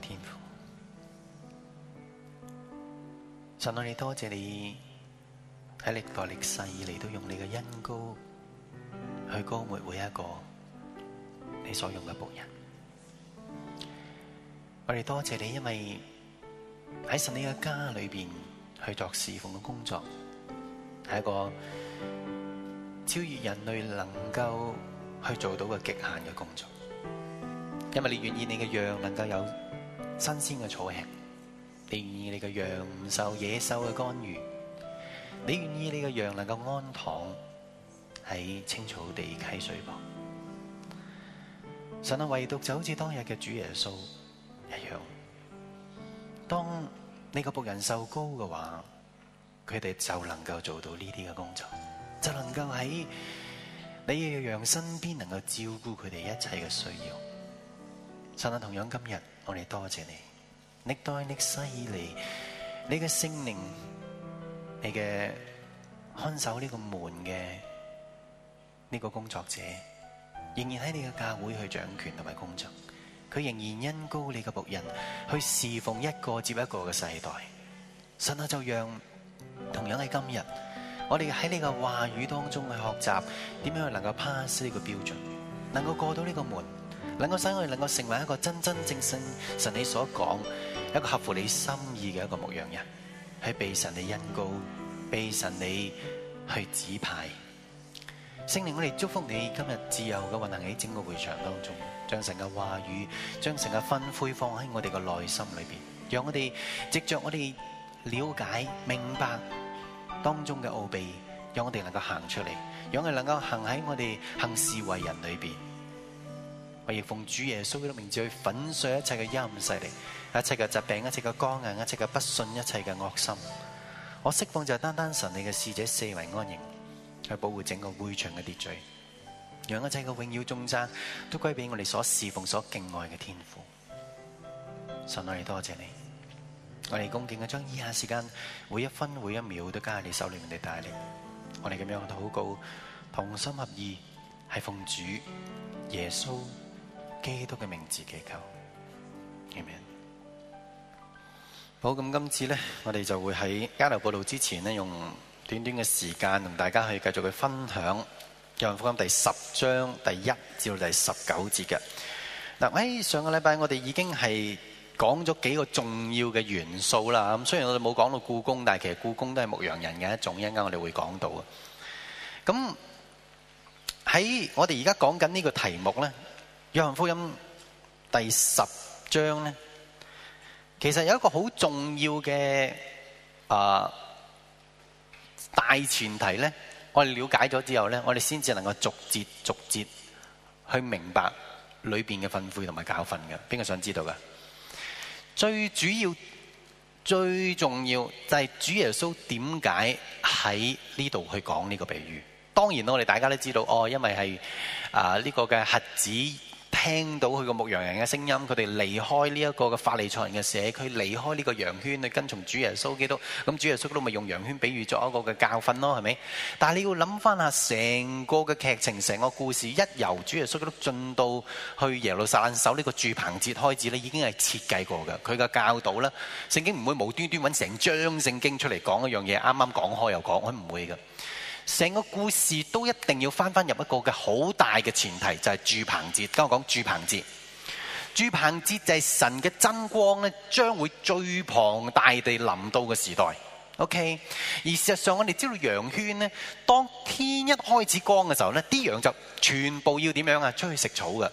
天父，神愛你，我哋多謝你喺歷代歷世以嚟，都用你嘅恩膏去膏抹每一個你所用嘅僕人。我哋多謝你，因為喺神你嘅家裏面去作侍奉嘅工作，係一個超越人類能夠去做到嘅極限嘅工作。因為你願意，你嘅樣能夠有。新鮮嘅草吃，你願意你嘅羊唔受野獸嘅干預？你願意你嘅羊能夠安躺喺青草地溪水旁？神啊，唯獨就好似當日嘅主耶穌一樣，當你嘅僕人受膏嘅話，佢哋就能夠做到呢啲嘅工作，就能夠喺你嘅羊身邊能夠照顧佢哋一切嘅需要。神啊，同樣今日。我哋多謝你，歷代歷世以嚟，你嘅聖靈，你嘅看守呢個門嘅呢個工作者，仍然喺你嘅教會去掌權同埋工作，佢仍然恩膏你嘅僕人去侍奉一個接一個嘅世代。神啊，就讓同樣喺今日，我哋喺你嘅話語當中去學習，點樣去能夠 pass 呢個標準，能夠過到呢個門。能夠使我哋能夠成為一個真真正正、神你所講一個合乎你心意嘅一個牧羊人，係被神你恩膏，被神你去指派。聖靈，我哋祝福你今日自由咁運行喺整個會場當中，將神嘅話語、將神嘅分灰放喺我哋個內心裏邊，讓我哋藉着我哋了解、明白當中嘅奧秘，讓我哋能夠行出嚟，讓我哋能夠行喺我哋行事為人裏邊。我亦奉主耶穌嘅名字去粉碎一切嘅陰勢力，一切嘅疾病，一切嘅光硬，一切嘅不信，一切嘅噁心。我釋放就係單單神，你嘅使者四圍安營，去保護整個會場嘅秩序，讓一切嘅榮耀中爭都歸俾我哋所侍奉、所敬愛嘅天父。神，我哋多謝你，我哋恭敬嘅將以下時間，每一分、每一秒都加喺你手裏面嘅帶領。我哋咁樣禱告，同心合意，係奉主耶穌。基督嘅名字祈求，明唔明？好，咁今次呢，我哋就會喺交流佈道之前呢，用短短嘅時間同大家去繼續去分享《約翰福音》第十章第一至到第十九節嘅。嗱，喺上個禮拜我哋已經係講咗幾個重要嘅元素啦。咁雖然我哋冇講到故宮，但係其實故宮都係牧羊人嘅一種，一陣間我哋會講到啊。咁喺我哋而家講緊呢個題目呢。約翰福音第十章呢，其實有一個好重要嘅啊、呃、大前提呢，我哋了解咗之後呢，我哋先至能夠逐節逐節去明白裏邊嘅分配同埋教訓嘅。邊個想知道噶？最主要、最重要就係主耶穌點解喺呢度去講呢個比喻？當然我哋大家都知道哦，因為係啊，呢個嘅核子。聽到佢個牧羊人嘅聲音，佢哋離開呢一個嘅法利賽人嘅社區，離開呢個羊圈去跟從主耶穌基督。咁主耶穌基督咪用羊圈比喻作一個嘅教訓咯，係咪？但係你要諗翻下成個嘅劇情、成個故事，一由主耶穌基督進到去耶路撒冷守呢個住棚節開始咧，已經係設計過嘅。佢嘅教導咧，聖經唔會無端端揾成章聖經出嚟講一樣嘢，啱啱講開又講，佢唔會嘅。成個故事都一定要翻翻入一個嘅好大嘅前提，就係、是、住棚節。當我講住棚節，住棚節就係神嘅真光咧，將會最龐大地臨到嘅時代。OK，而事實上我哋知道羊圈呢，當天一開始光嘅時候呢，啲羊就全部要點樣啊？出去食草嘅。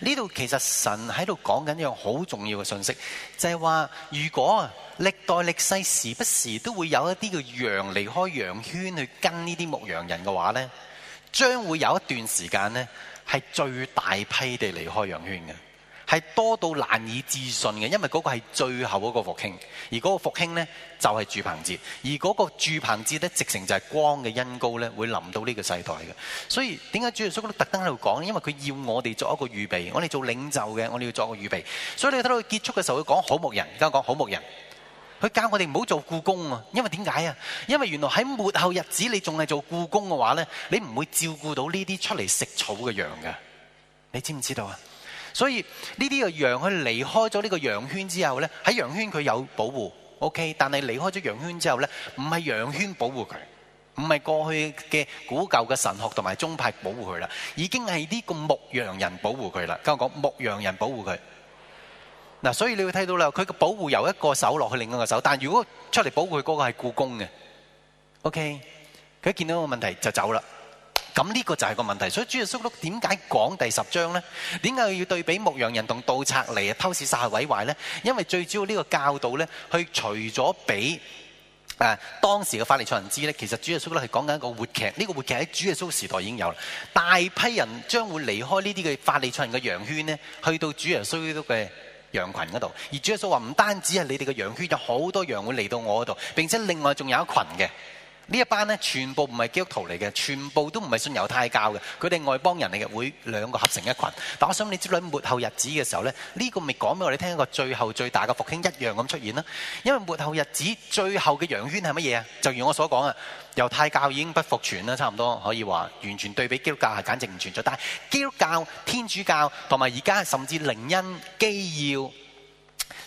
呢度其實神喺度講緊一樣好重要嘅信息，就係話，如果歷代歷世時不時都會有一啲嘅羊離開羊圈去跟呢啲牧羊人嘅話呢，將會有一段時間呢係最大批地離開羊圈嘅，係多到難以置信嘅，因為嗰個係最後嗰個復興，而嗰個復興呢，就係住棚節，而嗰個住棚節呢，直情就係光嘅恩膏呢，會臨到呢個世代嘅。所以點解主耶穌嗰度特登喺度講呢？因為佢要我哋作一個預備，我哋做領袖嘅，我哋要做一個預備。所以你睇到佢結束嘅時候，佢講好牧人，而家講好牧人，佢教我哋唔好做僱工啊，因為點解啊？因為原來喺末後日子你仲係做僱工嘅話呢，你唔會照顧到呢啲出嚟食草嘅羊㗎。你知唔知道啊？所以呢啲嘅羊佢離開咗呢個羊圈之後咧，喺羊圈佢有保護，OK。但係離開咗羊圈之後咧，唔係羊圈保護佢，唔係過去嘅古舊嘅神學同埋宗派保護佢啦，已經係呢個牧羊人保護佢啦。跟我講牧羊人保護佢。嗱，所以你會睇到啦，佢嘅保護由一個手落去另一個手，但如果出嚟保護佢嗰個係僱工嘅，OK。佢一見到個問題就走啦。咁呢個就係個問題，所以主耶穌點解講第十章呢？點解要對比牧羊人同盜賊嚟偷竊、殺害、毀壞呢？因為最主要呢個教導呢，佢除咗俾誒當時嘅法利賽人知呢，其實主耶穌咧係講緊一個活劇。呢、這個活劇喺主耶穌時代已經有啦，大批人將會離開呢啲嘅法利賽人嘅羊圈呢，去到主耶穌嘅羊群嗰度。而主耶穌話唔單止係你哋嘅羊圈，有好多羊會嚟到我嗰度，並且另外仲有一群嘅。呢一班呢，全部唔係基督徒嚟嘅，全部都唔係信猶太教嘅，佢哋外邦人嚟嘅，會兩個合成一群。但我想你知道，落去末後日子嘅時候呢，呢、呢個咪講俾我哋聽，一個最後最大嘅復興一樣咁出現啦。因為末後日子最後嘅羊圈係乜嘢啊？就如我所講啊，猶太教已經不復存啦，差唔多可以話完全對比基督教係簡直唔存在。但係基督教、天主教同埋而家甚至靈恩、基要，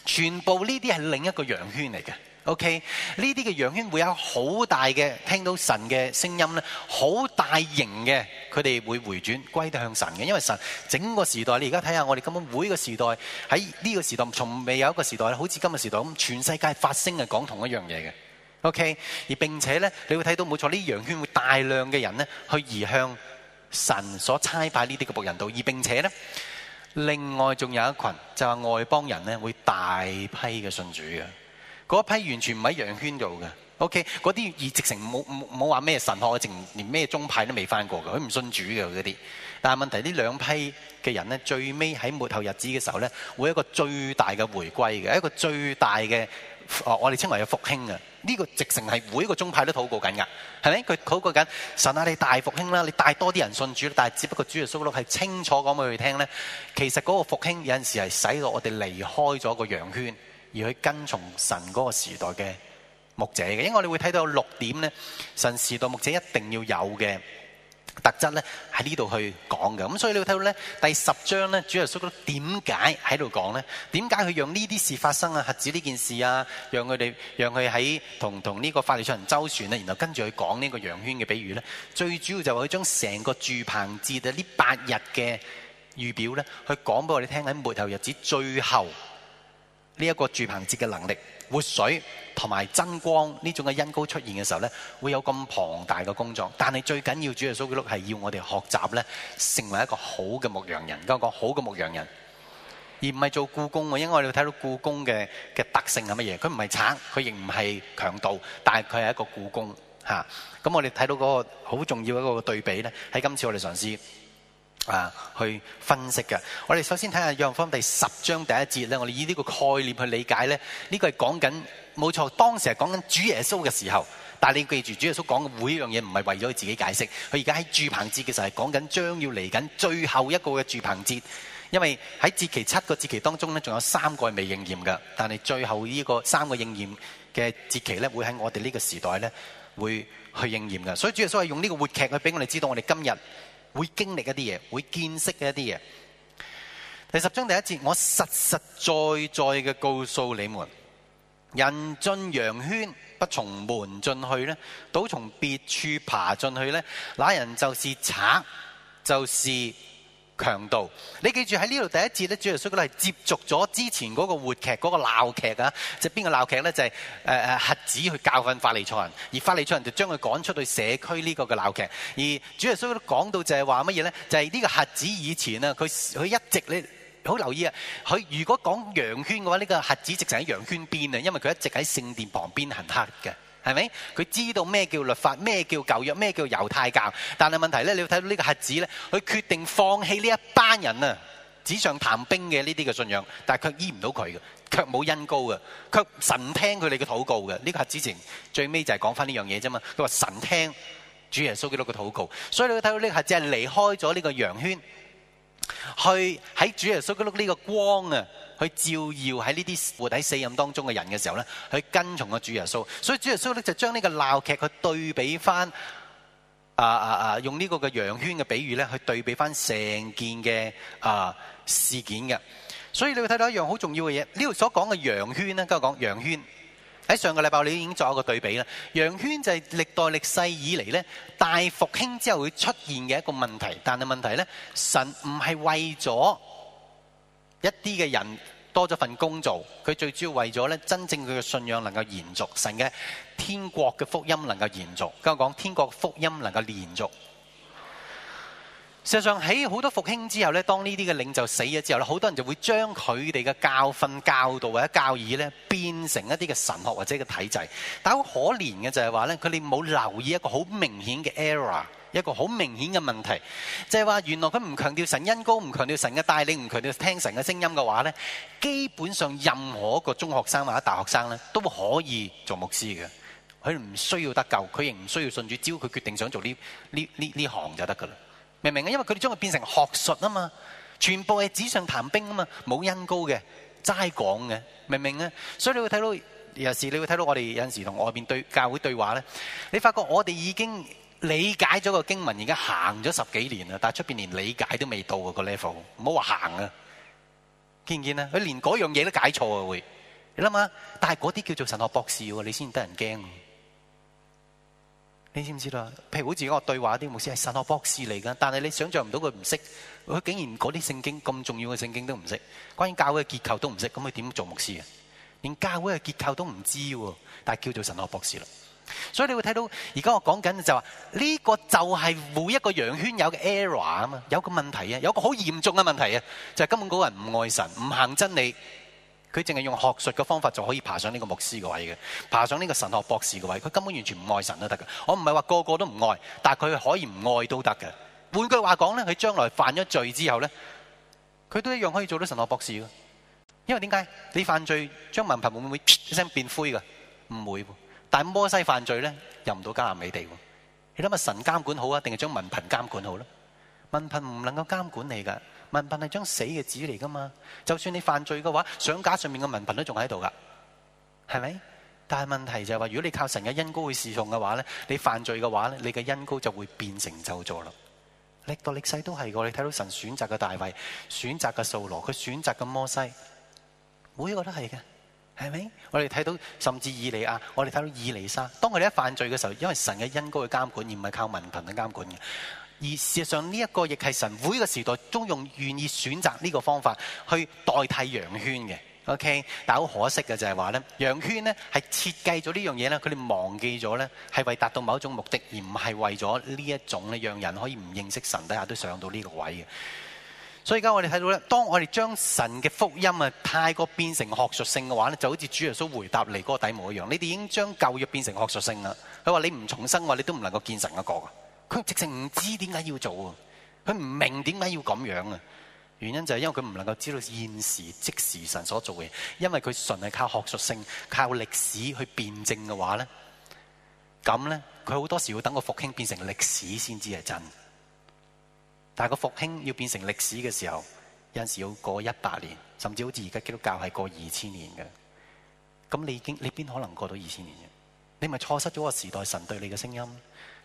全部呢啲係另一個羊圈嚟嘅。O.K. 呢啲嘅羊圈會有好大嘅聽到神嘅聲音咧，好大型嘅佢哋會回轉歸向神嘅，因為神整個時代，你而家睇下我哋根本每個時代喺呢個時代從未有一個時代好似今日時代咁，全世界發聲係講同一樣嘢嘅。O.K. 而並且咧，你會睇到冇錯呢羊圈會大量嘅人咧去移向神所差派呢啲嘅僕人度，而並且咧另外仲有一群就係外邦人咧會大批嘅信主嘅。嗰批完全唔喺羊圈做嘅，OK，嗰啲而直情冇冇冇話咩神學嘅，直連咩宗派都未翻過嘅，佢唔信主嘅嗰啲。但係問題呢兩批嘅人呢，最尾喺末後日子嘅時候呢，會有一個最大嘅回歸嘅，一個最大嘅、哦、我哋稱為嘅復興啊！呢、呢個直情係每一個宗派都禱告緊㗎，係咪佢禱告緊神啊？你大復興啦，你帶多啲人信主，但係只不過主耶穌基督係清楚講俾佢聽呢。其實嗰個復興有陣時係使到我哋離開咗個羊圈。而去跟從神嗰個時代嘅牧者嘅，因為我哋會睇到六點咧，神時代牧者一定要有嘅特質咧，喺呢度去講嘅。咁所以你會睇到咧第十章咧，主耶穌點解喺度講咧？點解佢讓呢啲事發生啊？瞎子呢件事啊，讓佢哋，讓佢喺同同呢個法利賽人周旋咧，然後跟住去講呢個羊圈嘅比喻咧。最主要就係佢將成個住棚節啊呢八日嘅預表咧，去講俾我哋聽喺末後日子最後。呢一個住棚節嘅能力，活水同埋增光呢種嘅恩膏出現嘅時候呢，會有咁龐大嘅工作。但係最緊要主要蘇基魯係要我哋學習呢，成為一個好嘅牧羊人。我講好嘅牧羊人，而唔係做故宮。因為我哋睇到故宮嘅嘅特性係乜嘢？佢唔係盜，佢亦唔係強盜，但係佢係一個故宮嚇。咁我哋睇到嗰個好重要嘅一個對比呢，喺今次我哋嘗試。啊，去分析嘅。我哋首先睇下約翰福音第十章第一節咧。我哋以呢個概念去理解呢呢個係講緊，冇錯，當時係講緊主耶穌嘅時候。但係你要記住，主耶穌講嘅每一樣嘢唔係為咗佢自己解釋。佢而家喺住棚節嘅時候係講緊將要嚟緊最後一個嘅住棚節，因為喺節期七個節期當中呢，仲有三個係未應驗嘅。但係最後呢個三個應驗嘅節期呢，會喺我哋呢個時代呢會去應驗嘅。所以主耶穌係用呢個活劇去俾我哋知道我，我哋今日。會經歷一啲嘢，會見識一啲嘢。第十章第一節，我實實在在嘅告訴你們：人進羊圈，不從門進去咧，倒從別處爬進去呢，那人就是賊，就是。強度，你記住喺呢度第一節咧，主耶穌佢係接續咗之前嗰個活劇嗰、那個鬧劇啊，就邊、是、個鬧劇咧就係誒誒瞎子去教訓法利賽人，而法利賽人就將佢趕出去社區呢個嘅鬧劇。而主耶穌咧講到就係話乜嘢咧，就係、是、呢個瞎子以前啊，佢佢一直咧好留意啊。佢如果講羊圈嘅話，呢、這個瞎子直成喺羊圈邊啊，因為佢一直喺聖殿旁邊行乞嘅。係咪？佢知道咩叫律法，咩叫舊約，咩叫猶太教？但係問題咧，你要睇到呢個瞎子咧，佢決定放棄呢一班人啊，紙上談兵嘅呢啲嘅信仰，但係卻醫唔到佢嘅，卻冇恩膏嘅，卻神聽佢哋嘅禱告嘅。呢、這個瞎子前最尾就係講翻呢樣嘢啫嘛。佢話神聽主耶穌基督嘅禱告，所以你睇到呢個瞎子係離開咗呢個羊圈，去喺主耶穌基督呢個光啊。去照耀喺呢啲活喺死陰當中嘅人嘅時候咧，去跟從個主耶穌。所以主耶穌咧就將呢個鬧劇去對比翻啊啊啊，用呢個嘅羊圈嘅比喻咧，去對比翻成件嘅啊事件嘅。所以你會睇到一樣好重要嘅嘢。呢度所講嘅羊圈呢，今日講羊圈喺上個禮拜你已經作一個對比啦。羊圈就係歷代歷世以嚟咧大復興之後會出現嘅一個問題，但係問題咧，神唔係為咗。一啲嘅人多咗份工做，佢最主要為咗咧，真正佢嘅信仰能夠延續，神嘅天國嘅福音能夠延續。跟我講，天國嘅福音能夠延續。事實上喺好多復興之後咧，當呢啲嘅領袖死咗之後咧，好多人就會將佢哋嘅教訓、教導或者教義咧變成一啲嘅神學或者嘅體制。但好可憐嘅就係話咧，佢哋冇留意一個好明顯嘅 error 一個好明顯嘅問題，就係話原來佢唔強調神恩膏，唔強調神嘅帶領，唔強調聽神嘅聲音嘅話呢，基本上任何一個中學生或者大學生咧，都可以做牧師嘅。佢唔需要得救，佢亦唔需要信主，只要佢決定想做呢呢呢行就得噶啦。明唔明啊？因為佢哋將佢變成學術啊嘛，全部係紙上談兵啊嘛，冇恩膏嘅，齋講嘅，明唔明啊？所以你會睇到有時你會睇到我哋有陣時同外邊對教會對話呢，你發覺我哋已經理解咗個經文，而家行咗十幾年啦，但出面連理解都未到個 level，唔好話行啊！見唔見啊？佢連嗰樣嘢都解錯啊！會你諗下，但係嗰啲叫做神學博士喎，你先得人驚。你知唔知啦？譬如好似嗰個對話啲牧師係神學博士嚟噶，但係你想像唔到佢唔識，佢竟然嗰啲聖經咁重要嘅聖經都唔識，關於教會嘅結構都唔識，咁佢點做牧師啊？連教會嘅結構都唔知喎，但係叫做神學博士啦。所以你會睇到而家我講緊就話呢個就係每一個羊圈有個 error 啊嘛，有個問題啊，有個好嚴重嘅問題啊，就係、是、根本嗰個人唔愛神，唔行真理，佢淨係用學術嘅方法就可以爬上呢個牧師嘅位嘅，爬上呢個神學博士嘅位，佢根本完全唔愛神都得噶。我唔係話個個都唔愛，但係佢可以唔愛都得嘅。換句話講呢，佢將來犯咗罪之後呢，佢都一樣可以做到神學博士噶。因為點解？你犯罪張文憑會唔會聲變灰噶？唔會。但摩西犯罪咧，入唔到迦南美地喎。你諗下，神監管好啊，定係將文憑監管好咧？文憑唔能夠監管你噶，文憑係張死嘅紙嚟噶嘛。就算你犯罪嘅話，上架上面嘅文憑都仲喺度噶，係咪？但係問題就係、是、話，如果你靠神嘅恩膏去侍奉嘅話咧，你犯罪嘅話咧，你嘅恩膏就會變成咒詛啦。歷代歷世都係喎，你睇到神選擇嘅大衛，選擇嘅掃羅，佢選擇嘅摩西，每一個都係嘅。係咪？我哋睇到甚至以利亞，我哋睇到以利沙。當佢哋一犯罪嘅時候，因為神嘅恩膏去監管，而唔係靠文憑去監管嘅。而事實上呢一個亦係神會嘅時代中，用願意選擇呢個方法去代替羊圈嘅。OK，但好可惜嘅就係話，呢羊圈呢係設計咗呢樣嘢，呢佢哋忘記咗呢係為達到某一種目的，而唔係為咗呢一種呢讓人可以唔認識神底下都上到呢個位。所以而家我哋睇到咧，當我哋將神嘅福音啊太過變成學術性嘅話咧，就好似主耶穌回答尼哥底母一樣，你哋已經將舊約變成學術性啦。佢話你唔重生嘅話，你都唔能夠見神嘅國。佢直情唔知點解要做啊？佢唔明點解要咁樣啊？原因就係因為佢唔能夠知道現時即時神所做嘅，因為佢純係靠學術性、靠歷史去辨證嘅話咧，咁咧，佢好多時要等個復興變成歷史先至係真的。但係個復興要變成歷史嘅時候，有陣時要過一百年，甚至好似而家基督教係過二千年嘅。咁你已經你邊可能過到二千年嘅？你咪錯失咗個時代神對你嘅聲音，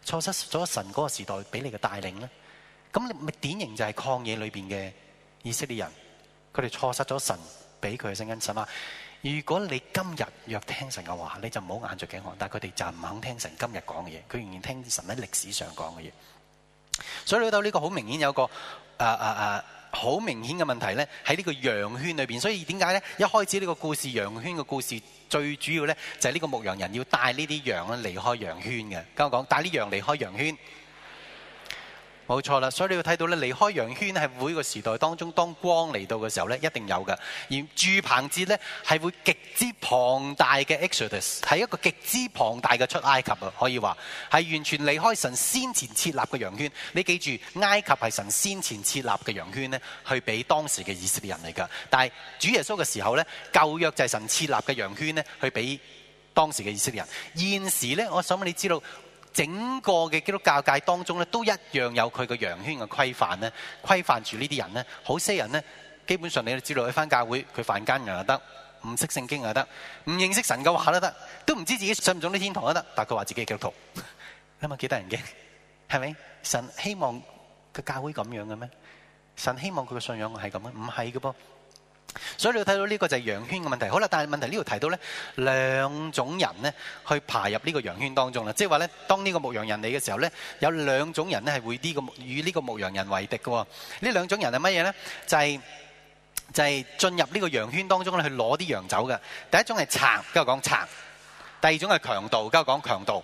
錯失咗神嗰個時代俾你嘅帶領咧。咁你咪典型就係曠野裏邊嘅以色列人，佢哋錯失咗神俾佢嘅聲音。神話，如果你今日若聽神嘅話，你就唔好硬着頸項。但係佢哋就唔肯聽神今日講嘅嘢，佢仍然聽神喺歷史上講嘅嘢。所以老豆呢個好明顯有個誒誒誒好明顯嘅問題呢，喺呢個羊圈裏邊。所以點解呢？一開始呢個故事羊圈嘅故事最主要呢，就係呢個牧羊人要帶呢啲羊咧離開羊圈嘅。跟我講，帶啲羊離開羊圈。冇錯啦，所以你要睇到咧，離開羊圈係每個時代當中，當光嚟到嘅時候咧，一定有㗎。而住棚節咧係會極之龐大嘅 Exodus，係一個極之龐大嘅出埃及啊，可以話係完全離開神先前設立嘅羊圈。你記住，埃及係神先前設立嘅羊圈去俾當時嘅以色列人嚟㗎。但係主耶穌嘅時候咧，舊約就係神設立嘅羊圈去俾當時嘅以色列人。現時呢，我想問你知道？整個嘅基督教界當中咧，都一樣有佢個羊圈嘅規範咧，規範住呢啲人咧。好些人咧，基本上你都知道，佢翻教會，佢犯奸人又得，唔識聖經又得，唔認識神嘅話都得，都唔知道自己上唔上啲天堂都得，但佢話自己係基督徒，你諗下幾得人驚，係咪？神希望個教會咁樣嘅咩？神希望佢嘅信仰係咁樣？唔係嘅噃。所以你睇到呢個就係羊圈嘅問題，好啦，但係問題呢度提到呢兩種人呢去爬入呢個羊圈當中啦，即係話呢，當呢個牧羊人嚟嘅時候呢，有兩種人呢係會呢個與呢個牧羊人為敵嘅喎。呢兩種人係乜嘢呢？就係就係進入呢個羊圈當中呢去攞啲羊走嘅。第一種係賊，跟住講賊；第二種係強盜，跟住講強盜。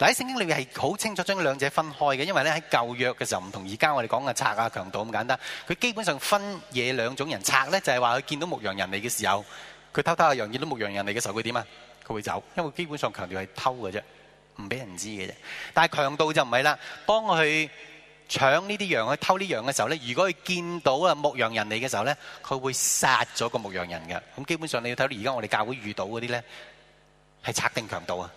嗱，喺聖經裏面係好清楚將兩者分開嘅，因為咧喺舊約嘅時候唔同而家我哋講嘅賊啊、強盜咁簡單。佢基本上分嘢兩種人，賊咧就係話佢見到牧羊人嚟嘅時候，佢偷偷啊羊，見到牧羊人嚟嘅時候佢點啊？佢會走，因為基本上強調係偷嘅啫，唔俾人知嘅啫。但係強盜就唔係啦，當佢去搶呢啲羊去偷呢羊嘅時候咧，如果佢見到啊牧羊人嚟嘅時候咧，佢會殺咗個牧羊人嘅。咁基本上你要睇到而家我哋教會遇到嗰啲咧，係賊定強盜啊？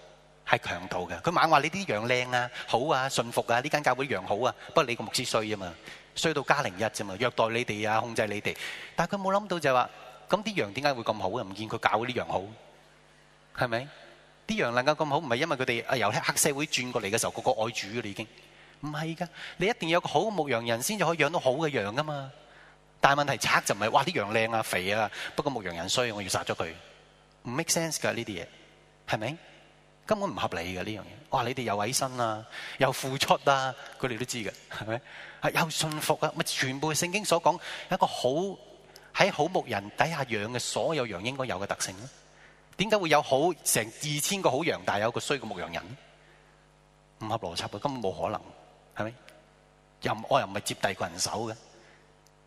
係強盜嘅，佢猛話你啲羊靚啊、好啊、信服啊，呢間教會羊好啊，不過你個牧師衰啊嘛，衰到加零一啫嘛，虐待你哋啊，控制你哋，但係佢冇諗到就係話，咁啲羊點解會咁好啊？唔見佢搞啲羊好，係咪？啲羊能夠咁好，唔係因為佢哋由黑社會轉過嚟嘅時候，個個愛主嘅啦已經，唔係噶，你一定要有個好嘅牧羊人先至可以養到好嘅羊噶嘛。但係問題賊就唔係，哇啲羊靚啊、肥啊，不過牧羊人衰，我要殺咗佢，唔 make sense 噶呢啲嘢，係咪？根本唔合理嘅呢樣嘢，哇！你哋又委身啊，又付出啊，佢哋都知嘅，係咪？係又信服啊，咪全部聖經所講一個好喺好牧人底下養嘅所有羊應該有嘅特性咯。點解會有好成二千個好羊，但有個衰嘅牧羊人？唔合邏輯啊，根本冇可能，係咪？又我又唔係接第個人手嘅，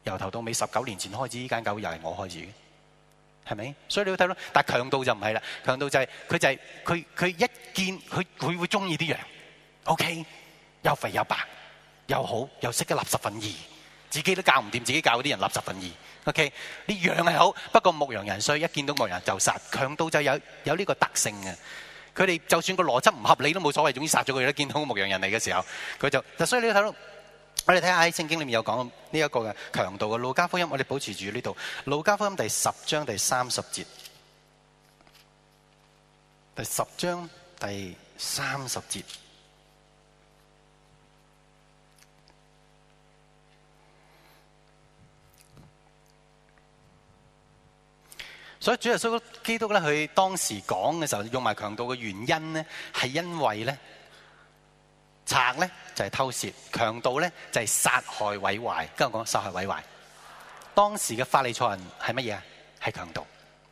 由頭到尾十九年前開始呢間教會又係我開始嘅。係咪？所以你要睇咯。但強盜就唔係啦。強盜就係、是、佢就係佢佢一見佢佢會中意啲羊。OK，又肥又白，又好又識得垃圾粉。二，自己都教唔掂自己教嗰啲人垃圾粉。二 OK，啲羊係好，不過牧羊人所以一見到牧羊人就殺。強盜就有有呢個特性嘅，佢哋就算個邏輯唔合理都冇所謂，總之殺咗佢。都見到個牧羊人嚟嘅時候，佢就嗱，所以你要睇咯。我哋睇下喺聖經裏面有講到呢一個強盜嘅路加福音，我哋保持住呢度路加福音第十章第三十節，第十章第三十節。所以主耶穌基督咧，佢當時講嘅時候用埋強盜嘅原因咧，係因為賊呢就係偷竊，強盜呢就係殺害毀壞。跟我講殺害毀壞，當時嘅法利賽人係乜嘢啊？係強盜，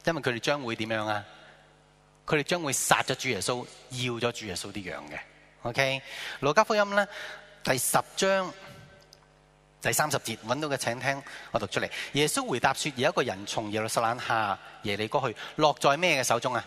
因為佢哋將會點樣啊？佢哋將會殺咗主耶穌，要咗主耶穌啲羊嘅。OK，路加福音呢第十章第三十節揾到嘅，請聽我讀出嚟。耶穌回答說：而有一個人從耶路撒冷下耶利哥去，落在咩嘅手中啊？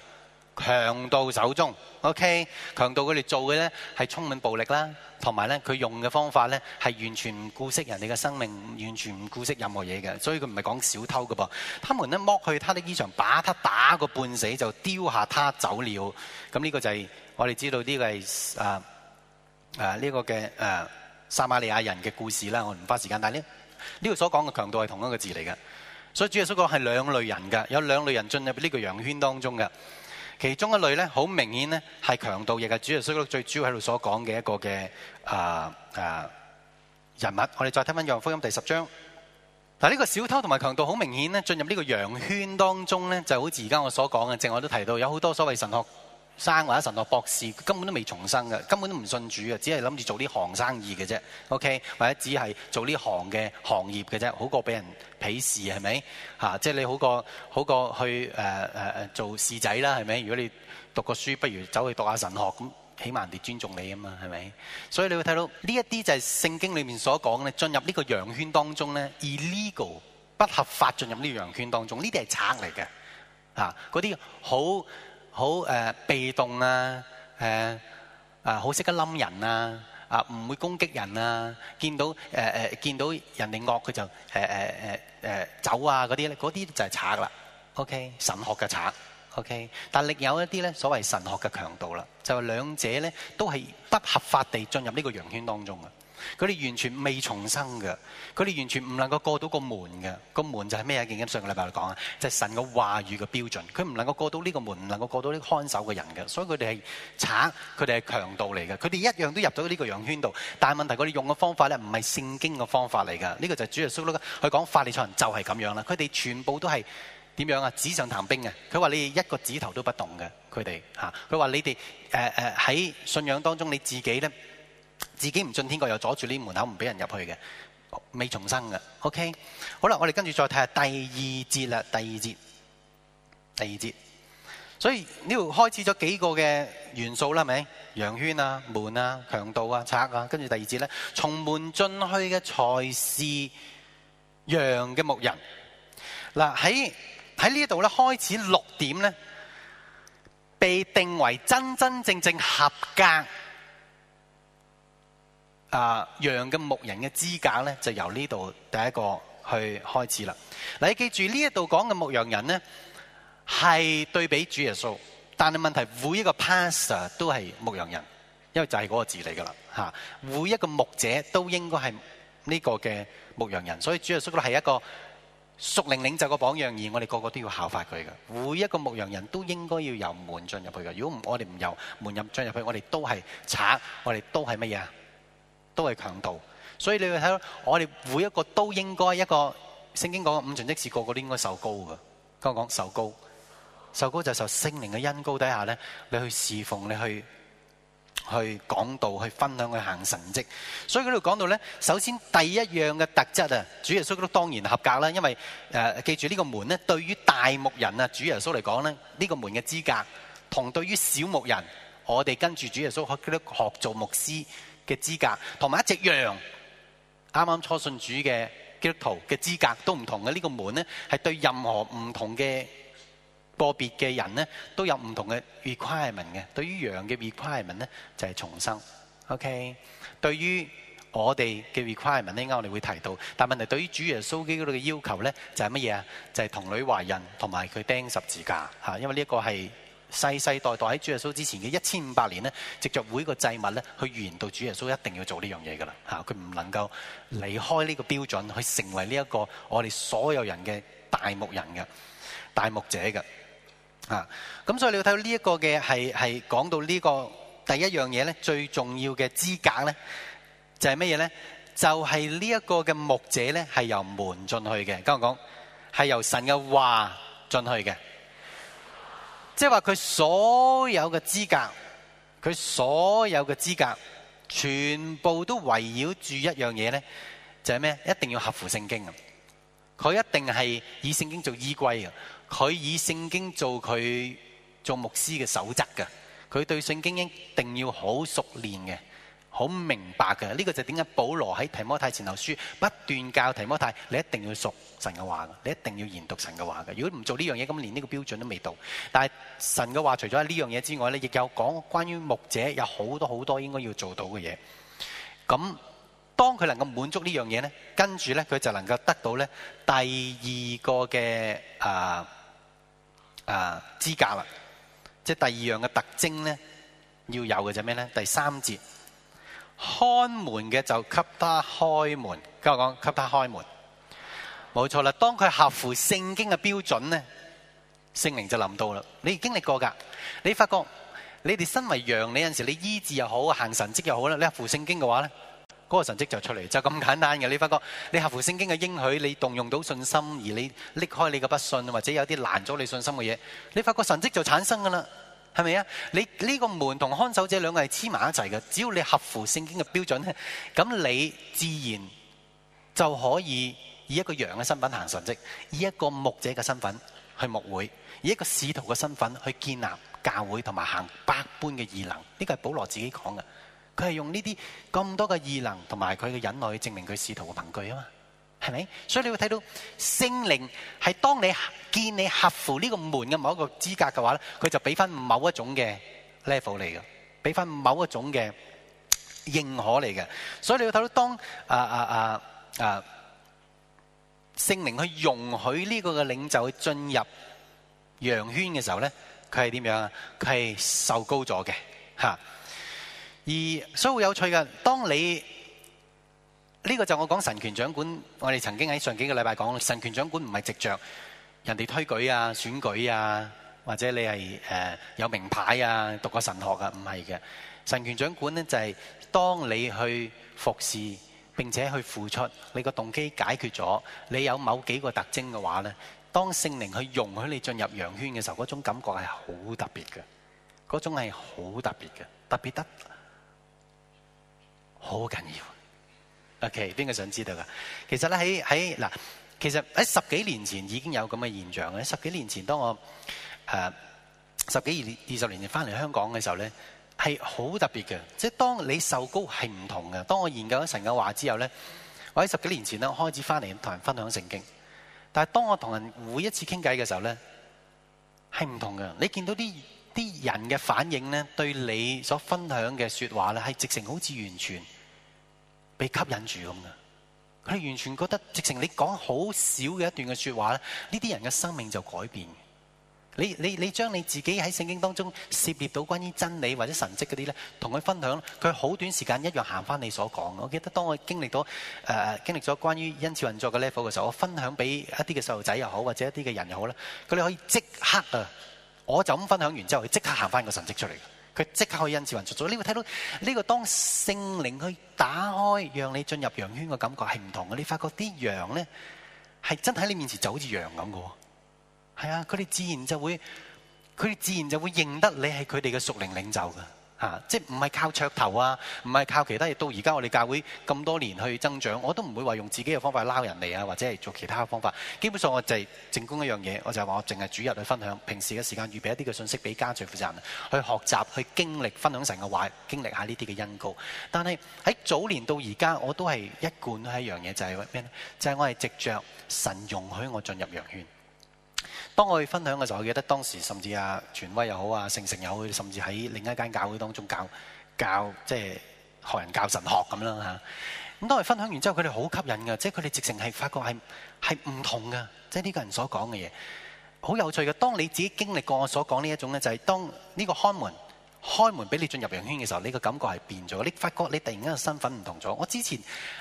強盜手中，OK。強盜佢哋做嘅咧係充滿暴力啦，同埋咧佢用嘅方法咧係完全唔顧惜人哋嘅生命，完全唔顧惜任何嘢嘅，所以佢唔係講小偷㗎噃。他們咧剝去他的衣裳，把他打個半死，就丟下他走了。咁呢個就係、是、我哋知道呢個係誒呢個嘅誒撒馬利亞人嘅故事啦。我唔花時間，但係呢。呢、呢個所講嘅強盜係同一個字嚟嘅，所以主要所講係兩類人㗎，有兩類人進入呢個羊圈當中㗎。其中一類呢，好明顯呢，係強盜嘅。主耶穌最主要喺度所講嘅一個嘅啊啊人物，我哋再聽翻《約翰福音》第十章。但呢個小偷同埋強盜好明顯呢，進入呢個羊圈當中呢，就好似而家我所講嘅，正話我都提到有好多所謂神學生或者神學博士根本都未重生嘅，根本都唔信主嘅，只係諗住做呢行生意嘅啫。OK，或者只係做呢行嘅行業嘅啫，好過俾人鄙視係咪？嚇、啊，即係你好過好過去誒誒誒做侍仔啦係咪？如果你讀個書，不如走去讀下神學咁，起碼人哋尊重你啊嘛係咪？所以你會睇到呢一啲就係聖經裡面所講咧，進入呢個羊圈當中咧，illegal 不合法進入呢個羊圈當中，呢啲係賊嚟嘅。嚇、啊，嗰啲好。好、呃、被動啊，啊、呃，好識得冧人啊，啊、呃、唔會攻擊人啊，見到、呃、見到人哋惡佢就、呃呃呃、走啊嗰啲咧，嗰啲就係賊啦。OK，神學嘅賊。OK，但係另有一啲咧，所謂神學嘅強盜啦，就係、是、兩者咧都係不合法地進入呢個羊圈當中嘅。佢哋完全未重生嘅，佢哋完全唔能夠過到個門嘅。個門就係咩啊？我上個禮拜講啊，就係、是、神嘅話語嘅標準。佢唔能夠過到呢個門，唔能夠過到呢個看守嘅人嘅。所以佢哋係賊，佢哋係強盜嚟嘅。佢哋一樣都入咗呢個羊圈度，但係問題佢哋用嘅方法咧，唔係聖經嘅方法嚟㗎。呢、這個就係主耶穌啦，佢講法利賽人就係咁樣啦。佢哋全部都係點樣啊？紙上談兵嘅。佢話你哋一個指頭都不動嘅，佢哋嚇。佢話你哋誒誒喺信仰當中你自己咧。自己唔進天國又阻住呢門口唔俾人入去嘅，未重生嘅。OK，好啦，我哋跟住再睇下第二節啦，第二節，第二節。所以呢度開始咗幾個嘅元素啦，係咪？羊圈啊、門啊、強盜啊、賊啊，跟住第二節咧，從門進去嘅才是羊嘅牧人。嗱，喺喺呢度咧開始六點咧，被定為真真正正合格。啊！羊嘅牧人嘅資格咧，就由呢度第一個去開始啦。嗱，你記住呢一度講嘅牧羊人咧，係對比主耶穌，但係問題是每一個 pastor 都係牧羊人，因為就係個個字嚟噶啦吓，每一個牧者都應該係呢個嘅牧羊人，所以主耶穌咧係一個屬靈領，領袖嘅榜樣，而我哋個個都要效法佢嘅。每一個牧羊人都應該要由門進入去嘅。如果唔我哋唔由門入進入去，我哋都係賊，我哋都係乜嘢啊？都係強度，所以你會睇到我哋每一個都應該一個聖經講五旬節時，個個都應該受膏。嘅。我講受膏，受膏就受聖靈嘅恩膏底下咧，你去侍奉，你去去講道，去分享，去行神蹟。所以嗰度講到咧，首先第一樣嘅特質啊，主耶穌都當然合格啦。因為誒、呃，記住呢、這個門咧，對於大牧人啊，主耶穌嚟講咧，呢、這個門嘅資格，同對於小牧人，我哋跟住主耶穌學，都學做牧師。嘅資格同埋一隻羊，啱啱初信主嘅基督徒嘅資格都唔同嘅。呢個門咧係對任何唔同嘅個別嘅人咧都有唔同嘅 requirement 嘅。對於羊嘅 requirement 咧就係重生，OK。對於我哋嘅 requirement 咧應該我哋會提到。但問題對於主耶穌基督嗰度嘅要求咧就係乜嘢啊？就係童女懷孕同埋佢釘十字架嚇，因為呢一個係。世世代代喺主耶穌之前嘅一千五百年呢，藉着會個祭物咧，去預言到主耶穌一定要做呢樣嘢噶啦，吓佢唔能夠離開呢個標準去成為呢一個我哋所有人嘅大牧人嘅大牧者嘅。啊，咁所以你要睇到呢一個嘅，係係講到呢個第一樣嘢咧，最重要嘅資格咧就係乜嘢咧？就係呢一個嘅牧者咧係由門進去嘅，跟我講係由神嘅話進去嘅。即係話佢所有嘅資格，佢所有嘅資格，全部都圍繞住一樣嘢，呢就係咩？一定要合乎聖經啊！佢一定係以聖經做依歸啊！佢以聖經做佢做牧師嘅守則噶，佢對聖經一定要好熟練嘅。好明白嘅，呢個就點解保羅喺提摩太前後書不斷教提摩太，你一定要熟神嘅話，你一定要研讀神嘅話嘅。如果唔做呢樣嘢，咁連呢個標準都未到。但係神嘅話除咗呢樣嘢之外呢，亦有講關於牧者有好多好多應該要做到嘅嘢。咁當佢能夠滿足呢樣嘢呢，跟住呢，佢就能夠得到呢第二個嘅啊啊資格啦，即係第二樣嘅特徵呢，要有嘅就係咩呢？第三節。看門嘅就給他開門，跟我講給他開門，冇錯啦。當佢合乎聖經嘅標準呢，聖靈就臨到啦。你而經歷過噶，你發覺你哋身為羊，你有陣時你醫治又好，行神跡又好啦。你合乎聖經嘅話呢，嗰個神跡就出嚟，就咁簡單嘅。你發覺你合乎聖經嘅應許，你動用到信心，而你甩開你嘅不信，或者有啲難咗你信心嘅嘢，你發覺神跡就產生噶啦。係咪啊？你呢個門同看守者兩個係黐埋一齊嘅，只要你合乎聖經嘅標準咧，咁你自然就可以以一個羊嘅身份行神蹟，以一個牧者嘅身份去牧會，以一個使徒嘅身份去建立教會同埋行百般嘅異能。呢個係保羅自己講嘅，佢係用呢啲咁多嘅異能同埋佢嘅忍耐去證明佢使徒嘅憑據啊嘛。係咪？所以你會睇到聖靈係當你見你合乎呢個門嘅某一個資格嘅話咧，佢就俾翻某一種嘅 level 嚟嘅，俾翻某一種嘅認可嚟嘅。所以你會睇到當啊啊啊啊聖靈去容許呢個嘅領袖去進入羊圈嘅時候咧，佢係點樣是啊？佢係受高咗嘅吓。而所以會有趣嘅，當你。呢個就我講神權掌管，我哋曾經喺上幾個禮拜講，神權掌管唔係藉著人哋推舉啊、選舉啊，或者你係誒、呃、有名牌啊、讀過神學噶、啊，唔係嘅。神權掌管呢就係、是、當你去服侍，並且去付出，你個動機解決咗，你有某幾個特徵嘅話咧，當聖靈去容許你進入羊圈嘅時候，嗰種感覺係好特別嘅，嗰種係好特別嘅，特別得，好緊要。OK，邊個想知道噶？其實咧，喺喺嗱，其實喺十幾年前已經有咁嘅現象嘅。十幾年前，當我誒、啊、十幾二二十年前翻嚟香港嘅時候咧，係好特別嘅。即係當你受膏係唔同嘅。當我研究咗神嘅話之後咧，我喺十幾年前咧開始翻嚟同人分享聖經。但係當我同人每一次傾偈嘅時候咧，係唔同嘅。你見到啲啲人嘅反應咧，對你所分享嘅説話咧，係直情好似完全。被吸引住咁噶，佢哋完全覺得直情你講好少嘅一段嘅說話咧，呢啲人嘅生命就改變。你你你將你自己喺聖經當中涉獵到關於真理或者神蹟嗰啲咧，同佢分享，佢好短時間一樣行翻你所講。我記得當我經歷到誒誒、呃、經歷咗關於恩賜運作嘅 level 嘅時候，我分享俾一啲嘅細路仔又好，或者一啲嘅人又好啦，佢哋可以即刻啊、呃，我就咁分享完之後，佢即刻行翻個神蹟出嚟。佢即刻可以恩慈運作咗，你會睇到呢、這個當聖靈去打開，讓你進入羊圈嘅感覺係唔同嘅。你發覺啲羊呢，係真喺你面前就好似羊咁喎。係啊，佢哋自然就會，佢哋自然就會認得你係佢哋嘅屬靈領袖嘅。啊、即唔係靠噱頭啊？唔係靠其他嘢。到而家我哋教會咁多年去增長，我都唔會話用自己嘅方法撈人嚟啊，或者係做其他嘅方法。基本上我就係正觀一樣嘢，我就係話我淨係主日去分享，平時嘅時間預備一啲嘅信息俾家長負責人去學習，去經歷分享神嘅話，經歷下呢啲嘅恩膏。但係喺早年到而家，我都係一貫都係一樣嘢，就係、是、咩就係、是、我係藉著神容許我進入羊圈。當我去分享嘅時候，我記得當時甚至啊，傳威又好啊，盛盛又好，甚至喺另一間教會當中教教即係學人教神學咁啦吓。咁當我分享完之後，佢哋好吸引㗎，即係佢哋直情係發覺係係唔同㗎，即係呢個人所講嘅嘢好有趣嘅。當你自己經歷過我所講呢一種咧，就係、是、當呢個看門。開門俾你進入羊圈嘅時候，你個感覺係變咗。你發覺你突然間嘅身份唔同咗。我之前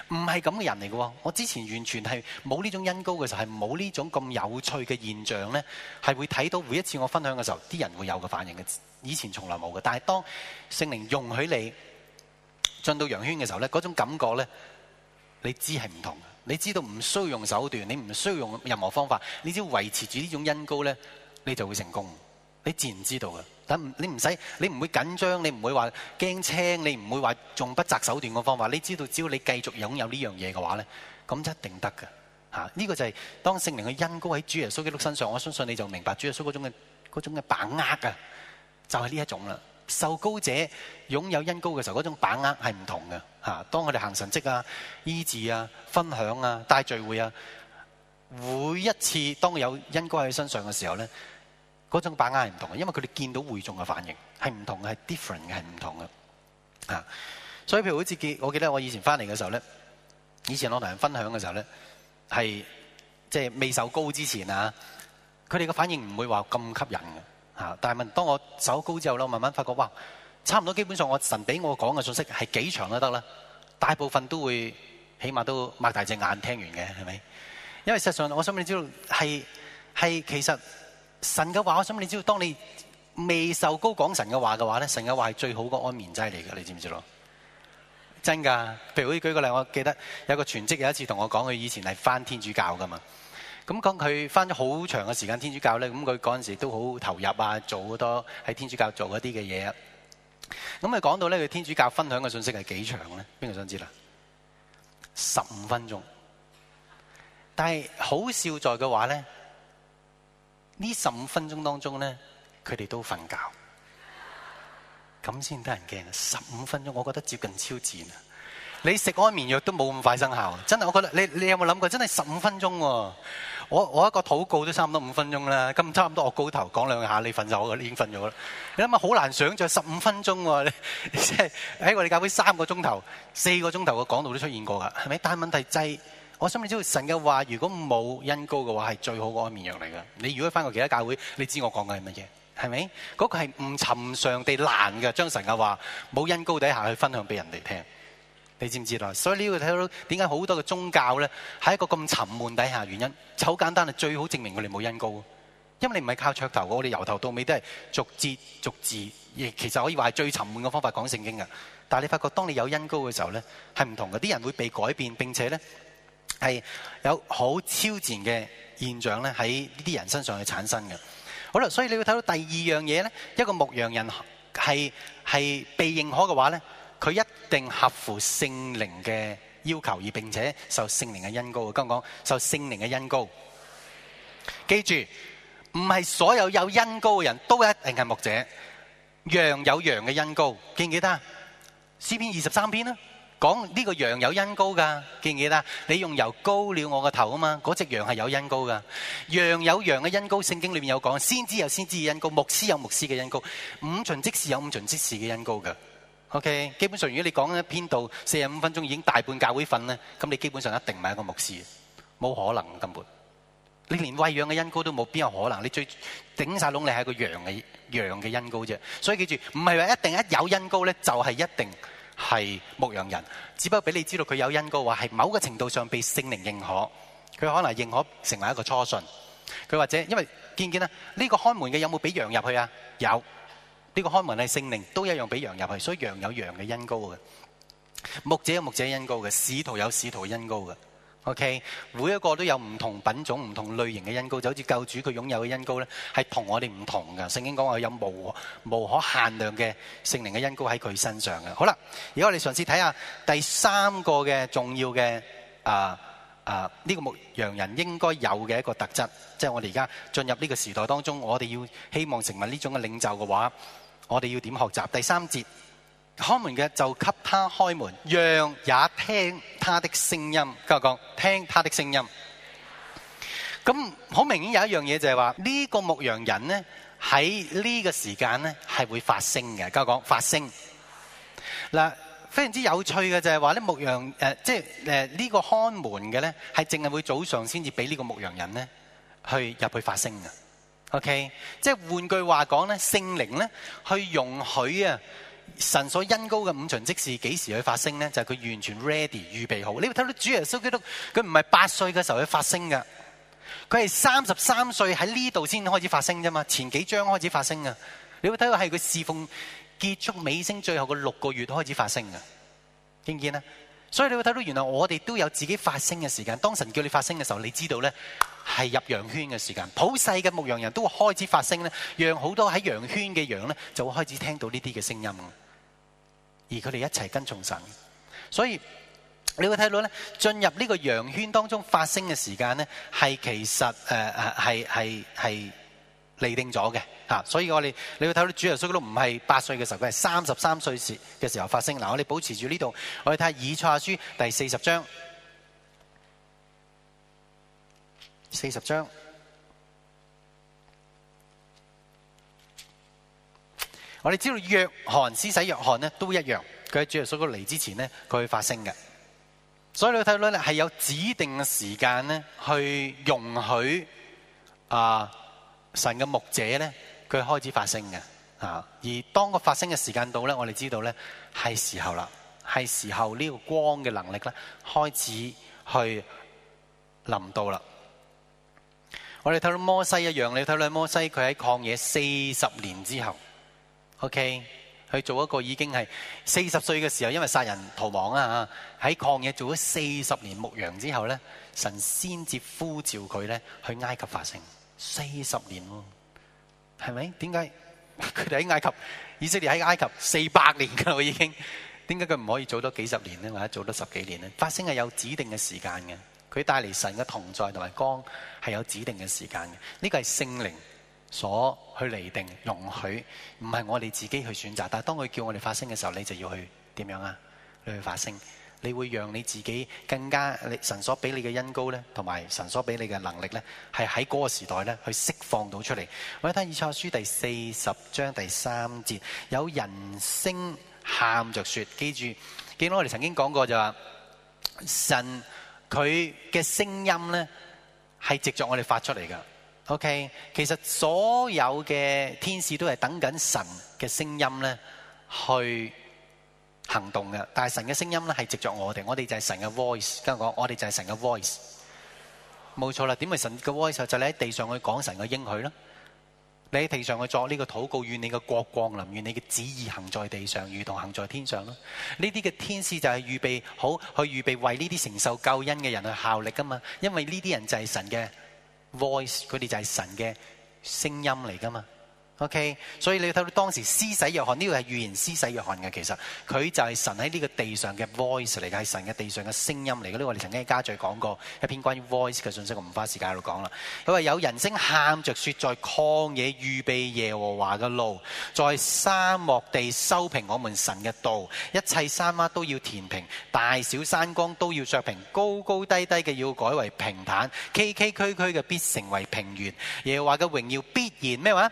唔係咁嘅人嚟嘅，我之前完全係冇呢種恩膏嘅時候，係冇呢種咁有趣嘅現象呢，係會睇到每一次我分享嘅時候，啲人會有個反應嘅。以前從來冇嘅。但係當聖靈容許你進到羊圈嘅時候呢，嗰種感覺呢，你知係唔同嘅。你知道唔需要用手段，你唔需要用任何方法，你只要維持住呢種恩膏呢，你就會成功。你自然知道嘅。等你唔使，你唔會緊張，你唔會話驚青，你唔會話仲不擲手段，個方法。你知道，只要你繼續擁有呢樣嘢嘅話呢，咁一定得嘅嚇。呢、啊，這個就係當聖靈嘅恩膏喺主耶穌基督身上，我相信你就明白主耶穌嗰種嘅嗰嘅把握嘅、啊，就係、是、呢一種啦。受高者擁有恩膏嘅時候，嗰種把握係唔同嘅嚇、啊。當我哋行神跡啊、醫治啊、分享啊、帶聚會啊，每一次當有恩膏喺身上嘅時候呢。嗰種把握係唔同嘅，因為佢哋見到會眾嘅反應係唔同嘅，係 different 嘅，係唔同嘅嚇。所以譬如好似記，我記得我以前翻嚟嘅時候咧，以前我同人分享嘅時候咧，係即係未受高之前啊，佢哋嘅反應唔會話咁吸引嘅嚇。但係問當我受高之後咧，我慢慢發覺哇，差唔多基本上我神俾我講嘅信息係幾長都得啦，大部分都會起碼都擘大隻眼聽完嘅係咪？因為事實上我想你知道係係其實。神嘅話，我想你知道，當你未受高講神嘅話嘅話咧，神嘅話係最好嘅安眠劑嚟嘅，你知唔知咯？真噶，譬如舉個例，我記得有個全職有一次同我講，佢以前係翻天主教噶嘛。咁講佢翻咗好長嘅時間天主教咧，咁佢嗰陣時都好投入啊，做好多喺天主教做一啲嘅嘢。咁佢講到咧，佢天主教分享嘅信息係幾長咧？邊個想知啦？十五分鐘。但係好笑在嘅話咧。呢十五分鐘當中咧，佢哋都瞓覺，咁先得人驚啦！十五分鐘，我覺得接近超自然啊！你食安眠藥都冇咁快生效，真係我，我，我，我，我覺得你，你有冇諗過？真係十五分鐘喎！我我一個禱告都差唔多五分鐘啦，咁差唔多我高頭講兩下，你瞓就我覺得我已經瞓咗啦！你諗下好難想像十五分鐘喎，即係喺我哋教會三個鐘頭、四個鐘頭嘅講道都出現過㗎，係咪？但問題滯、就是。我想你知道，神嘅話如果冇恩高嘅話，係最好嘅安眠藥嚟噶。你如果翻過其他教會，你知我講緊係乜嘢？係咪嗰個係唔尋常地難嘅？將神嘅話冇恩高底下去分享俾人哋聽，你知唔知道？所以你要睇到點解好多嘅宗教咧，喺一個咁沉悶底下，原因好簡單，係最好證明佢哋冇恩高。因為你唔係靠噱頭，我哋由頭到尾都係逐節逐字，亦其實可以話係最沉悶嘅方法講聖經嘅。但係你發覺，當你有恩高嘅時候咧，係唔同嘅。啲人會被改變，並且咧。係有好超前嘅現象咧，喺呢啲人身上去產生嘅。好啦，所以你要睇到第二樣嘢咧，一個牧羊人係係被認可嘅話咧，佢一定合乎聖靈嘅要求而，而並且受聖靈嘅恩膏。剛剛講受聖靈嘅恩膏。記住唔係所有有恩膏嘅人都一定係牧者，羊有羊嘅恩膏，記唔記得？詩篇二十三篇啦。講呢個羊有恩高噶，記唔記得？你用油膏了我個頭啊嘛！嗰隻羊係有恩高噶，羊有羊嘅恩高。聖經裏面有講，先知有先知嘅恩高，牧師有牧師嘅恩高，五旬即時有五旬即時嘅恩高噶。OK，基本上如果你講一篇道四十五分鐘已經大半教會瞓咧，咁你基本上一定唔係一個牧師，冇可能根本。你連餵養嘅恩高都冇，邊有可能？你最頂曬窿，你係一個羊嘅羊嘅恩高啫。所以記住，唔係話一定一有恩高咧，就係一定。係牧羊人，只不過俾你知道佢有恩膏，話係某個程度上被聖靈認可，佢可能認可成為一個初信，佢或者因為見唔見啊？呢個開門嘅有冇俾羊入去啊？有，呢個開門係聖靈，都一樣俾羊入去，所以羊有羊嘅恩膏嘅，牧者有牧者恩膏嘅，使徒有使徒恩膏嘅。OK，每一個都有唔同品種、唔同類型嘅恩膏，就好似救主佢擁有嘅恩膏咧，係同我哋唔同嘅。聖經講話佢有無無可限量嘅聖靈嘅恩膏喺佢身上嘅。好啦，而家我哋嘗試睇下第三個嘅重要嘅啊啊呢個牧羊人應該有嘅一個特質，即係我哋而家進入呢個時代當中，我哋要希望成為呢種嘅領袖嘅話，我哋要點學習？第三節。看門嘅就給他開門，羊也聽他的聲音。即係講，聽他的聲音。咁好明顯有一樣嘢就係話呢個牧羊人呢，喺呢個時間呢係會發聲嘅。即係講，發聲。嗱，非常之有趣嘅就係話呢牧羊誒，即係誒呢個看門嘅呢，係淨係會早上先至俾呢個牧羊人呢去入去發聲嘅。OK，即係換句話講呢聖靈呢去容許啊。神所恩高嘅五旬即是幾時去發聲呢？就係佢完全 ready 預備好。你會睇到主耶穌基督，佢唔係八歲嘅時候去發聲噶，佢係三十三歲喺呢度先開始發聲啫嘛。前幾章開始發聲噶？你會睇到係佢侍奉結束尾聲最後嘅六個月開始發聲噶。見唔見啊？所以你會睇到，原來我哋都有自己發聲嘅時間。當神叫你發聲嘅時候，你知道呢。係入羊圈嘅時間，普世嘅牧羊人都會開始發聲咧，讓好多喺羊圈嘅羊咧就會開始聽到呢啲嘅聲音，而佢哋一齊跟從神。所以你會睇到咧，進入呢個羊圈當中發聲嘅時間咧，係其實誒誒係係係釐定咗嘅吓。所以我哋，你會睇到主耶穌都唔係八歲嘅時候，佢係三十三歲時嘅時候發聲。嗱，我哋保持住呢度，我哋睇下以賽亞書第四十章。四十章，我哋知道約翰施洗約翰呢都一樣，佢喺主耶穌嚟之前呢，佢會發聲嘅。所以你睇到咧，係有指定嘅時間呢，去容許啊神嘅牧者咧，佢開始發聲嘅啊。而當個發聲嘅時間到呢，我哋知道呢，係時候啦，係時候呢個光嘅能力呢，開始去臨到啦。我哋睇到摩西一樣，你睇到阿摩西佢喺曠野四十年之後，OK，佢做一個已經係四十歲嘅時候，因為殺人逃亡啊，喺曠野做咗四十年牧羊之後咧，神先至呼召佢咧去埃及發生。四十年喎，係咪？點解佢哋喺埃及？以色列喺埃及四百年噶啦已經，點解佢唔可以做多幾十年咧？或者做多十幾年咧？發生係有指定嘅時間嘅。佢帶嚟神嘅同在同埋光係有指定嘅時間嘅。呢個係聖靈所去釐定容許，唔係我哋自己去選擇。但係當佢叫我哋發聲嘅時候，你就要去點樣啊？你去發聲，你會讓你自己更加神所俾你嘅恩膏呢，同埋神所俾你嘅能力呢，係喺嗰個時代呢去釋放到出嚟。我睇以賽書第四十章第三節，有人聲喊着説：記住，記得我哋曾經講過就話、是、神。佢嘅聲音咧係藉著我哋發出嚟嘅，OK。其實所有嘅天使都係等緊神嘅聲音咧去行動嘅，但係神嘅聲音咧係藉著我哋，我哋就係神嘅 voice。跟我講，我哋就係神嘅 voice。冇錯啦，點係神嘅 voice 就係你喺地上去講神嘅應許啦。你在地上去作呢個禱告，願你嘅國降臨，願你嘅旨意行在地上，如同行在天上。這呢啲嘅天使就係預備好去預備為呢啲承受救恩嘅人去效力㗎嘛，因為呢啲人就係神嘅 voice，佢哋就係神嘅聲音嚟㗎嘛。O.K.，所以你睇到當時施洗約翰呢個係預言施洗約翰嘅。其實佢就係神喺呢個地上嘅 voice 嚟嘅，係神嘅地上嘅聲音嚟嘅。呢、這個、我哋曾經加註講過一篇關於 voice 嘅信息，我唔花時間喺度講啦。佢話有人聲喊着說，在曠野預備耶和華嘅路，在沙漠地修平我們神嘅道，一切山窪都要填平，大小山崗都要削平，高高低低嘅要改為平坦，崎崎嶇嶇嘅必成為平原。耶和華嘅榮耀必然咩話？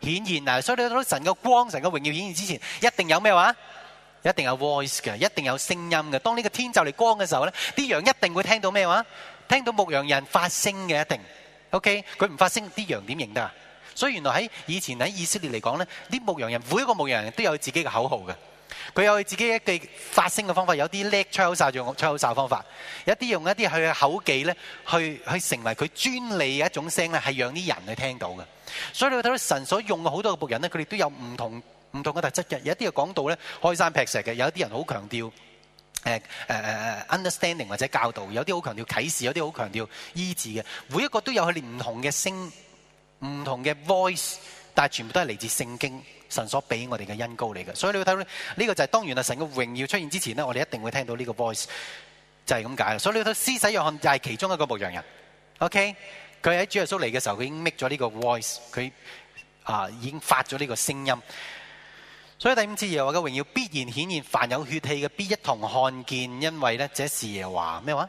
顯然嗱，所以你睇到神嘅光、神嘅榮耀顯現之前，一定有咩話？一定有 voice 嘅，一定有聲音嘅。當呢個天就嚟光嘅時候咧，啲羊一定會聽到咩話？聽到牧羊人發聲嘅一定。OK，佢唔發聲，啲羊點認得啊？所以原來喺以前喺以色列嚟講咧，啲牧羊人每一個牧羊人都有自己嘅口號嘅。佢有佢自己一句發聲嘅方法，有啲叻吹口哨，仲吹口哨方法；有啲用一啲佢嘅口技咧，去去成為佢專利嘅一種聲咧，係讓啲人去聽到嘅。所以你睇到神所用嘅好多嘅僕人咧，佢哋都有唔同唔同嘅特質嘅。有啲又講道咧，開山劈石嘅；有啲人好強調誒誒誒誒 understanding 或者教導，有啲好強調啟示；有啲好強調醫治嘅。每一個都有佢哋唔同嘅聲，唔同嘅 voice，但係全部都係嚟自聖經。神所俾我哋嘅恩膏嚟嘅，所以你要睇到呢個就係當然係神嘅榮耀出現之前咧，我哋一定會聽到呢個 voice，就係咁解啦。所以你要睇施洗約翰就係其中一個牧羊人，OK？佢喺主耶穌嚟嘅時候，佢已經 make 咗呢個 voice，佢啊已經發咗呢個聲音。所以第五次耶和華嘅榮耀必然顯現，凡有血氣嘅必一同看見，因為咧，這是耶和華咩話？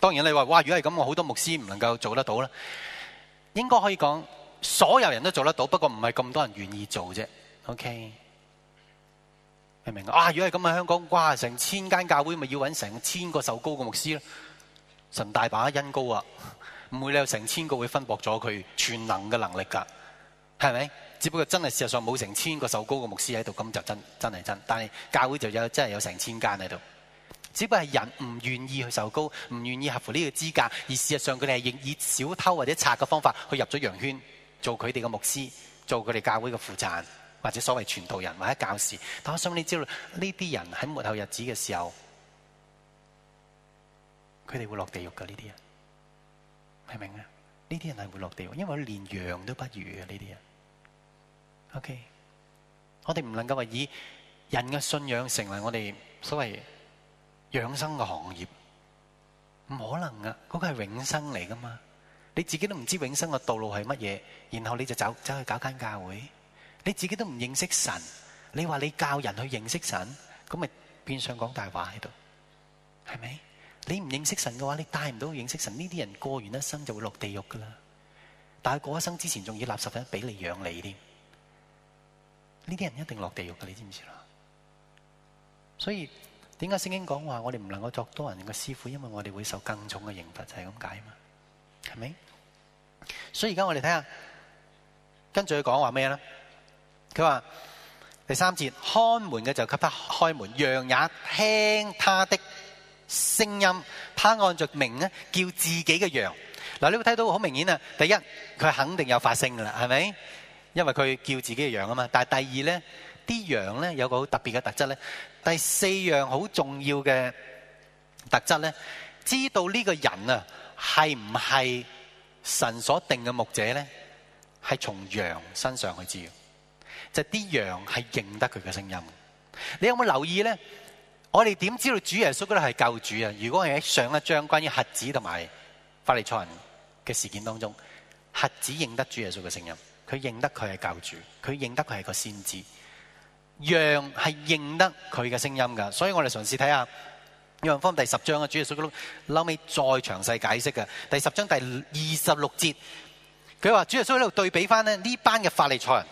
當然你話哇，如果係咁，我好多牧師唔能夠做得到啦。應該可以講，所有人都做得到，不過唔係咁多人願意做啫。OK，明唔明啊？如果係咁喺香港，哇，成千間教會咪要搵成千個受膏嘅牧師咧？神大把恩膏啊，唔會你有成千個會分薄咗佢全能嘅能力㗎，係咪？只不過真係事實上冇成千個受膏嘅牧師喺度，咁就真真係真。但係教會就有真係有成千間喺度。只不過係人唔願意去受膏，唔願意合乎呢個資格，而事實上佢哋係以小偷或者賊嘅方法去入咗羊圈，做佢哋嘅牧師，做佢哋教會嘅負責，或者所謂傳道人或者教士。但係我想你知道呢啲人喺末後日子嘅時候，佢哋會落地獄㗎。呢啲人明唔明啊？呢啲人係會落地獄的，因為連羊都不如嘅呢啲人。OK，我哋唔能夠話以人嘅信仰成為我哋所謂。養生嘅行業唔可能呀，嗰個係永生嚟噶嘛？你自己都唔知永生嘅道路係乜嘢，然後你就走走去搞間教會，你自己都唔認識神，你話你教人去認識神，咁咪變相講大話喺度，係咪？你唔認識神嘅話，你帶唔到認識神。呢啲人過完一生就會落地獄噶啦，但係過一生之前仲要垃圾粉俾你養你添，呢啲人一定落地獄噶，你知唔知啦？所以。點解聖經講話我哋唔能夠作多人嘅師傅，因為我哋會受更重嘅刑罰，就係咁解嘛，係咪？所以而家我哋睇下，跟住佢講話咩咧？佢話第三節，看門嘅就給他開門，羊也聽他的聲音，他按着名咧叫自己嘅羊。嗱，你會睇到好明顯啊！第一，佢肯定有發聲㗎啦，係咪？因為佢叫自己嘅羊啊嘛。但係第二咧，啲羊咧有個好特別嘅特質咧。第四樣好重要嘅特質咧，知道呢個人啊，係唔係神所定嘅牧者咧，係從羊身上去知嘅，就係啲羊係認得佢嘅聲音。你有冇留意咧？我哋點知道主耶穌度係救主啊？如果係喺上一章關於瞎子同埋法利賽人嘅事件當中，瞎子認得主耶穌嘅聲音，佢認得佢係救主，佢認得佢係個先知。羊係認得佢嘅聲音噶，所以我哋嘗試睇下《約翰福音》第十章嘅主耶穌基督，後尾再詳細解釋嘅。第十章第二十六節，佢話主耶穌喺度對比翻呢這班嘅法利賽人，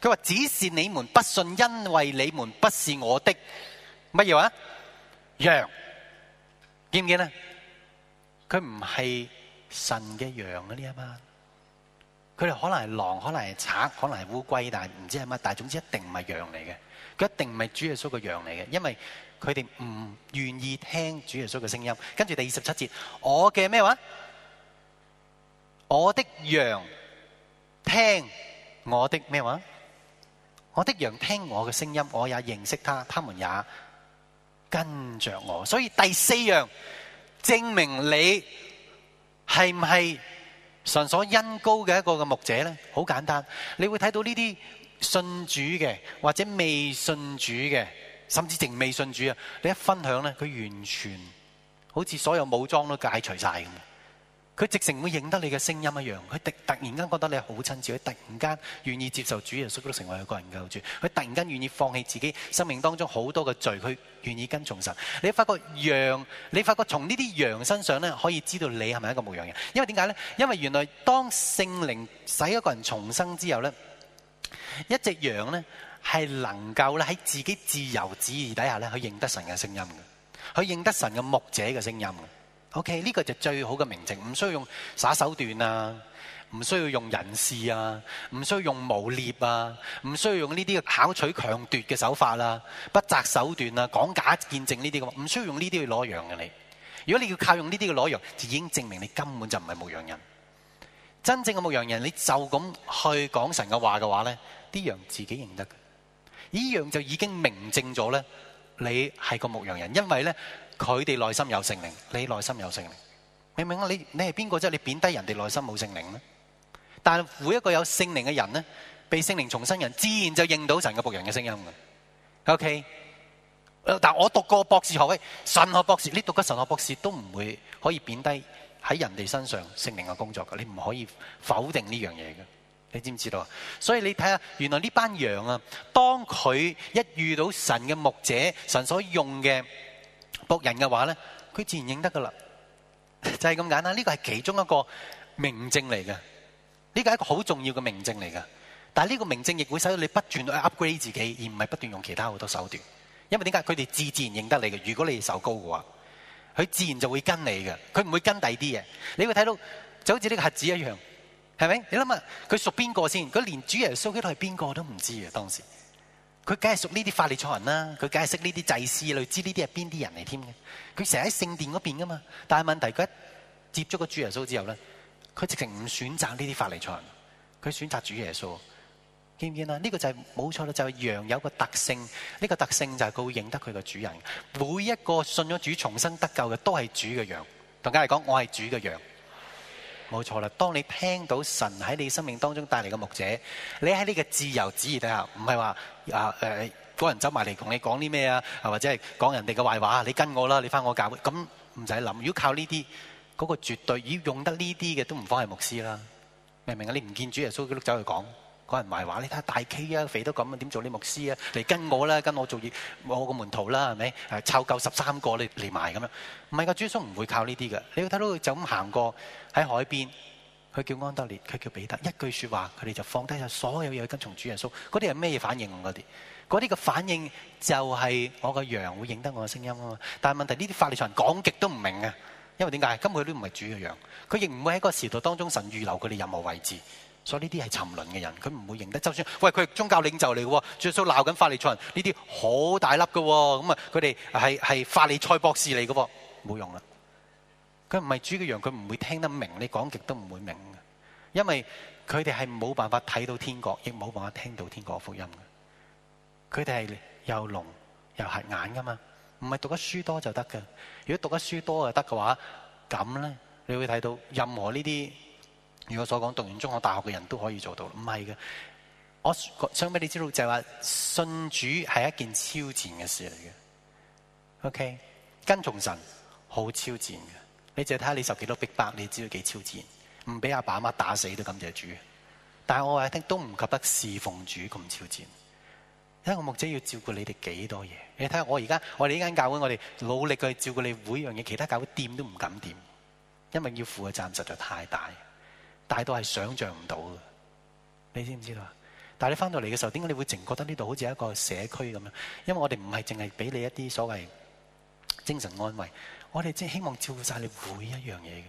佢話只是你們不信，因為你們不是我的乜嘢啊？羊見唔見咧？佢唔係神嘅羊啊呢一班。佢哋可能係狼，可能係賊，可能係烏龜，但係唔知係乜，但係總之一定唔係羊嚟嘅，佢一定唔係主耶穌嘅羊嚟嘅，因為佢哋唔願意聽主耶穌嘅聲音。跟住第二十七節，我嘅咩話？我的羊聽我的咩話？我的羊聽我嘅聲音，我也認識他，他們也跟着我。所以第四樣證明你係唔係？神所恩膏嘅一個嘅牧者咧，好簡單，你會睇到呢啲信主嘅或者未信主嘅，甚至淨未信主啊，你一分享咧，佢完全好似所有武裝都解除晒噉。佢直情會認得你嘅聲音一樣！佢突突然間覺得你好親切，佢突然間願意接受主耶穌，都成為一個人嘅救主。佢突然間願意放棄自己生命當中好多嘅罪，佢願意跟從神。你發覺羊，你發覺從呢啲羊身上咧，可以知道你係咪一個牧羊人？因為點解咧？因為原來當聖靈使一個人重生之後咧，一隻羊咧係能夠咧喺自己自由旨意底下咧，佢認得神嘅聲音嘅，佢認得神嘅牧者嘅聲音。OK，呢個就係最好嘅明證，唔需要用耍手段啊，唔需要用人事啊，唔需要用謀略啊，唔需要用呢啲嘅考取強奪嘅手法啦、啊，不擇手段啊，講假見證呢啲嘅話唔需要用呢啲去攞羊嘅你。如果你要靠用呢啲嘅攞羊，就已經證明你根本就唔係牧羊人。真正嘅牧羊人，你就咁去講神嘅話嘅話呢，啲羊自己認得嘅，呢樣就已經明證咗呢，你係個牧羊人，因為呢。佢哋內心有聖靈，你內心有聖靈，明唔明啊？你你係邊個啫？你貶低人哋內心冇聖靈呢？但係每一個有聖靈嘅人呢，被聖靈重生人，自然就認到神嘅僕人嘅聲音嘅。O.K. 但我讀過博士學位，神學博士，你讀過神學博士都唔會可以貶低喺人哋身上聖靈嘅工作嘅，你唔可以否定呢樣嘢嘅。你知唔知道？所以你睇下，原來呢班羊啊，當佢一遇到神嘅牧者，神所用嘅僕人嘅話咧，佢自然認得噶啦，就係咁簡單。呢個係其中一個明證嚟嘅，呢個係一個好重要嘅明證嚟嘅。但係呢個明證亦會使到你不斷去 upgrade 自己，而唔係不斷用其他好多手段。因為點解？佢哋自自然認得你嘅，如果你係手高嘅話，佢自然就會跟你嘅，佢唔會跟第二啲嘢。你會睇到就好似呢個核子一樣，係咪？你諗下，佢屬邊個先？佢連主人嘅手機都係邊個都唔知嘅當時。佢梗係屬呢啲法利賽人啦，佢梗係識呢啲祭司，類似呢啲係邊啲人嚟添嘅。佢成日喺聖殿嗰邊噶嘛，但係問題佢一接觸個主耶穌之後咧，佢直情唔選擇呢啲法利賽人，佢選擇主耶穌，見唔見啊？呢、這個就係冇錯啦，就係、是、羊有個特性，呢、這個特性就係佢會認得佢個主人。每一個信咗主重生得救嘅都係主嘅羊。同家係講，我係主嘅羊。冇錯啦！當你聽到神喺你生命當中帶嚟嘅牧者，你喺呢個自由旨意底下，唔係話啊誒人走埋嚟同你講啲咩啊，或者係講人哋嘅壞話，你跟我啦，你翻我教會，咁唔使諗。如果靠呢啲，嗰、那個絕對已經用得呢啲嘅都唔方係牧師啦，明唔明啊？你唔見主耶穌基督走去講。講人埋話你睇下大 K 啊，肥到咁啊，點做你牧師啊？嚟跟我啦，跟我做嘢，我個門徒啦，係咪？誒，湊夠十三個你嚟埋咁樣，唔係噶，主耶穌唔會靠呢啲嘅。你睇到佢就咁行過喺海邊，佢叫安德烈，佢叫彼得，一句說話，佢哋就放低晒所有嘢去跟從主耶穌。嗰啲係咩反應嗰啲？嗰啲嘅反應就係我個羊會認得我嘅聲音啊嘛。但係問題呢啲法利賽人講極都唔明啊，因為點解？根本佢都唔係主嘅羊，佢亦唔會喺個時代當中神預留佢哋任何位置。所以呢啲係沉淪嘅人，佢唔會認得。就算喂，佢係宗教領袖嚟嘅，就算鬧緊法利賽人，呢啲好大粒嘅。咁啊，佢哋係係法利賽博士嚟嘅，冇用啦。佢唔係主嘅羊，佢唔會聽得明。你講極都唔會明嘅，因為佢哋係冇辦法睇到天國，亦冇辦法聽到天國福音嘅。佢哋係又聾又瞎眼噶嘛，唔係讀得書多就得㗎。如果讀得書多就得嘅話，咁咧，你會睇到任何呢啲。如果所講讀完中學大學嘅人都可以做到，唔係嘅。我想俾你知道就係話，信主係一件超賤嘅事嚟嘅。OK，跟從神好超賤嘅。你淨係睇下你受幾多逼迫，迫，你知道幾超賤。唔俾阿爸阿媽打死都感謝主。但係我話聽都唔及得侍奉主咁超賤。因為我牧者要照顧你哋幾多嘢。你睇下我而家我哋呢間教會，我哋努力去照顧你每樣嘢，其他教會掂都唔敢掂，因為要負嘅責任實在太大。大到係想象唔到嘅，你知唔知道啊？但係你翻到嚟嘅時候，點解你會淨覺得呢度好似一個社區咁樣？因為我哋唔係淨係俾你一啲所謂精神安慰，我哋即係希望照顧晒你每一樣嘢嘅。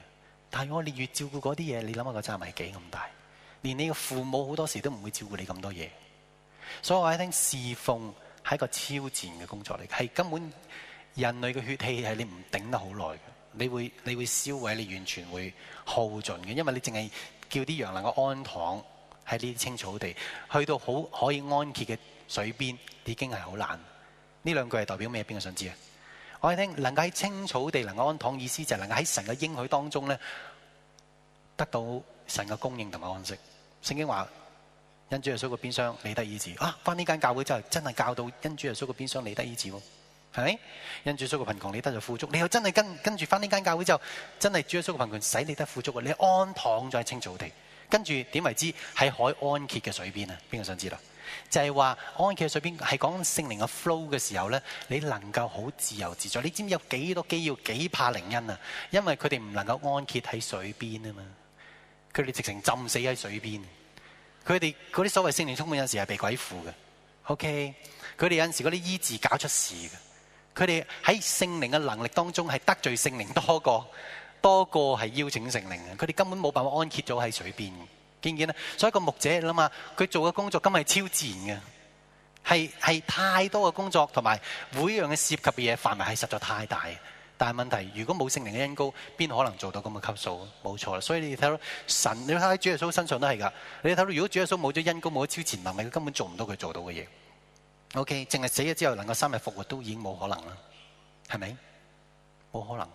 但係我哋越照顧嗰啲嘢，你諗下個責任係幾咁大？連你嘅父母好多時都唔會照顧你咁多嘢。所以我一聽侍奉係一個超自然嘅工作嚟，係根本人類嘅血氣係你唔頂得好耐嘅。你會你會燒毀，你完全會耗盡嘅，因為你淨係叫啲羊能夠安躺喺呢啲青草地，去到好可以安歇嘅水邊，已經係好難。呢兩句係代表咩？邊個想知啊？我哋聽能夠喺青草地能夠安躺，意思就係能夠喺神嘅應許當中咧，得到神嘅供應同埋安息。聖經話：因主耶穌嘅鞭傷，你得醫治。啊，返呢間教會就真係教到因主耶穌嘅鞭傷，你得醫治。係，因住所嘅貧窮，你得咗富足；你又真係跟跟住返呢間教會之後，真係住咗所嘅貧窮，使你得富足。你安躺咗喺青草地，跟住點為之？喺海安歇嘅水邊啊！邊個想知啦？就係、是、話安歇嘅水邊係講聖靈嘅 flow 嘅時候咧，你能夠好自由自在。你知唔知有幾多機要幾怕靈恩啊？因為佢哋唔能夠安歇喺水邊啊嘛，佢哋直情浸死喺水邊。佢哋嗰啲所謂聖靈充滿有陣時係被鬼附嘅。OK，佢哋有陣時嗰啲醫治搞出事嘅。佢哋喺聖靈嘅能力當中係得罪聖靈多過多過係邀請聖靈嘅，佢哋根本冇辦法安歇咗喺水邊。見唔見咧？所以個牧者你諗下，佢做嘅工作根本係超自然嘅，係係太多嘅工作同埋每一樣嘢涉及嘅嘢範圍係實在太大。但係問題係，如果冇聖靈嘅恩膏，邊可能做到咁嘅級數？冇錯啦。所以你睇到神，你睇喺主耶穌身上都係㗎。你睇到如果主耶穌冇咗恩膏，冇咗超前能力，佢根本做唔到佢做到嘅嘢。O.K.，淨係死咗之後能夠三日復活都已經冇可能啦，係咪？冇可能。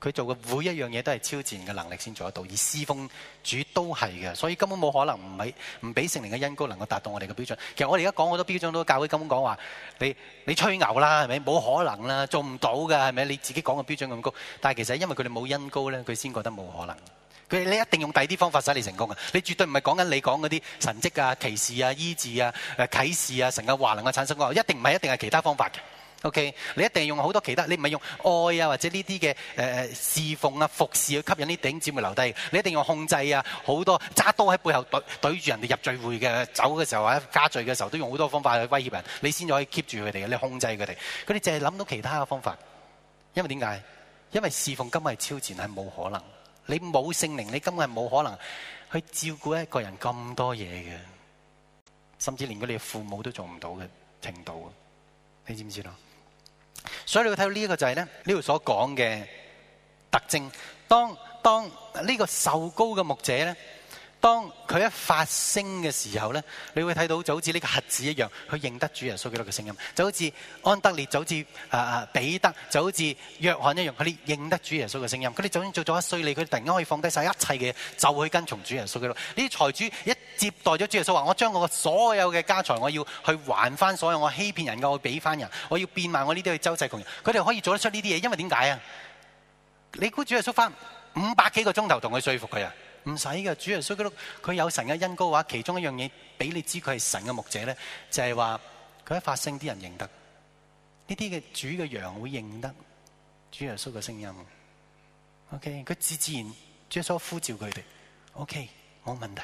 佢做嘅每一樣嘢都係超自然嘅能力先做得到，而事奉主都係嘅，所以根本冇可能唔係唔俾聖靈嘅恩膏能夠達到我哋嘅標準。其實我哋而家講好多標準都教會根本講話你你吹牛啦，係咪？冇可能啦，做唔到㗎，係咪？你自己講嘅標準咁高，但係其實因為佢哋冇恩膏咧，佢先覺得冇可能。你一定用第二啲方法使你成功嘅，你絕對唔係講緊你講嗰啲神蹟啊、奇事啊、醫治啊、啟示啊、神嘅話能夠產生嘅，一定唔係，一定係其他方法嘅。OK，你一定用好多其他，你唔係用愛啊或者呢啲嘅侍奉啊服侍去吸引啲姊妹留低，你一定用控制啊，好多揸刀喺背後對住人哋，入聚會嘅走嘅時候或者加聚嘅時候都用好多方法去威脅人，你先至可以 keep 住佢哋，你控制佢哋。佢哋淨係諗到其他嘅方法，因為點解？因為侍奉今日超前係冇可能。你冇聖靈，你根本係冇可能去照顧一個人咁多嘢嘅，甚至連佢哋父母都做唔到嘅程度，你知唔知咯？所以你睇到呢一個就係咧呢度所講嘅特徵。當當呢個瘦高嘅牧者咧。當佢一發聲嘅時候咧，你會睇到就好似呢個核子一樣，佢認得主耶穌基督嘅聲音，就好似安德烈，就好似、呃、彼得，彼得，就好似約翰一樣，佢哋認得主耶穌嘅聲音，佢哋就算做咗一世稅吏，佢突然間可以放低晒一切嘅嘢，就去跟從主耶穌基督。呢啲財主一接待咗主耶穌話，我將我嘅所有嘅家財，我要去還翻所有我欺騙人嘅，我俾翻人，我要變賣我呢啲去周濟窮人。佢哋可以做得出呢啲嘢，因為點解啊？你估主耶穌花五百幾個鐘頭同佢説服佢啊？唔使嘅，主耶穌佢有神嘅恩膏嘅話，其中一樣嘢俾你知佢係神嘅牧者咧，就係話佢一發聲啲人認得，呢啲嘅主嘅羊會認得主耶穌嘅聲音。OK，佢自自然主耶穌呼召佢哋。OK，冇問題。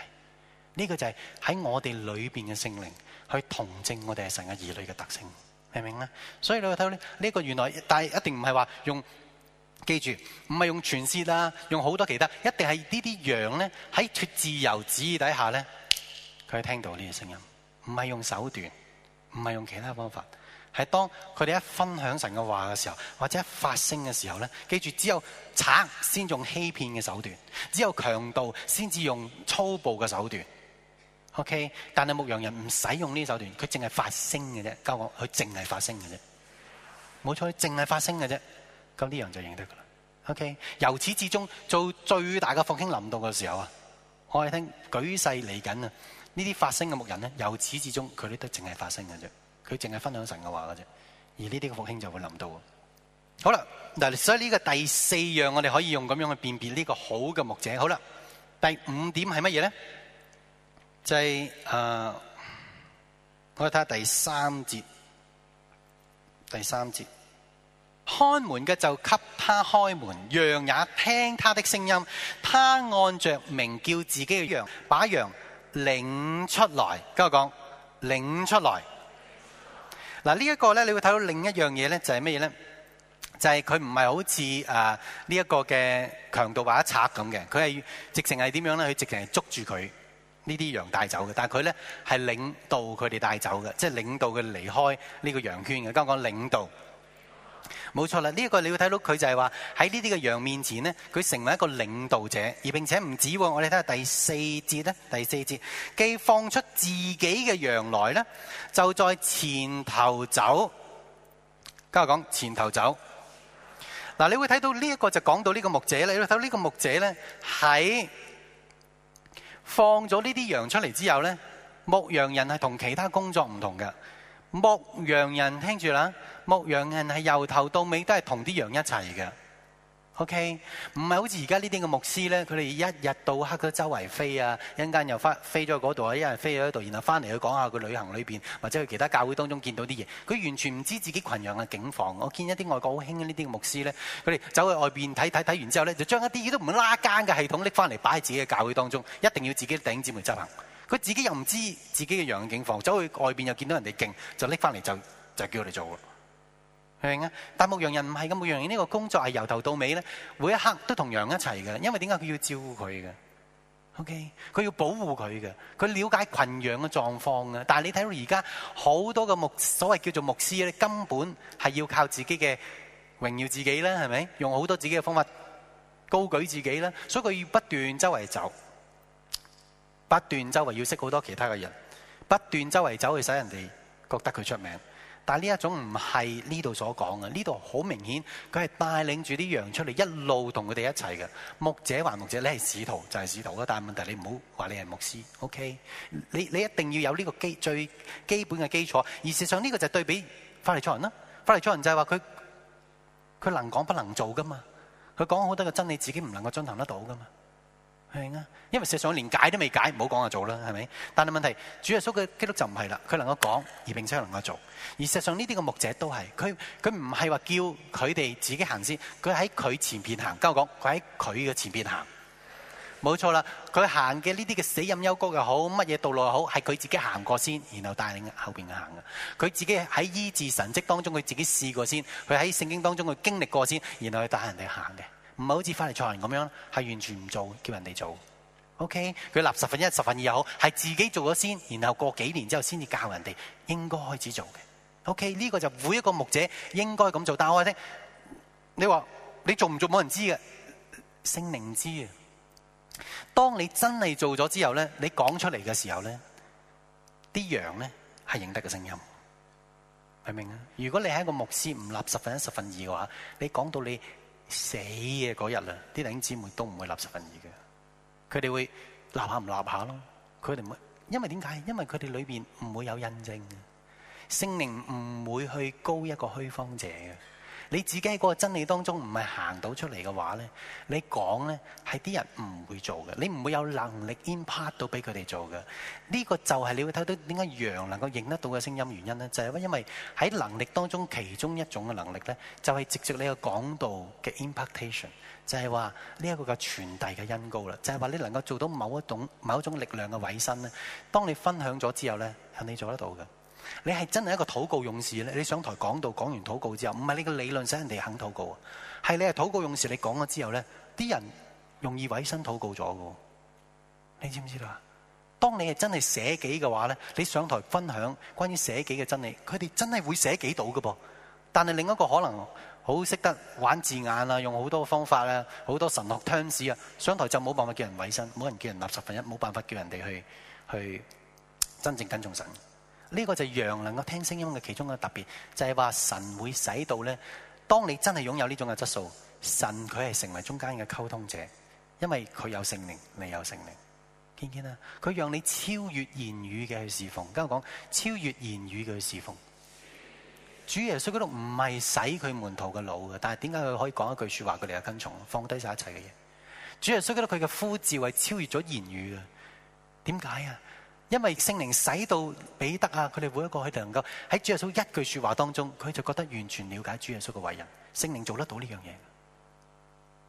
呢個就係喺我哋裏邊嘅聖靈去同證我哋係神嘅兒女嘅特性，明唔明啊？所以你會睇到咧，呢個原來但係一定唔係話用。記住，唔係用傳說啊，用好多其他，一定係呢啲羊咧喺脱自由旨意底下咧，佢聽到呢個聲音。唔係用手段，唔係用其他方法，係當佢哋一分享神嘅話嘅時候，或者一發聲嘅時候咧，記住只有賊先用欺騙嘅手段，只有強盜先至用粗暴嘅手段。OK，但係牧羊人唔使用呢啲手段，佢淨係發聲嘅啫。教我，佢淨係發聲嘅啫，冇錯，佢淨係發聲嘅啫。咁呢樣就認得噶啦，OK？由始至終做最大嘅復興臨到嘅時候啊，我哋聽舉世嚟緊啊，呢啲發聲嘅牧人咧，由始至終佢都得淨係發聲嘅啫，佢淨係分享神嘅話㗎啫，而呢啲嘅復興就會臨到。好啦，嗱，所以呢個第四樣我哋可以用咁樣去辨別呢個好嘅牧者。好啦，第五點係乜嘢咧？就係、是、誒、呃，我哋睇下第三節，第三節。看門嘅就給他開門，羊也聽他的聲音。他按着名叫自己嘅羊，把羊領出來。跟我講，領出來。嗱、這個，呢一個咧，你會睇到另一樣嘢咧，就係咩嘢咧？就係佢唔係好似誒呢一個嘅強盜或者賊咁嘅，佢係直情係點樣咧？佢直情係捉住佢呢啲羊帶走嘅，但係佢咧係領導佢哋帶走嘅，即係領導佢離開呢個羊圈嘅。跟我講，領導。冇錯啦，呢一個你會睇到佢就係話喺呢啲嘅羊面前呢，佢成為一個領導者，而並且唔止。我哋睇下第四節咧，第四節既放出自己嘅羊來咧，就在前頭走。家才講前頭走。嗱，你會睇到呢一個就講到呢個牧者，你會睇到呢個牧者咧喺放咗呢啲羊出嚟之後咧，牧羊人係同其他工作唔同嘅。牧羊人聽住啦，牧羊人係由頭到尾都係同啲羊一齊嘅，OK，唔係好似而家呢啲嘅牧師咧，佢哋一日到黑都周圍飛啊，一陣間又翻飛咗去嗰度啊，一陣間飛咗去嗰度，然後翻嚟去講下佢旅行裏面，或者去其他教會當中見到啲嘢，佢完全唔知自己群羊嘅境況。我見一啲外國好興呢啲嘅牧師咧，佢哋走去外邊睇睇，睇完之後咧，就將一啲都唔拉更嘅系統拎翻嚟擺喺自己嘅教會當中，一定要自己弟兄姊妹執行。佢自己又唔知自己嘅羊境況，走去外邊又見到人哋勁，就拎翻嚟就就叫我哋做咯，明啊？但牧羊人唔係嘅，牧羊人呢個工作係由頭到尾咧，每一刻都同羊一齊嘅，因為點解佢要照顧佢嘅？OK，佢要保護佢嘅，佢了解群羊嘅狀況嘅。但係你睇到而家好多嘅牧所謂叫做牧師咧，根本係要靠自己嘅榮耀自己啦，係咪？用好多自己嘅方法高舉自己啦，所以佢要不斷周圍走。不斷周圍要識好多其他嘅人，不斷周圍走去使人哋覺得佢出名。但係呢一種唔係呢度所講嘅，呢度好明顯佢係帶領住啲羊出嚟一路同佢哋一齊嘅，牧者還牧者，你係使徒就係使徒啦。但係問題是你唔好話你係牧師，OK？你你一定要有呢個基最基本嘅基礎。而事實上呢個就係對比法利賽人啦，法利賽人就係話佢佢能講不能做噶嘛，佢講好多嘅真理自己唔能夠進行得到噶嘛。係啊，因為事實上連解都未解，唔好講就做啦，係咪？但係問題，主耶穌嘅基督就唔係啦，佢能夠講而並且能夠做。而事實上呢啲嘅牧者都係，佢佢唔係話叫佢哋自己行先走，佢喺佢前邊行。交我講，佢喺佢嘅前邊行，冇錯啦。佢行嘅呢啲嘅死蔭幽谷又好，乜嘢道路又好，係佢自己行過先，然後帶領後邊行嘅。佢自己喺醫治神蹟當中，佢自己試過先，佢喺聖經當中佢經歷過先，然後去帶人哋行嘅。唔係好似翻嚟，坐人咁樣，係完全唔做，叫人哋做。OK，佢立十分一、十分二又好，係自己做咗先，然後過幾年之後先至教人哋應該開始做嘅。OK，呢個就每一個牧者應該咁做。但係我話聽，你話你做唔做冇人知嘅，聖靈知嘅。當你真係做咗之後咧，你講出嚟嘅時候咧，啲羊咧係認得嘅聲音，明唔明啊？如果你係一個牧師唔立十分一、十分二嘅話，你講到你。死嘅嗰日啊，啲弟兄姊妹都唔會立十分二嘅，佢哋會立下唔立下咯。佢哋唔會，因為點解？因為佢哋裏邊唔會有印證嘅，聖靈唔會去高一個虛方者嘅。你自己喺個真理當中唔係行到出嚟嘅話呢你講呢係啲人唔會做嘅，你唔會有能力 impact 到俾佢哋做嘅。呢、這個就係你會睇到點解羊能夠認得到嘅聲音原因呢就係、是、因為喺能力當中其中一種嘅能力呢，就係藉著你嘅講道嘅 impartation，就係話呢一個嘅傳遞嘅音高啦，就係、是、話你能夠做到某一種某一種力量嘅委身呢當你分享咗之後呢，係你做得到嘅。你係真係一個禱告勇士咧？你上台講道講完禱告之後，唔係你個理論使人哋肯禱告啊，係你係禱告勇士。你講咗之後咧，啲人容易委身禱告咗嘅。你知唔知道啦？當你係真係寫幾嘅話咧，你上台分享關於寫幾嘅真理，佢哋真係會寫幾到嘅噃。但係另一個可能，好識得玩字眼啊，用好多方法啊，好多神學 terms 啊，上台就冇辦法叫人委身，冇人叫人立十分一，冇辦法叫人哋去去真正跟從神。呢個就係羊能夠聽聲音嘅其中嘅特別，就係話神會使到咧。當你真係擁有呢種嘅質素，神佢係成為中間嘅溝通者，因為佢有聖靈，你有聖靈。見唔見啊？佢讓你超越言語嘅去侍奉。剛剛講超越言語嘅去侍奉。主耶穌嗰度唔係使佢門徒嘅腦嘅，但係點解佢可以講一句説話，佢哋就跟從，放低晒一切嘅嘢？主耶穌嗰度佢嘅呼召係超越咗言語嘅。點解啊？因為聖靈使到彼得啊，佢哋每一個佢哋能夠喺主耶穌一句說話當中，佢就覺得完全了解主耶穌嘅為人。聖靈做得到呢樣嘢，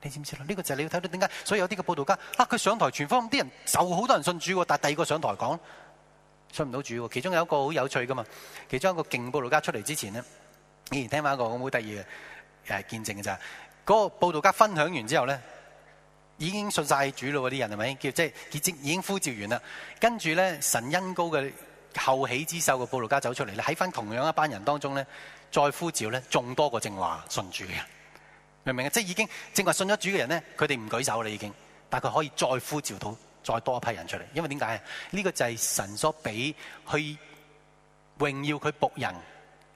你知唔知道呢、呢個就係你要睇到點解。所以有啲嘅布道家啊，佢上台全方啲人就好多人信主，但係第二個上台講信唔到主。其中有一個好有趣㗎嘛，其中一個勁布道家出嚟之前呢，竟然聽翻一個好得意嘅見證嘅咋。嗰、嗰個布道家分享完之後呢。已經信晒主喇嗰啲人係咪？叫即係結晶已經呼召完啦。跟住咧，神恩高嘅後起之秀嘅佈道家走出嚟咧，喺翻同樣一班人當中咧，再呼召咧，眾多個正話信主嘅人，明唔明啊？即係已經正話信咗主嘅人咧，佢哋唔舉手啦已經，但係佢可以再呼召到再多一批人出嚟。因為點解啊？呢、這個就係神所俾佢去榮耀佢僕人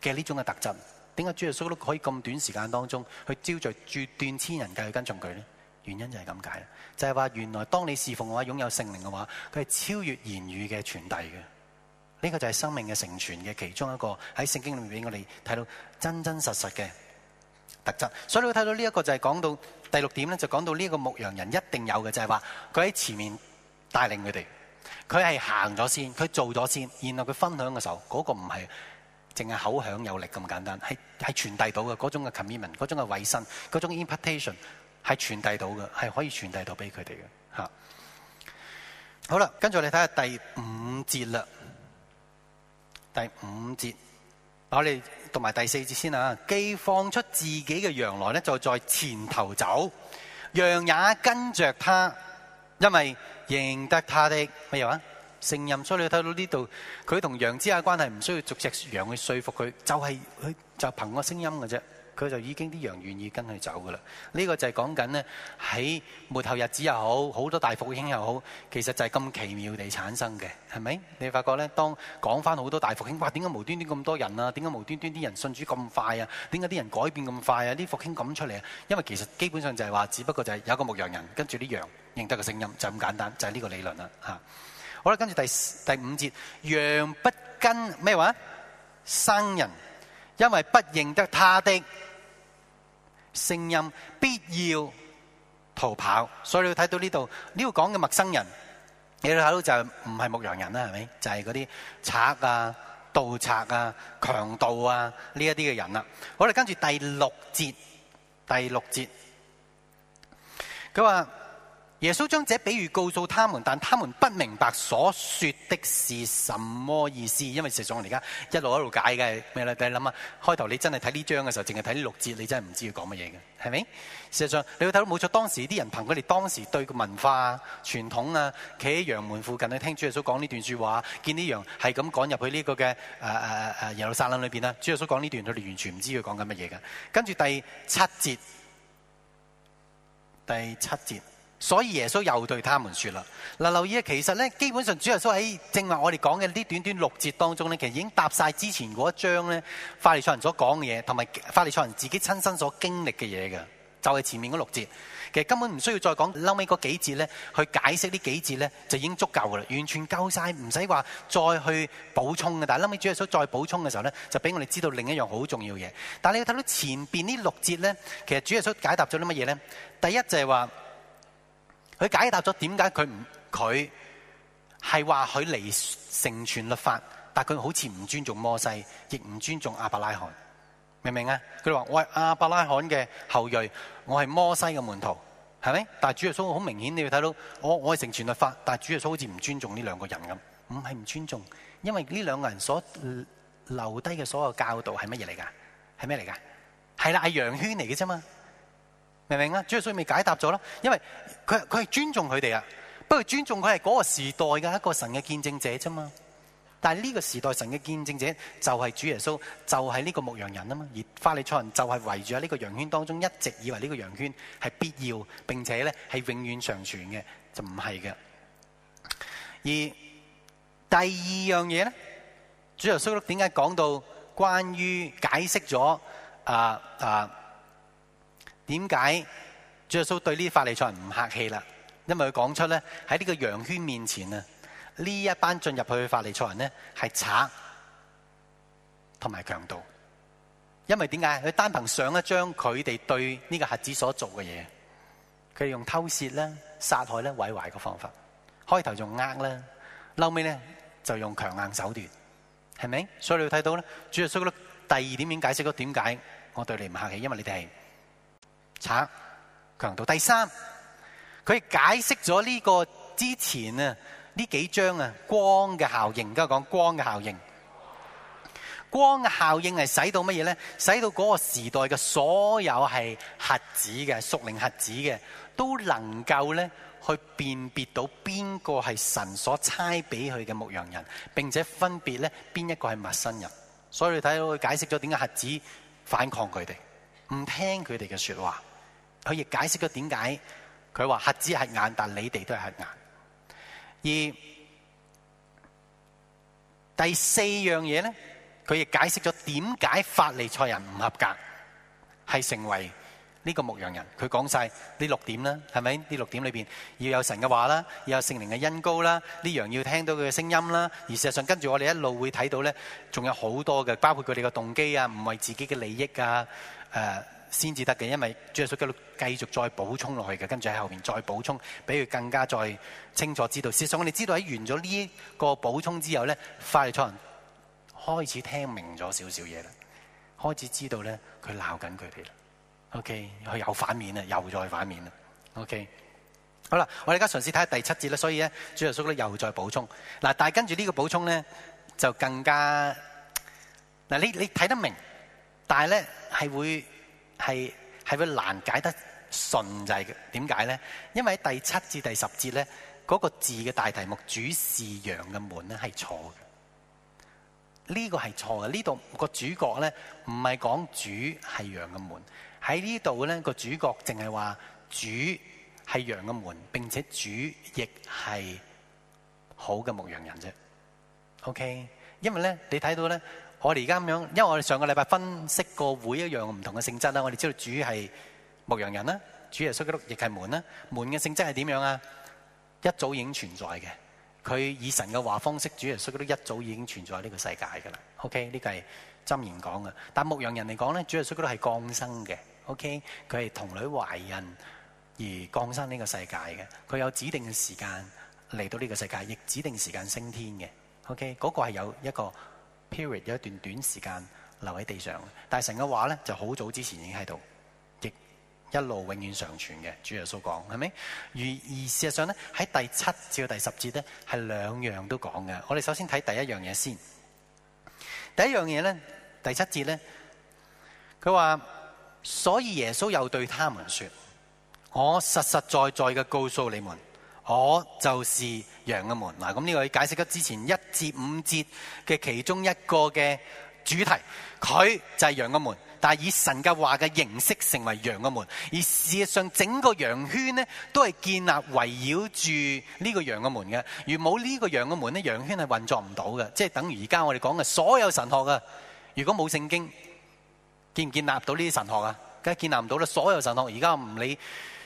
嘅呢種嘅特質。點解主耶穌都可以咁短時間當中去招聚絕斷千人繼續跟從佢咧？原因就係咁解，就係話原來當你侍奉嘅話，擁有聖靈嘅話，佢係超越言語嘅傳遞嘅。呢個就係生命嘅成全嘅其中一個喺聖經裏面，我哋睇到真真實實嘅特質。所以你會睇到呢一個就係講到第六點咧，就講到呢個牧羊人一定有嘅就係話佢喺前面帶領佢哋，佢係行咗先，佢做咗先，然後佢分享嘅時候，嗰個唔係淨係口響有力咁簡單，係係傳遞到嘅嗰種嘅 commitment，嗰種嘅委身，嗰種 implication。係傳遞到嘅，係可以傳遞到俾佢哋嘅吓。好啦，跟住我哋睇下第五節啦。第五節，我哋讀埋第四節先啊。既放出自己嘅羊來咧，就在前頭走，羊也跟着他，因為認得他的咩話？聲音。所以你睇到呢度，佢同羊之間嘅關係唔需要逐隻羊去說服佢，就係、是、佢就憑個聲音嘅啫。佢就已經啲羊願意跟佢走噶啦，呢、這個就係講緊呢喺末後日子又好，好多大復興又好，其實就係咁奇妙地產生嘅，係咪？你發覺呢？當講翻好多大復興，哇！點解無端端咁多人啊？點解無端端啲人信主咁快啊？點解啲人改變咁快啊？啲復興咁出嚟啊？因為其實基本上就係話，只不過就係有一個牧羊人，跟住啲羊認得個聲音，就咁簡單，就係、是、呢個理論啦嚇。好啦，跟住第第五節，羊不跟咩話，生人，因為不認得他的，聲音必要逃跑，所以你要睇到呢度，呢度講嘅陌生人，你睇到就唔係牧羊人啦，係咪？就係嗰啲賊啊、盜賊啊、強盜啊呢一啲嘅人啦。好，我哋跟住第六節，第六節，佢話。耶穌將這比喻告訴他們，但他們不明白所說的是什麼意思。因為事實上，我哋而家一路一路解嘅，咩你諗啊，開頭你真係睇呢章嘅時候，淨係睇六節，你真係唔知佢講乜嘢嘅，係咪？事實上，你會睇到冇錯，當時啲人憑佢哋當時對文化傳統啊，企喺羊門附近，你聽主耶穌講呢段說話，見呢羊係咁趕入去呢、呢個嘅誒誒誒耶路撒冷裏邊啦。主耶穌講呢段，佢哋完全唔知佢講緊乜嘢嘅。跟住第七節，第七節。所以耶穌又對他們說啦。嗱，留意咧，其實咧，基本上主耶穌喺正話我哋講嘅呢短短六節當中咧，其實已經答晒之前嗰一章咧，法利賽人所講嘅嘢，同埋法利賽人自己親身所經歷嘅嘢嘅，就係前面嗰六節。其實根本唔需要再講後尾嗰幾節咧，去解釋呢幾節咧，就已經足夠噶啦，完全夠晒，唔使話再去補充嘅。但係後尾主耶穌再補充嘅時候咧，就俾我哋知道另一樣好重要嘅嘢。但係你要睇到前邊呢六節咧，其實主耶穌解答咗啲乜嘢咧？第一就係話。佢解答咗點解佢唔佢係話佢嚟成全律法，但佢好似唔尊重摩西，亦唔尊重阿伯拉罕，明唔明啊？佢話我係阿伯拉罕嘅後裔，我係摩西嘅門徒，係咪？但係主耶穌好明顯你要睇到，我我係成全律法，但係主耶穌好似唔尊重呢兩個人咁，唔係唔尊重，因為呢兩個人所留低嘅所有教導係乜嘢嚟噶？係咩嚟噶？係啦，係羊圈嚟嘅嘛。明唔明啊？主耶穌未解答咗啦，因為佢佢係尊重佢哋啊，不過尊重佢係嗰個時代嘅一個神嘅見證者啫嘛。但係呢個時代神嘅見證者就係主耶穌，就係呢個牧羊人啊嘛。而法利賽人就係圍住喺呢個羊圈當中，一直以為呢個羊圈係必要，並且咧係永遠常存嘅，就唔係嘅。而第二樣嘢咧，主耶穌點解講到關於解釋咗啊啊？啊點解主約素對呢啲法利賽人唔客氣啦？因為佢講出咧喺呢個羊圈面前啊，呢一班進入去嘅法利賽人咧係賊同埋強盜。因為點解佢單憑上一章佢哋對呢個瞎子所做嘅嘢，佢用偷竊咧、殺害咧、毀壞嘅方法，開頭仲呃咧，後尾咧就用強硬手段，係咪？所以你會睇到咧，約素咧第二點點解釋咗點解我對你唔客氣，因為你哋係。強度第三，佢解釋咗呢個之前啊呢幾章啊光嘅效應，而家講光嘅效應，光嘅效應係使到乜嘢呢？使到嗰個時代嘅所有係核子嘅屬靈核子嘅都能夠呢去辨別到邊個係神所差俾佢嘅牧羊人，並且分別呢邊一個係陌生人。所以你睇到佢解釋咗點解核子反抗佢哋，唔聽佢哋嘅說話。佢亦解釋咗點解，佢話瞎子係眼，但你哋都係瞎眼。而第四樣嘢咧，佢亦解釋咗點解法利賽人唔合格，係成為呢個牧羊人。佢講曬呢六點啦，係咪？呢六點裏邊要有神嘅話啦，要有聖靈嘅恩膏啦，啲羊要聽到佢嘅聲音啦。而事實上，跟住我哋一路會睇到咧，仲有好多嘅，包括佢哋嘅動機啊，唔為自己嘅利益啊，誒。先至得嘅，因為主耶穌繼續再補充落去嘅，跟住喺後邊再補充，畀佢更加再清楚知道。事實上我哋知道喺完咗呢個補充之後咧，法利賽人開始聽明咗少少嘢啦，開始知道咧佢鬧緊佢哋啦。OK，佢又反面啦，又再反面啦。OK，好啦，我哋而家嘗試睇下第七節啦。所以咧，主耶穌咧又再補充嗱，但係跟住呢個補充咧就更加嗱，你你睇得明，但係咧係會。係係會難解得順，就係點解呢？因為第七至第十節呢，嗰、那個字嘅大題目主是羊嘅門咧係錯嘅，呢、這個係錯嘅。呢度個主角呢，唔係講主係羊嘅門，喺呢度呢個主角淨係話主係羊嘅門，並且主亦係好嘅牧羊人啫。OK，因為呢，你睇到呢。我哋而家咁樣，因為我哋上個禮拜分析過會一樣唔同嘅性質啦。我哋知道主係牧羊人啦，主耶穌基督亦係門啦。門嘅性質係點樣啊？一早已經存在嘅，佢以神嘅話方式，主耶穌基督一早已經存在喺呢個世界㗎啦。OK，呢個係箴言講嘅。但牧羊人嚟講咧，主耶穌基督係降生嘅。OK，佢係童女懷孕而降生呢個世界嘅。佢有指定嘅時間嚟到呢個世界，亦指定時間升天嘅。OK，嗰個係有一個。p e r 有一段短時間留喺地上，但神嘅話咧就好早之前已經喺度，亦一路永遠常存嘅。主耶穌講係咪？而而事實上咧喺第七至第十節咧係兩樣都講嘅。我哋首先睇第一樣嘢先。第一樣嘢咧第七節咧，佢話，所以耶穌又對他們說：我實實在在嘅告訴你們。我就是羊嘅門嗱，咁、這、呢個去解釋咗之前一至五節嘅其中一個嘅主題，佢就係羊嘅門，但係以神嘅話嘅形式成為羊嘅門，而事實上整個羊圈呢都係建立圍繞住呢個羊嘅門嘅，而冇呢個羊嘅門呢，羊圈係運作唔到嘅，即係等於而家我哋講嘅所有神學啊，如果冇聖經，建唔建立到呢啲神學啊？梗係建立唔到啦，所有神學而家我唔理。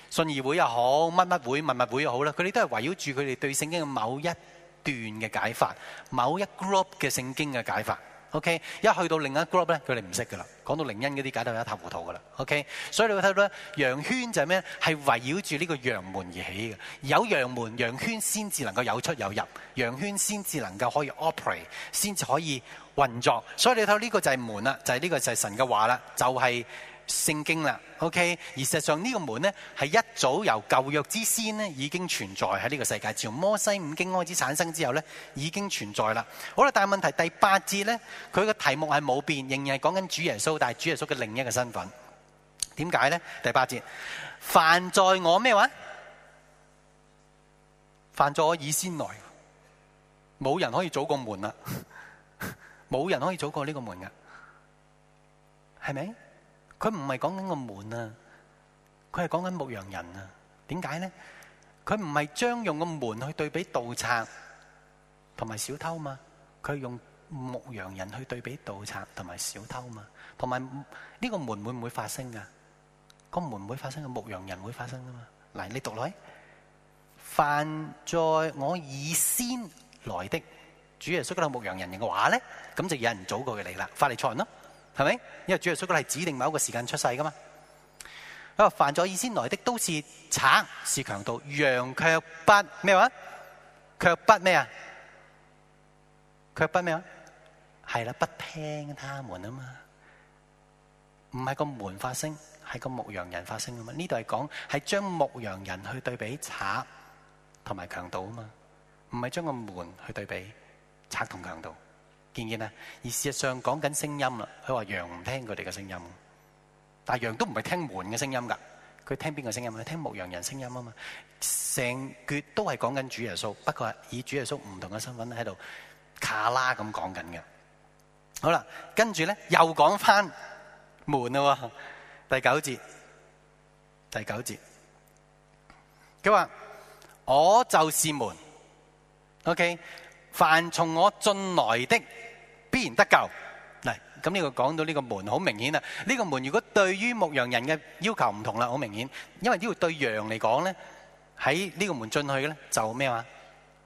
信義會又好，乜乜會、物物會又好啦，佢哋都係圍繞住佢哋對聖經嘅某一段嘅解法，某一 group 嘅聖經嘅解法。OK，一去到另一 group 咧，佢哋唔識噶啦。講到靈恩嗰啲解得一塌糊塗噶啦。OK，所以你睇到咧，羊圈就係咩咧？係圍繞住呢個羊門而起嘅。有羊門，羊圈先至能夠有出有入，羊圈先至能夠可以 operate，先至可以運作。所以你睇到呢個就係門啦，就係、是、呢個就係神嘅話啦，就係、是。聖經啦，OK，而事實上呢個門咧係一早由舊約之先咧已經存在喺呢個世界，自從摩西五經開始產生之後咧已經存在啦。好啦，但係問題第八節咧，佢個題目係冇變，仍然係講緊主耶穌，但係主耶穌嘅另一個身份，點解呢？第八節，凡在我咩話？凡在我以先來，冇人可以早過門啦，冇 人可以早過呢個門嘅，係咪？佢唔係講緊個門啊，佢係講緊牧羊人啊。點解咧？佢唔係將用個門去對比盜賊同埋小偷嘛？佢用牧羊人去對比盜賊同埋小偷嘛？同埋呢個門會唔會發生噶？個門會發生，個牧羊人會發生噶嘛？嗱，你讀嚟，犯在我以先來的主耶穌嗰個牧羊人嘅話咧，咁就有人早過佢嚟啦，法利賽人咯。係咪？因為主要穌耶佢係指定某一個時間出世噶嘛。啊，凡在以先來的都是賊是強盜，羊卻不咩話？卻不咩啊？卻不咩啊？係啦，不聽他們啊嘛。唔係個門發聲，係個牧羊人發聲啊嘛。呢度係講係將牧羊人去對比賊同埋強盜啊嘛。唔係將個門去對比賊同強盜。見見啦，而事實上講緊聲音啦。佢話羊唔聽佢哋嘅聲音，但係羊都唔係聽門嘅聲音噶，佢聽邊個聲音啊？聽牧羊人聲音啊嘛，成卷都係講緊主耶穌，不過係以主耶穌唔同嘅身份喺度卡啦咁講緊嘅。好啦，跟住咧又講翻門啦，第九節，第九節。佢話我就是門，OK。凡從我進來的，必然得救。嚟咁呢個講到這個門好明顯，這個門如果對於牧羊人的要求不同啦，好明顯，因為這個對羊來講呢在這個門進去呢，就咩話？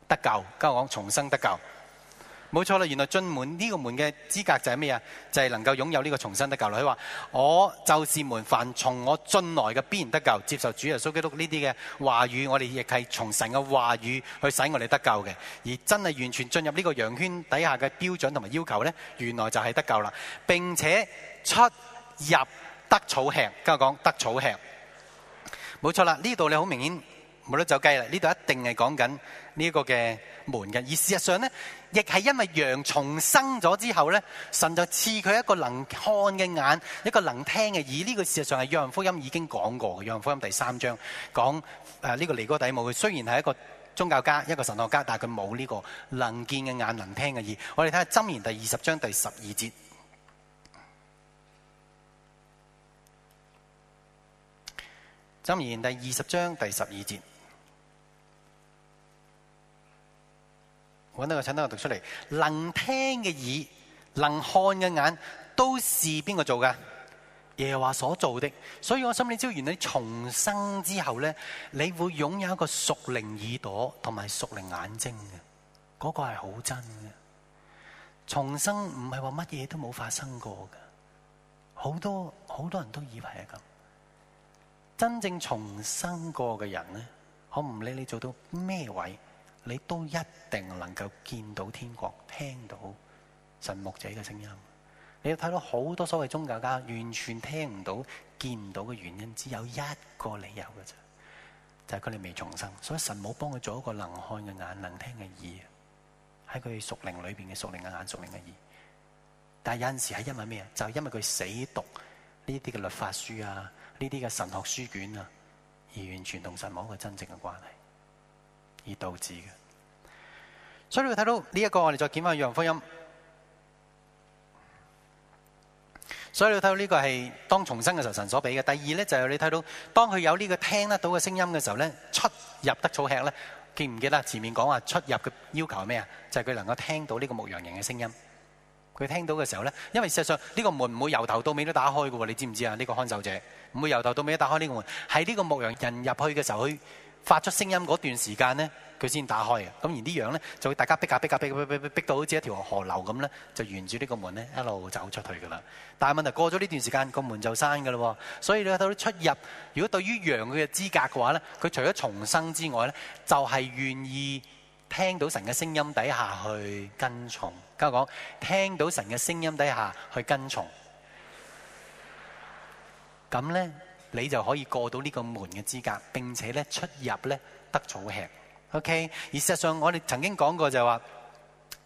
得救，家講重生得救。冇錯啦，原來進門呢，這個門嘅資格就係咩啊？就係，是，能夠擁有呢個重生得救啦。佢話我就是門，凡從我進來嘅必然得救，接受主耶穌基督呢啲嘅話語，我哋亦係從神嘅話語去使我哋得救嘅。而真係完全進入呢個羊圈底下嘅標準同埋要求呢，原來就係得救啦。並且出入得草吃，家講得草吃，冇錯啦。呢度你好明顯冇得走雞啦，呢度一定係講緊呢一個嘅門嘅。而事實上呢。亦係因為羊重生咗之後呢，神就賜佢一個能看嘅眼，一個能聽嘅耳。呢個事實上係約翰福音已經講過，約翰福音第三章講誒呢個尼哥底母，佢雖然係一個宗教家、一個神學家，但係佢冇呢個能見嘅眼、能聽嘅耳。我哋睇下箴言第二十章第十二節，箴言第二十章第十二節。揾到個餐單，我讀出嚟。能聽嘅耳，能看嘅眼，都是邊個做嘅？耶和華所做的。所以我心諗，你知道，原來你重生之後咧，你會擁有一個屬靈耳朵同埋屬靈眼睛嘅。嗰、那個係好真嘅。重生唔係話乜嘢都冇發生過嘅，好多好多人都以為係咁。真正重生過嘅人咧，我唔理你做到咩位。你都一定能夠見到天國，聽到神牧者嘅聲音。你要睇到好多所謂宗教家完全聽唔到、見唔到嘅原因，只有一個理由嘅啫，就係佢哋未重生。所以神冇幫佢做一個能看嘅眼、能聽嘅耳，喺佢屬靈裏邊嘅屬靈嘅眼、屬靈嘅耳。但係有陣時係因為咩啊？就係因為佢死讀呢啲嘅律法書啊，呢啲嘅神學書卷啊，而完全同神冇一個真正嘅關係。而導致嘅，所以你睇到呢一個，我哋再檢翻約翰福音。所以你睇到呢個係當重生嘅時候神所俾嘅。第二咧就係你睇到，當佢有呢個聽得到嘅聲音嘅時候咧，出入得草吃咧，記唔記得？前面講話出入嘅要求係咩啊？就係佢能夠聽到呢個牧羊人嘅聲音。佢聽到嘅時候咧，因為事實上呢個門唔會由頭到尾都打開嘅，你知唔知啊？呢個看守者唔會由頭到尾都打開呢個門。喺呢個牧羊人入去嘅時候，佢。發出聲音嗰段時間呢，佢先打開嘅。咁而啲羊呢，就會大家逼啊逼啊逼逼逼逼到好似一條河流咁呢，就沿住呢個門呢一路走出去噶啦。但係問題過咗呢段時間，個門就閂噶啦。所以你睇到出入，如果對於羊佢嘅資格嘅話呢，佢除咗重生之外呢，就係、是、願意聽到神嘅聲音底下去跟從。家講聽到神嘅聲音底下去跟從，咁呢，你就可以過到呢個門嘅資格，並且咧出入咧得草吃。OK，而事實上我哋曾經講過就係話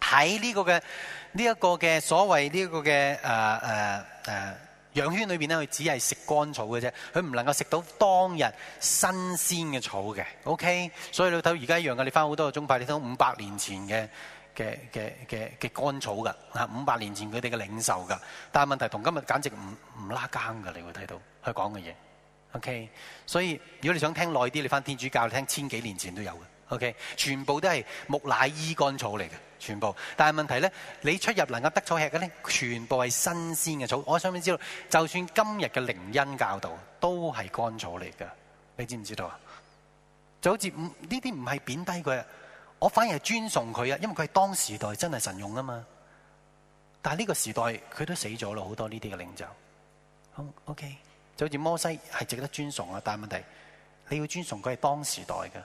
喺呢個嘅呢一個嘅所謂呢個嘅誒誒誒羊圈裏邊咧，佢只係食乾草嘅啫，佢唔能夠食到當日新鮮嘅草嘅。OK，所以你睇到而家一樣嘅，你翻好多個宗派，你睇到五百年前嘅嘅嘅嘅嘅乾草㗎，啊五百年前佢哋嘅領袖㗎，但係問題同今日簡直唔唔拉更㗎，你會睇到佢講嘅嘢。O.K. 所以如果你想聽耐啲，你翻天主教你聽千幾年前都有嘅。O.K. 全部都係木乃伊乾草嚟嘅，全部。但係問題呢，你出入能夠得草吃嘅呢，全部係新鮮嘅草。我想知道，就算今日嘅靈恩教導都係乾草嚟噶。你知唔知道啊？就好似呢啲唔係貶低佢啊，我反而係尊崇佢啊，因為佢係當時代真係神用啊嘛。但係呢個時代佢都死咗咯，好多呢啲嘅領袖。好 O.K. 就好似摩西係值得尊崇啊，但係問題，你要尊崇佢係當時代嘅呢，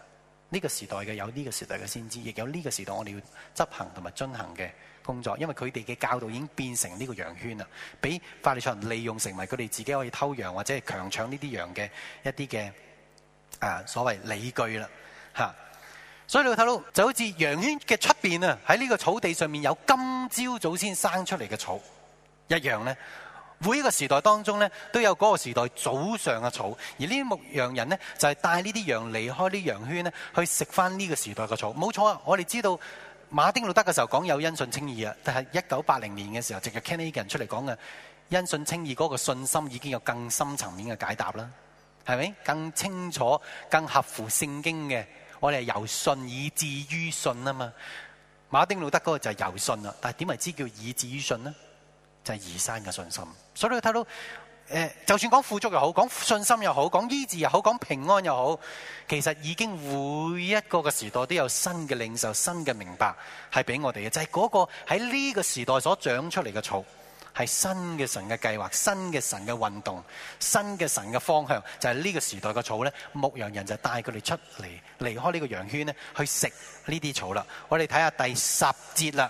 這個時代嘅有呢個時代嘅先知，亦有呢個時代我哋要執行同埋進行嘅工作，因為佢哋嘅教導已經變成呢個羊圈啦，俾法利賽人利用成為佢哋自己可以偷羊或者係強搶呢啲羊嘅一啲嘅啊所謂理據啦嚇，啊。所以你會睇到就好似羊圈嘅出邊啊，喺呢個草地上面有今朝早先生出嚟嘅草一樣呢。每一個時代當中咧，都有嗰個時代早上嘅草，而呢啲牧羊人呢，就係帶呢啲羊離開呢羊圈呢，去食翻呢個時代嘅草。冇錯啊，我哋知道馬丁路德嘅時候講有因信稱義啊，但係一九八零年嘅時候，直頭 Kenan 呢個人出嚟講嘅因信稱義嗰個信心已經有更深層面嘅解答啦，係咪？更清楚、更合乎聖經嘅，我哋係由信以至於信啊嘛。馬丁路德嗰個就係由信啦，但係點為之叫以至於信呢？就係移山嘅信心，所以你睇到誒、呃，就算講富足又好，講信心又好，講醫治又好，講平安又好，其實已經每一個嘅時代都有新嘅領受、新嘅明白，係俾我哋嘅。就係、是、嗰個喺呢個時代所長出嚟嘅草，係新嘅神嘅計劃、新嘅神嘅運動、新嘅神嘅方向，就係、是、呢個時代嘅草咧。牧羊人就帶佢哋出嚟，離開呢個羊圈咧，去食呢啲草啦。我哋睇下第十節啦。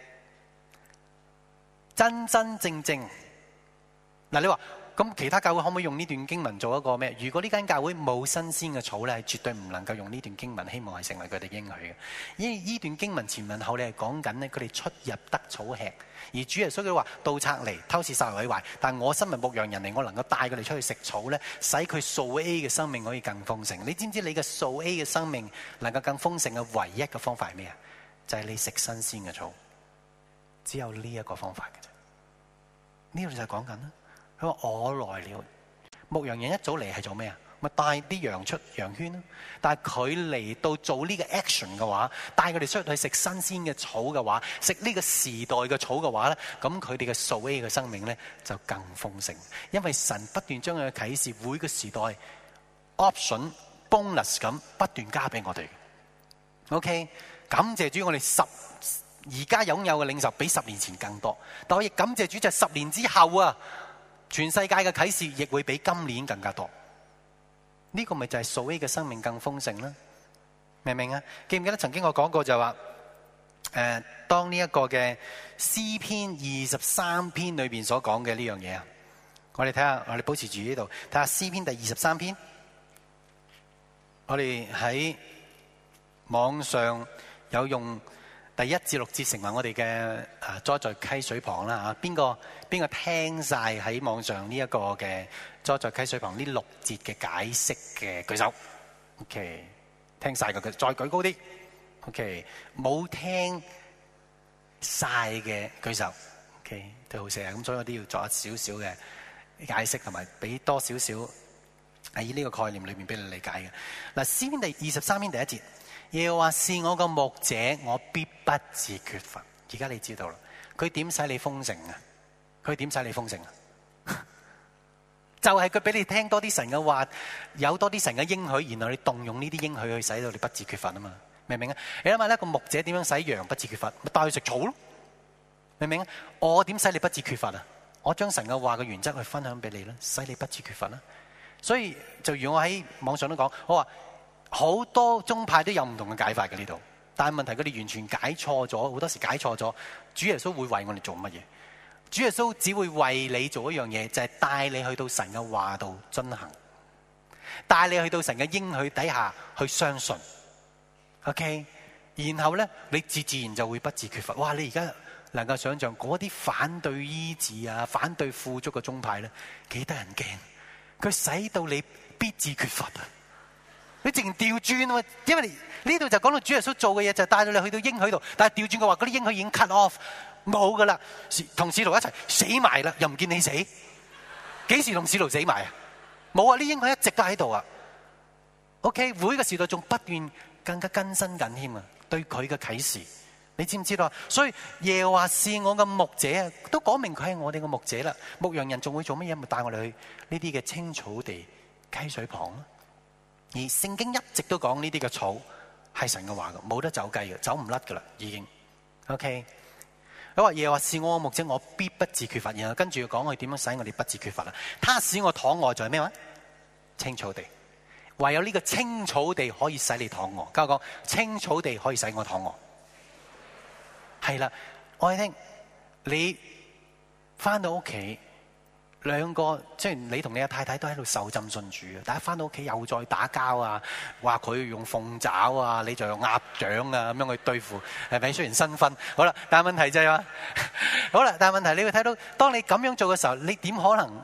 真真正正嗱，你話咁其他教會可唔可以用呢段經文做一個咩？如果呢間教會冇新鮮嘅草呢，絕對唔能夠用呢段經文。希望係成為佢哋應許嘅。因為呢段經文前文後，你係講緊呢，佢哋出入得草吃，而主啊所以佢話盜賊嚟偷竊殺毀壞，但我身為牧羊人嚟，我能夠帶佢哋出去食草呢，使佢素 A 嘅生命可以更豐盛。你知唔知道你嘅素 A 嘅生命能夠更豐盛嘅唯一嘅方法係咩啊？就係、是、你食新鮮嘅草。只有呢一個方法嘅啫，呢個就係講緊啦。佢話我來了，牧羊人一早嚟係做咩啊？咪帶啲羊出羊圈咯。但係佢嚟到做呢個 action 嘅話，帶佢哋出去食新鮮嘅草嘅話，食呢個時代嘅草嘅話咧，咁佢哋嘅 SA 嘅生命咧就更豐盛。因為神不斷將佢嘅啟示，每個時代 option bonus 咁不斷加俾我哋。OK，感謝主，我哋十。而家擁有嘅領袖比十年前更多，但我亦感謝主，就係十年之後啊，全世界嘅啟示亦會比今年更加多。呢、這個咪就係所謂嘅生命更豐盛啦，明唔明啊？記唔記得曾經我講過就係、是、話，誒、呃，當呢一個嘅詩篇二十三篇裏邊所講嘅呢樣嘢啊，我哋睇下，我哋保持住呢度，睇下詩篇第二十三篇。我哋喺網上有用。第一至六節成為我哋嘅啊，栽在溪水旁啦啊，邊個邊個聽晒喺網上呢一個嘅栽在溪水旁呢六節嘅解釋嘅舉手，OK，聽晒嘅佢再舉高啲，OK，冇聽晒嘅舉手，OK，都好成啊，咁所以我都要作一少少嘅解釋同埋俾多少少喺呢個概念裏面俾你理解嘅。嗱，詩篇第二十三篇第一節。耶和華是我個牧者，我必不自缺乏。而家你知道啦，佢點使你豐盛啊？佢點使你豐盛啊？ 就係佢俾你聽多啲神嘅話，有多啲神嘅應許，然後你動用呢啲應許去使到你不自缺乏啊嘛？明唔明啊？你諗下咧，個牧者點樣使羊不自缺乏？咪帶佢食草咯，明唔明啊？我點使你不自缺乏啊？我將神嘅話嘅原則去分享俾你啦，使你不自缺乏啦。所以就如我喺網上都講，我話、啊。好多宗派都有唔同嘅解法嘅呢度，但係問題，佢哋完全解錯咗，好多時解錯咗。主耶穌會為我哋做乜嘢？主耶穌只會為你做一樣嘢，就係、是、帶你去到神嘅話度進行，帶你去到神嘅應許底下去相信。OK，然後呢，你自自然就會不自缺乏。哇！你而家能夠想象嗰啲反對醫治啊、反對富足嘅宗派咧，幾得人驚？佢使到你必自缺乏啊！你直情調轉喎，因為呢度就講到主耶穌做嘅嘢，就帶到你去到應許度，但係調轉嘅話，嗰啲應許已經 cut off，冇噶啦。同使徒一齊死埋啦，又唔見你死，幾時同使徒死埋啊？冇啊，啲應許一直都喺度啊。OK，每個時代仲不斷更加更新緊添啊，對佢嘅啟示，你知唔知道啊？所以耶和華是我嘅牧者啊，都講明佢係我哋嘅牧者啦。牧羊人仲會做乜嘢？咪帶我哋去呢啲嘅青草地、溪水旁咯。而聖經一直都講呢啲嘅草係神嘅話嘅，冇得走雞嘅，走唔甩㗎喇，已經。OK。佢話耶和華是我嘅牧者，我必不至缺乏。然後跟住講佢點樣使我哋不至缺乏啦。他使我躺卧就係咩話？青草地。唯有呢個青草地可以使你躺卧。跟我講青草地可以使我躺卧。係啦，我哋聽，你返到屋企。兩個雖然你同你嘅太太都喺度受浸信主，但係翻到屋企又再打交啊！話佢用鳳爪啊，你就用鴨掌啊，咁樣去對付係咪？雖然新婚，好啦，但係問題就係話，好啦，但係問題你會睇到，當你咁樣做嘅時候，你點可能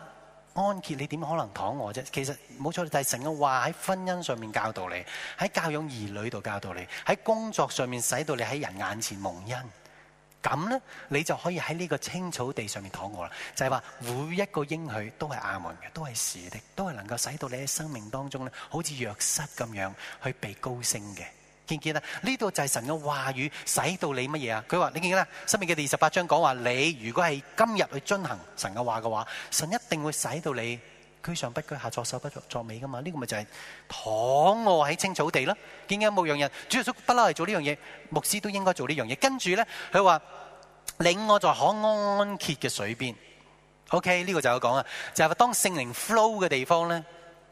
安結？你點可能躺我啫？其實冇錯，就係成日話喺婚姻上面教導你，喺教養兒女度教導你，喺工作上面使到你喺人眼前蒙恩。咁呢，你就可以喺呢個青草地上面躺臥啦。就係話每一個應許都係亞門嘅，都係時的，都係能夠使到你喺生命當中咧，好似藥室咁樣去被高升嘅。見唔見啊？呢度就係神嘅話語，使到你乜嘢啊？佢話：你見唔見啦，申命記嘅第二十八章講話，你如果係今日去遵行神嘅話嘅話，神一定會使到你。居上不居下，作首不作作尾噶嘛？呢、這個咪就係躺卧喺青草地咯。點解牧羊人、主耶穌不嬲係做呢樣嘢？牧師都應該做這呢樣嘢。跟住咧，佢話領我在可安歇嘅水邊。OK，呢個就有講啊，就係、是、當聖靈 flow 嘅地方咧。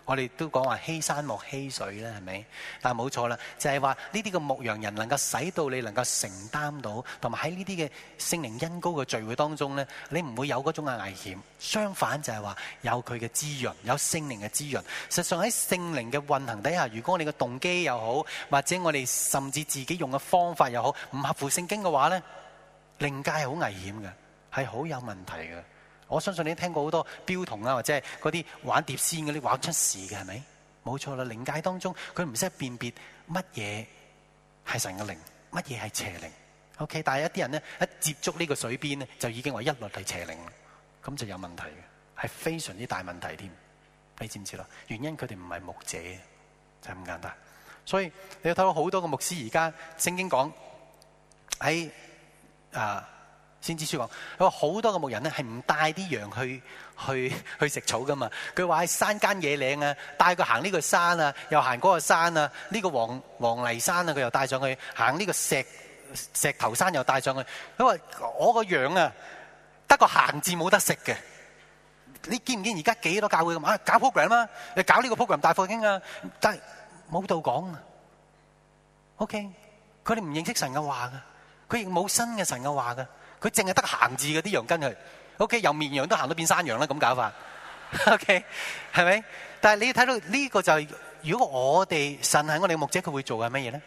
我哋都講話欺山莫欺水啦，係咪？但係冇錯啦，就係話呢啲嘅牧羊人能夠使到你能夠承擔到，同埋喺呢啲嘅聖靈恩膏嘅聚會當中呢，你唔會有嗰種嘅危險。相反就係話有佢嘅滋潤，有聖靈嘅滋潤。實際上喺聖靈嘅運行底下，如果我哋嘅動機又好，或者我哋甚至自己用嘅方法又好，唔合乎聖經嘅話呢，靈界係好危險嘅，係好有問題嘅。我相信你都聽過好多標童啊，或者係嗰啲玩碟仙嗰啲玩出事嘅，係咪？冇錯啦，靈界當中佢唔識辨別乜嘢係神嘅靈，乜嘢係邪靈。OK，但係有啲人呢一接觸呢個水邊就已經話一律係邪靈啦，噉就有問題嘅，係非常之大問題添。你知唔知啦？原因佢哋唔係牧者，就係咁簡單。所以你要睇到好多嘅牧師而家聖經講喺啊。呃先知書講，佢話好多嘅牧人咧係唔帶啲羊去去去食草噶嘛？佢話喺山間野嶺啊，帶佢行呢個山啊，又行嗰個山啊，呢個黃黃泥山啊，佢又帶上去行呢個石石頭山又帶上去。佢話我個羊啊，得個行字冇得食嘅。你見唔見而家幾多教會咁啊？搞 program 啊，你搞呢個 program 大福音啊，但係冇到講啊。OK，佢哋唔認識神嘅話嘅，佢亦冇新嘅神嘅話嘅。佢淨係得行字嗰啲羊跟佢，O K 由綿羊都行到變山羊啦，咁搞法，O K 係咪？但係你要睇到呢、這個就係、是，如果我哋神係我哋嘅牧者，佢會做嘅係乜嘢咧？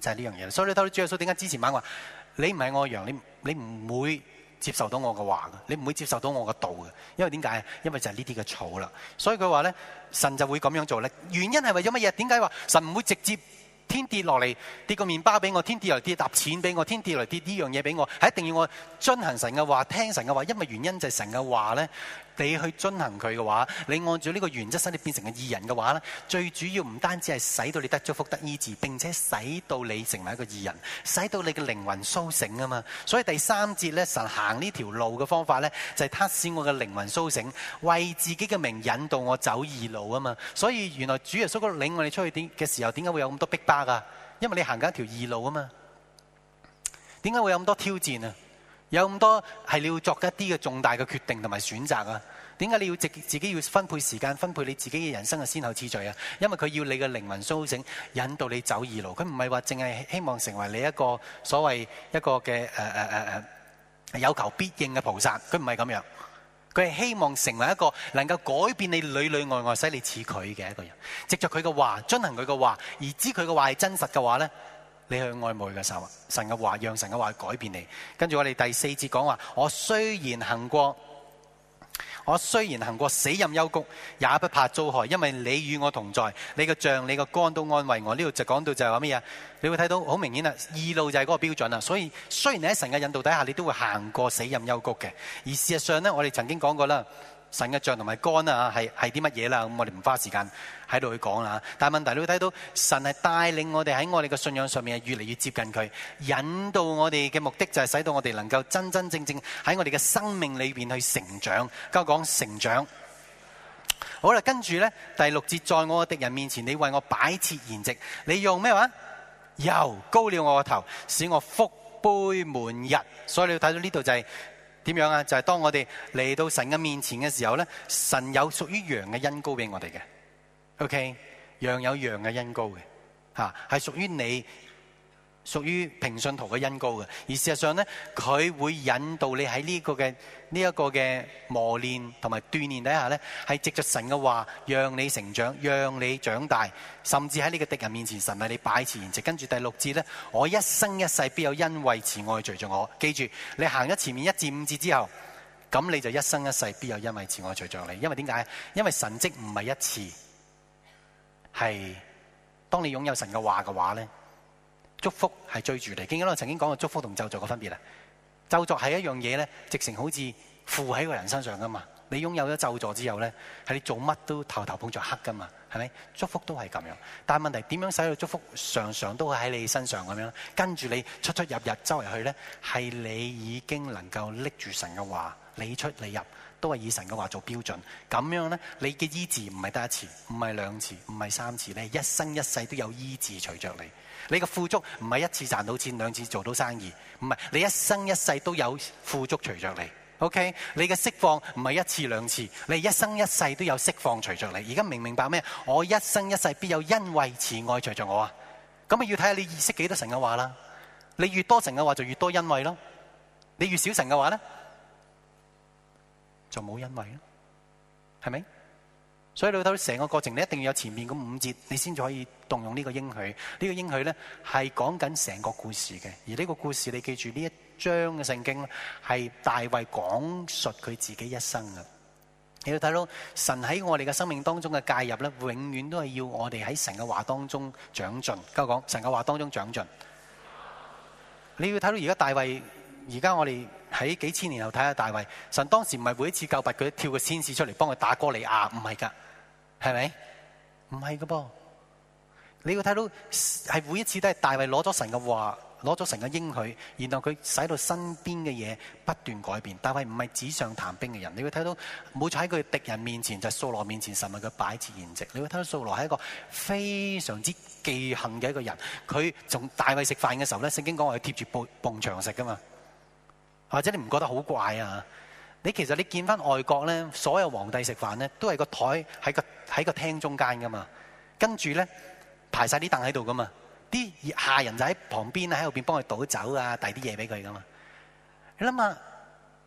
就係呢樣嘢。所以你睇到主耶穌點解之前猛話：你唔係我嘅羊，你你唔會接受到我嘅話嘅，你唔會接受到我嘅道嘅。因為點解？因為就係呢啲嘅草啦。所以佢話咧，神就會咁樣做咧。原因係為咗乜嘢？點解話神唔會直接？天跌落嚟，跌個麵包俾我；天跌落嚟跌沓錢俾我；天跌落嚟跌呢樣嘢俾我，係一定要我遵行神嘅話，聽神嘅話，因為原因就係神嘅話咧。你去遵行佢嘅話，你按照呢個原則，使你變成個義人嘅話呢，最主要唔單止係使到你得祝福得醫治，並且使到你成為一個義人，使到你嘅靈魂甦醒啊嘛。所以第三節咧，神行呢條路嘅方法呢，就係測試我嘅靈魂甦醒，為自己嘅名引導我走義路啊嘛。所以原來主耶穌嗰度領我哋出去嘅時候，點解會有咁多逼迫㗎？因為你行緊一條義路啊嘛。點解會有咁多挑戰啊？有咁多係你要作一啲嘅重大嘅決定同埋選擇啊？點解你要直自己要分配時間，分配你自己嘅人生嘅先後次序啊？因為佢要你嘅靈魂甦醒，引導你走義路。佢唔係話淨係希望成為你一個所謂一個嘅誒誒誒誒有求必應嘅菩薩。佢唔係咁樣，佢係希望成為一個能夠改變你裡裡外外，使你似佢嘅一個人。藉着佢嘅話，遵行佢嘅話，而知佢嘅話係真實嘅話咧。你去安慰嘅時候啊，神嘅話，讓神嘅話改變你。跟住我哋第四節講話，我雖然行過，我雖然行過死蔭幽谷，也不怕遭害，因為你與我同在，你嘅杖、你個竿都安慰我。呢度就講到就係話咩啊？你會睇到好明顯啦，義路就係嗰個標準啦。所以雖然你喺神嘅引導底下，你都會行過死蔭幽谷嘅。而事實上呢我哋曾經講過啦，神嘅杖同埋竿啊，係係啲乜嘢啦？咁我哋唔花時間。喺度去講啦，但係問題是你會睇到神係帶領我哋喺我哋嘅信仰上面係越嚟越接近佢，引導我哋嘅目的就係、是、使到我哋能夠真真正正喺我哋嘅生命裏邊去成長。今日講成長好啦，跟住呢第六節，在我嘅敵人面前，你為我擺設筵席，你用咩話？油膏了我個頭，使我福杯滿溢。所以你要睇到呢度就係、是、點樣啊？就係、是、當我哋嚟到神嘅面前嘅時候呢，神有屬於羊嘅恩膏俾我哋嘅。O.K.，揚有揚嘅恩膏嘅，嚇係屬於你，屬於平信徒嘅恩膏嘅。而事實上呢，佢會引導你喺呢個嘅呢一個嘅磨練同埋鍛鍊底下呢，係藉着神嘅話，讓你成長，讓你長大，甚至喺呢個敵人面前，神為你擺設筵席。跟住第六節呢，我一生一世必有恩惠慈愛隨著我。記住，你行咗前面一至五節之後，咁你就一生一世必有恩惠慈愛隨著你。因為點解？因為神跡唔係一次。係，當你擁有神嘅話嘅話咧，祝福係追住你。我記得我曾經講過祝福同咒詛嘅分別啊。咒詛係一樣嘢咧，直情好似附喺個人身上噶嘛。你擁有咗咒詛之後咧，係你做乜都頭頭碰着黑噶嘛，係咪？祝福都係咁樣，但係問題點樣使到祝福常常都喺你身上咁樣，跟住你出出入入入周圍去咧，係你已經能夠拎住神嘅話，你出你入，都係以神嘅話做標準，咁樣呢，你嘅醫治唔係得一次，唔係兩次，唔係三次咧，你一生一世都有醫治隨着你。你嘅富足唔係一次賺到錢，兩次做到生意，唔係你一生一世都有富足隨着你。OK，你嘅釋放唔係一次兩次，你是一生一世都有釋放隨着你。而家明唔明白咩？我一生一世必有恩惠慈愛隨着我啊！咁啊，要睇下你認識幾多神嘅話啦。你越多神嘅話，就越多恩惠咯。你越少神嘅話呢？就冇恩惠咯，係咪？所以你睇到成個過程，你一定要有前面咁五節，你先至可以動用呢個應許。呢、這個應許咧，係講緊成個故事嘅。而呢個故事，你記住呢一章嘅聖經，係大衛講述佢自己一生嘅。你要睇到神喺我哋嘅生命當中嘅介入咧，永遠都係要我哋喺神嘅話當中長進。家講神嘅話當中長進，你要睇到而家大衛，而家我哋。喺幾千年後睇下大衛，神當時唔係每一次救拔佢，跳個天使出嚟幫佢打歌利亞，唔係噶，係咪？唔係噶噃，你會睇到係每一次都係大衛攞咗神嘅話，攞咗神嘅應許，然後佢使到身邊嘅嘢不斷改變。大衛唔係紙上談兵嘅人，你會睇到，冇錯，喺佢敵人面前，就係掃羅面前，神為佢擺設筵席，你會睇到掃羅係一個非常之記恨嘅一個人。佢從大衛食飯嘅時候咧，聖經講話係貼住埲牆食噶嘛。或者你唔覺得好怪啊？你其實你見翻外國咧，所有皇帝食飯咧，都係個台喺個喺個廳中間噶嘛。跟住咧排晒啲凳喺度噶嘛。啲下人就喺旁邊喺後邊幫佢倒酒啊，遞啲嘢俾佢噶嘛。你諗下，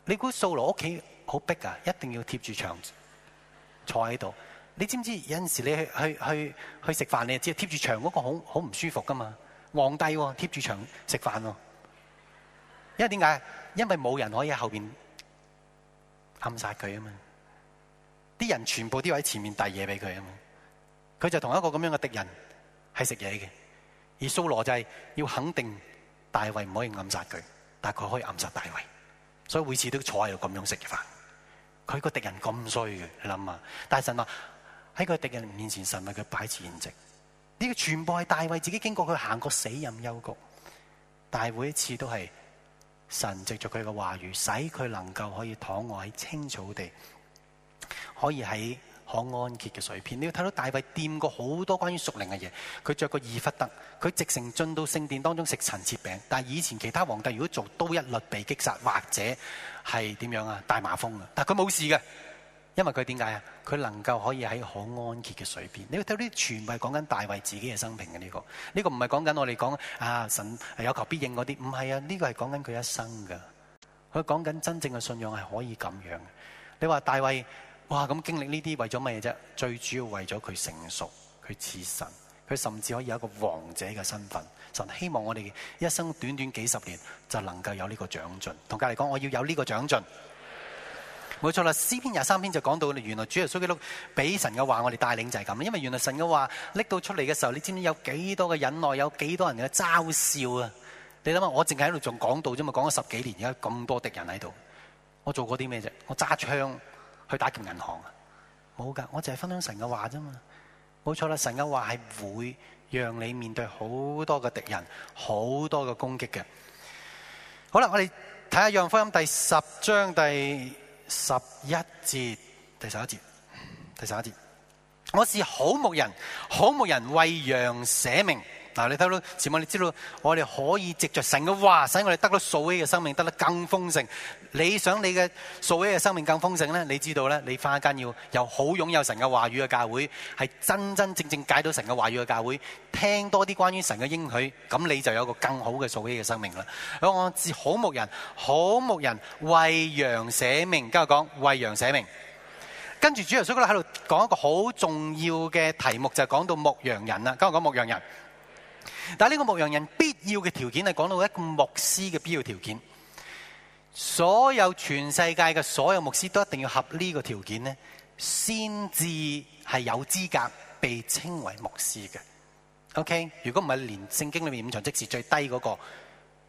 你估掃羅屋企好逼啊？一定要貼住牆坐喺度。你知唔知有陣時你去去去去食飯，你就知貼住牆嗰個好好唔舒服噶嘛？皇帝貼住牆食飯喎，因為點解？因為冇人可以喺後面暗殺佢啊嘛，啲人全部都喺前面遞嘢俾佢啊嘛，佢就同一個咁樣嘅敵人係食嘢嘅，而掃羅就係要肯定大衛唔可以暗殺佢，但係佢可以暗殺大衛，所以每次都坐喺度咁樣食飯。佢個敵人咁衰嘅，你諗下。但神話，喺佢敵人面前神為佢擺設筵席，呢、這個全部係大衛自己經過，佢行過死蔭幽谷，但係每一次都係。神藉着，佢嘅話語，使佢能夠可以躺臥喺青草地，可以喺可安歇嘅水邊。你要睇到大衛掂過好多關於屬靈嘅嘢。佢着過以弗得，佢直程進到聖殿當中食陳設餅。但係以前其他皇帝如果做，都一律被擊殺，或者係點樣啊？大麻風啊！但係佢冇事嘅。因為佢點解啊？佢能夠可以喺好安歇嘅水邊，你睇到啲全部係講緊大衛自己嘅生平嘅呢個，呢個唔係講緊我哋講啊神有求必應嗰啲，唔係啊，呢個係講緊佢一生噶佢講緊真正嘅信仰係可以咁樣。你話大衛，哇咁經歷呢啲為咗乜嘢啫？最主要為咗佢成熟，佢似神，佢甚至可以有一個王者嘅身份。神希望我哋一生短短幾十年就能夠有呢個長進。同隔籬講，我要有呢個長進。冇錯啦，詩篇廿三篇就講到，原來主耶穌基督俾神嘅話，我哋帶領就係咁啦。因為原來神嘅話拎到出嚟嘅時候，你知唔知有幾多嘅忍耐，有幾多人嘅嘲笑啊？你諗下，我淨係喺度仲講道啫嘛，講咗十幾年，而家咁多敵人喺度，我做過啲咩啫？我揸槍去打劫銀行啊？冇噶，我淨係分享神嘅話啫嘛。冇錯啦，神嘅話係會讓你面對好多嘅敵人，好多嘅攻擊嘅。好啦，我哋睇下《約翰福音》第十章第十一節，第十一節，第十一節，我是好牧人，好牧人為羊捨命。嗱，你睇到前望，你知道我哋可以藉着神嘅話，使我哋得到數億嘅生命，得得更豐盛。你想你嘅數億嘅生命更豐盛咧？你知道咧，你返間要有好擁有神嘅話語嘅教會，係真真正正解到神嘅話語嘅教會，聽多啲關於神嘅應許，咁你就有一個更好嘅數億嘅生命啦。我自好牧人，好牧人為羊捨命，今日講為羊捨命。跟住主耶穌嗰喺度講一個好重要嘅題目，就係、是、講到牧羊人啦。今日講牧羊人。但係呢個牧羊人必要嘅條件係講到一個牧師嘅必要條件，所有全世界嘅所有牧師都一定要合呢個條件咧，先至係有資格被稱為牧師嘅。OK，如果唔係連聖經裏面五場職事，最低嗰個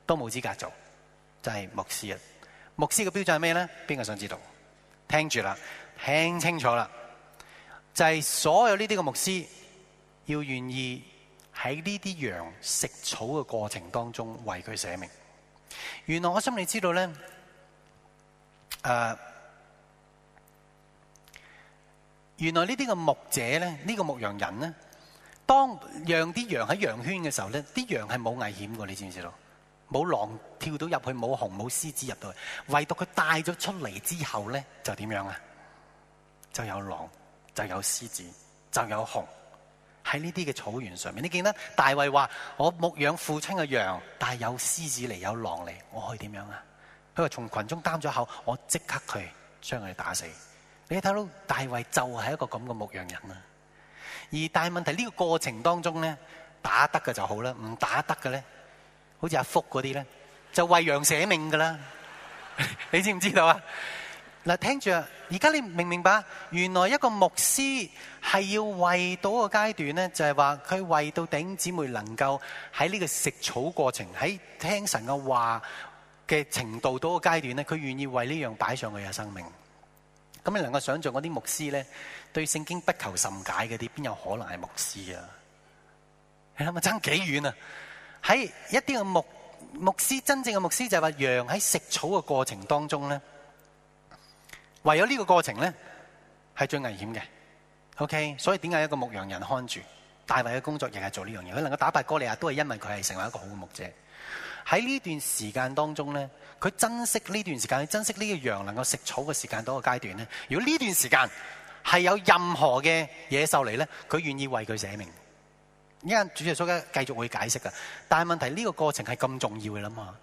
都冇資格做，就係牧師啦。牧師嘅標準係咩呢？邊個想知道？聽住啦，聽清楚啦，就係所有呢啲嘅牧師要願意。喺呢啲羊食草嘅過程當中，為佢捨命。原來我心裏知道咧，誒、啊，原來呢啲嘅牧者，咧，呢、這個牧羊人，咧，當養啲羊喺羊圈嘅時候咧，啲羊係冇危險嘅，你知唔知道？冇狼跳到入去，冇熊，冇獅子入到去。唯獨佢帶咗出嚟之後咧，就點樣啊？就有狼，就有獅子，就有熊。喺呢啲嘅草原上面，你見得大衛話：我牧養父親嘅羊，但係有獅子嚟，有狼嚟，我可以點樣啊？佢話從群中擔咗口，我即刻去將佢打死。你睇到大衛就係一個咁嘅牧羊人啦。而大問題呢、呢個過程當中咧，打得嘅就好啦，唔打得嘅咧，好似阿福嗰啲咧，就為羊捨命噶啦。 你知唔知道啊？嗱，聽住啊！而家你明唔明白？原來一個牧師係要為到個階段呢，就係話佢為到頂姊妹能夠喺呢個食草過程，喺聽神嘅話嘅程度到個階段呢，佢願意為呢樣擺上佢嘅生命。咁你能夠想象嗰啲牧師呢，對聖經不求甚解嗰啲，邊有可能係牧師啊？你諗下爭幾遠啊？喺一啲嘅牧牧師，真正嘅牧師就係話羊喺食草嘅過程當中呢。唯有呢個過程咧，係最危險嘅，OK？所以點解一個牧羊人看住大衛嘅工作，日係做呢樣嘢？佢能夠打敗哥利亞，都係因為佢係成為一個好嘅牧者。喺呢段時間當中咧，佢珍惜呢段時間，珍惜呢個羊能夠食草嘅時間，多個階段咧。如果呢段時間係有任何嘅野獸嚟咧，佢願意為佢捨命。而家主耶穌呢繼續會解釋噶，但係問題呢，這個過程係咁重要嘅。諗下。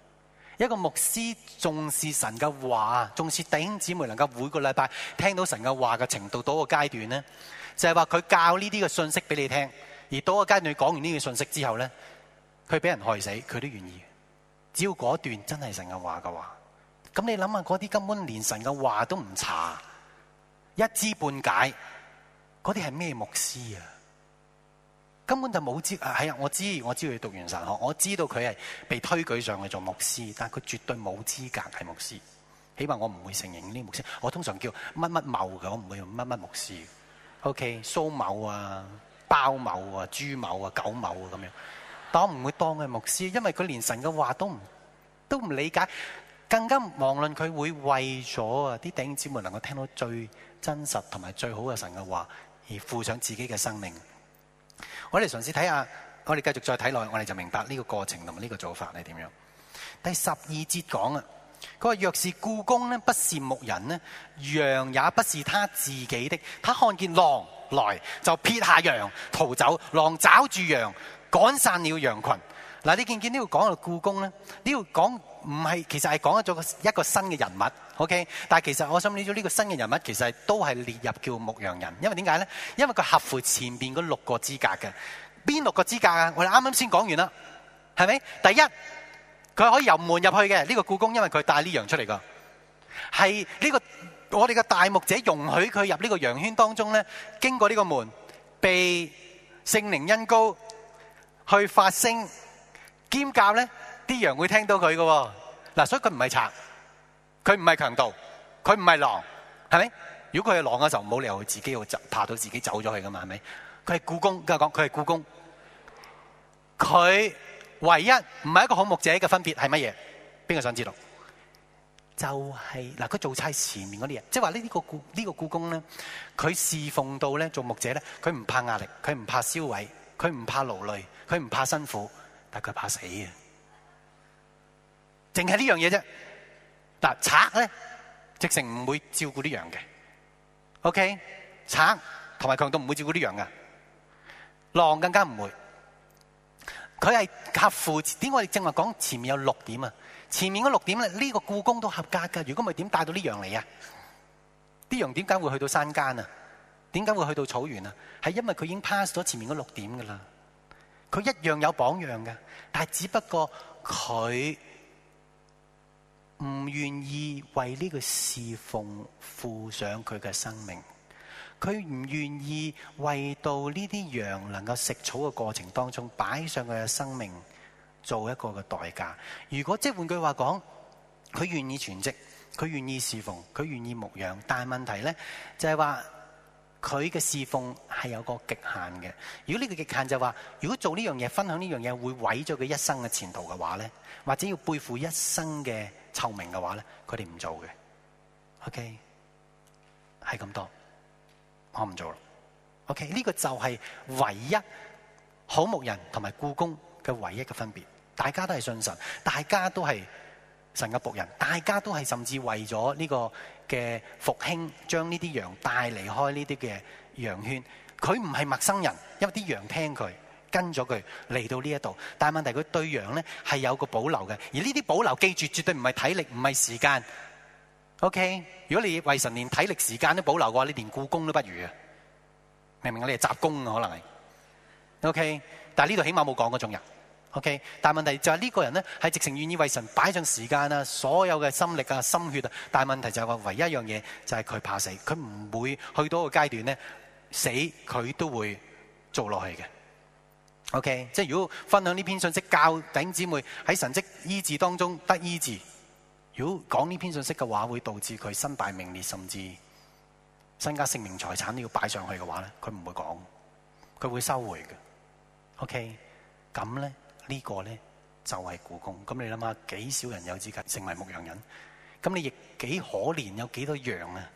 一個牧師重視神嘅話，重視弟兄姊妹能夠每個禮拜聽到神嘅話嘅程度，到個階段咧，就係話佢教呢啲嘅信息俾你聽，而到個階段講完呢個信息之後咧，佢俾人害死，佢都願意，只要嗰段真係神嘅話嘅話，咁你諗下嗰啲根本連神嘅話都唔查，一知半解，嗰啲係咩牧師啊？根本就冇資格，係啊！我知，我知佢讀完神學，我知道佢係被推舉上去做牧師，但佢絕對冇資格係牧師。起碼我唔會承認呢啲牧師，我通常叫乜乜某嘅，我唔會用乜乜牧師。O.K. 蘇某啊，包某啊，朱某啊，九某啊咁樣，但我唔會當佢係牧師，因為佢連神嘅話都唔都唔理解，更加遑論佢會為咗啊啲頂尖們能夠聽到最真實同埋最好嘅神嘅話而付上自己嘅生命。我哋嘗試睇下，我哋繼續再睇落去，我哋就明白呢個過程同埋呢個做法係點樣。第十二節講啊，佢話，若是僱工呢，不是牧人呢，羊也不是他自己的。他看見狼來，就撇下羊逃走。狼抓住羊，趕散了羊群。嗱，你見見呢度講嘅僱工咧，呢度講唔係，其實係講咗個一個新嘅人物。OK，但係其實我想呢個呢個新嘅人物其實都係列入叫牧羊人，因為點解呢？因為佢合乎前邊嗰六個資格嘅。邊六個資格啊？我哋啱啱先講完啦，係咪？第一，佢可以由門入去嘅呢個故宮，因為佢帶呢羊出嚟噶，係呢個我哋嘅大牧者容許佢入呢個羊圈當中呢，經過呢個門，被聖靈恩膏去發聲尖叫呢，啲羊會聽到佢嘅喎。嗱，所以佢唔係賊。佢唔係強盜，佢唔係狼，係咪？如果佢係狼嘅時候，冇理由佢自己會爬到自己走咗去噶嘛，係咪？佢係僱工，家講佢係僱工。佢唯一唔係一個好牧者嘅分別係乜嘢？邊個想知道？就係、是、嗱，佢做差前面嗰啲人，即係話呢？呢個故呢、這個僱工咧，佢侍奉到咧做牧者咧，佢唔怕壓力，佢唔怕燒燬，佢唔怕勞累，佢唔怕，怕辛苦，但係佢怕死啊！淨係呢樣嘢啫。嗱，賊咧直成唔會照顧啲羊嘅，OK？賊同埋強盜唔會照顧啲羊噶，狼更加唔會。佢係合乎。點解我哋正話講前面有六點啊，前面嗰六點咧，呢、呢個故宮都合格噶。如果唔係點帶到啲羊嚟啊？啲羊點解會去到山間啊？點解會去到草原啊？係因為佢已經 pass 咗前面嗰六點噶啦。佢一樣有榜樣嘅，但係只不過佢。唔願意為呢個侍奉付上佢嘅生命，佢唔願意為到呢啲羊能夠食草嘅過程當中擺上佢嘅生命做一個嘅代價。如果即係換句話講，佢願意全職，佢願意侍奉，佢願意牧養。但係問題呢，就係話佢嘅侍奉係有個極限嘅。如果呢個極限就係話，如果做呢樣嘢分享呢樣嘢會毀咗佢一生嘅前途嘅話呢，或者要背負一生嘅臭名嘅話咧，佢哋唔做嘅。OK，係咁多，我唔做啦。OK，呢個就係唯一好牧人同埋僱工嘅唯一嘅分別。大家都係信神，大家都係神嘅僕人，大家都係甚至為咗呢個嘅復興，將呢啲羊帶離開呢啲嘅羊圈。佢唔係陌生人，因為啲羊聽佢。跟咗佢嚟到呢一度，但係問題佢對羊咧係有個保留嘅，而呢啲保留記住絕對唔係體力，唔係時間 OK，如果你為神連體力、時間都保留嘅話，你連故宮都不如啊！明唔明我哋係雜工啊，可能係 OK。但係呢度起碼冇講嗰種人。OK，但問題就係呢個人咧係直情願意為神擺上時間啊，所有嘅心力啊、心血啊，但問題就係話唯一一樣嘢就係佢怕死，佢唔會去到個階段，咧死佢都會做落去嘅。O、okay, K，即係如果分享呢篇信息教弟兄姊妹喺神蹟醫治當中得醫治，如果講呢篇信息嘅話，會導致佢身敗名裂，甚至身家性命、財產都要擺上去嘅話咧，佢唔會講，佢會收回嘅。O K，咁咧呢，這個咧就係、是、僱工。咁你諗下，幾少人有資格成為牧羊人？咁你亦幾可憐？有幾多羊啊？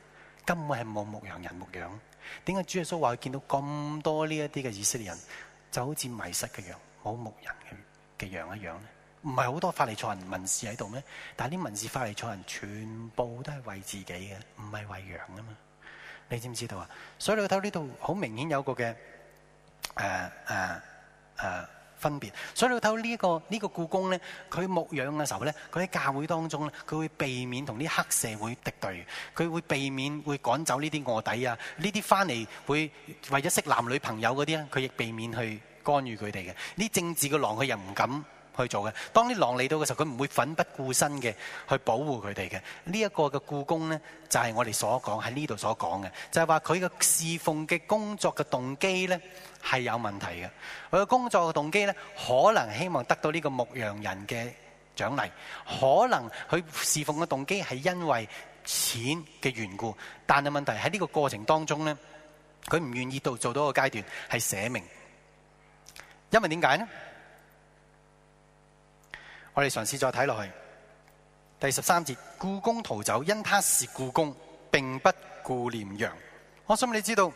根本係冇牧羊人牧羊。點解主耶穌話見到咁多呢一啲嘅以色列人？就好似迷失嘅羊，冇牧人嘅嘅羊一樣咧，唔係好多法利賽人文士喺度咩？但係啲文士法利賽人全部都係為自己嘅，唔係為羊啊嘛！你知唔知道啊？所以你睇到呢度好明顯有一個嘅誒誒誒，呃呃呃分別，所以你睇到呢一個呢、呢個故宮呢，佢牧養嘅時候呢，佢喺教會當中呢，佢會避免同啲黑社會敵對，佢會避免會趕走呢啲臥底啊，呢啲翻嚟會為咗識男女朋友嗰啲咧，佢亦避免去干預佢哋嘅，呢政治嘅狼佢又唔敢。去做嘅。當啲狼嚟到嘅時候，佢唔會奮不顧身嘅去保護佢哋嘅。呢、這、一個嘅故宮呢，就係、是、我哋所講喺呢度所講嘅，就係話佢嘅侍奉嘅工作嘅動機呢係有問題嘅。佢嘅工作嘅動機呢，可能希望得到呢個牧羊人嘅獎勵，可能佢侍奉嘅動機係因為錢嘅緣故。但係問題喺呢個過程當中呢，佢唔願意到做到一個階段係捨命，因為點解呢？我哋嘗試,試再睇落去第十三節，雇工逃走，因他是雇工，並不顧念羊。我想你知道，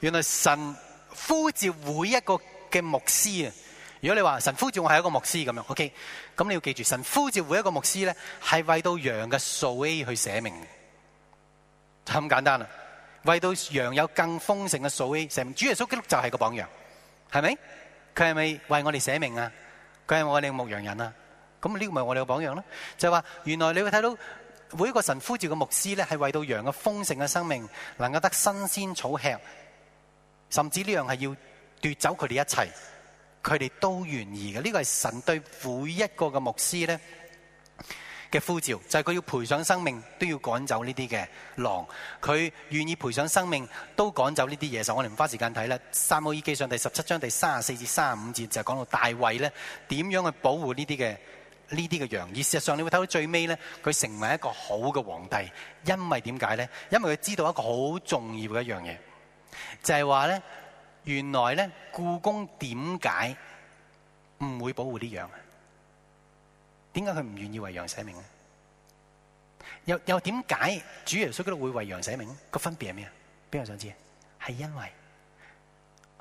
原來神呼召每一個嘅牧師啊。如果你話神呼召我係一個牧師咁樣，OK，咁你要記住，神呼召每一個牧師咧係為到羊嘅數 A 去捨命，咁簡單啦。為到羊有更豐盛嘅數 A 捨命。主耶穌基督就係個榜樣，係咪？佢係咪為我哋捨命啊？佢係我哋牧羊人啊？咁呢個咪我哋嘅榜樣咯？就係話，原來你會睇到每一個神呼召嘅牧師咧，係為到羊嘅豐盛嘅生命能夠得新鮮草吃，甚至呢樣係要奪走佢哋一切，佢哋都願意嘅。呢個係神對每一個嘅牧師咧嘅呼召，就係、是、佢要賠上生命都要趕走呢啲嘅狼，佢願意賠上生命都趕走呢啲野獸。我哋唔花時間睇啦，《撒母耳記上》第十七章第三十四至三十五節就講、是、到大衛咧點樣去保護呢啲嘅。呢啲嘅羊，而事實上你會睇到最尾咧，佢成為一個好嘅皇帝，因為點解咧？因為佢知道一個好重要嘅一樣嘢，就係話咧，原來咧，故宮點解唔會保護啲羊啊？點解佢唔願意為羊寫名啊？又又點解主耶穌都會為羊寫名？個分別係咩？邊個想知啊？係因為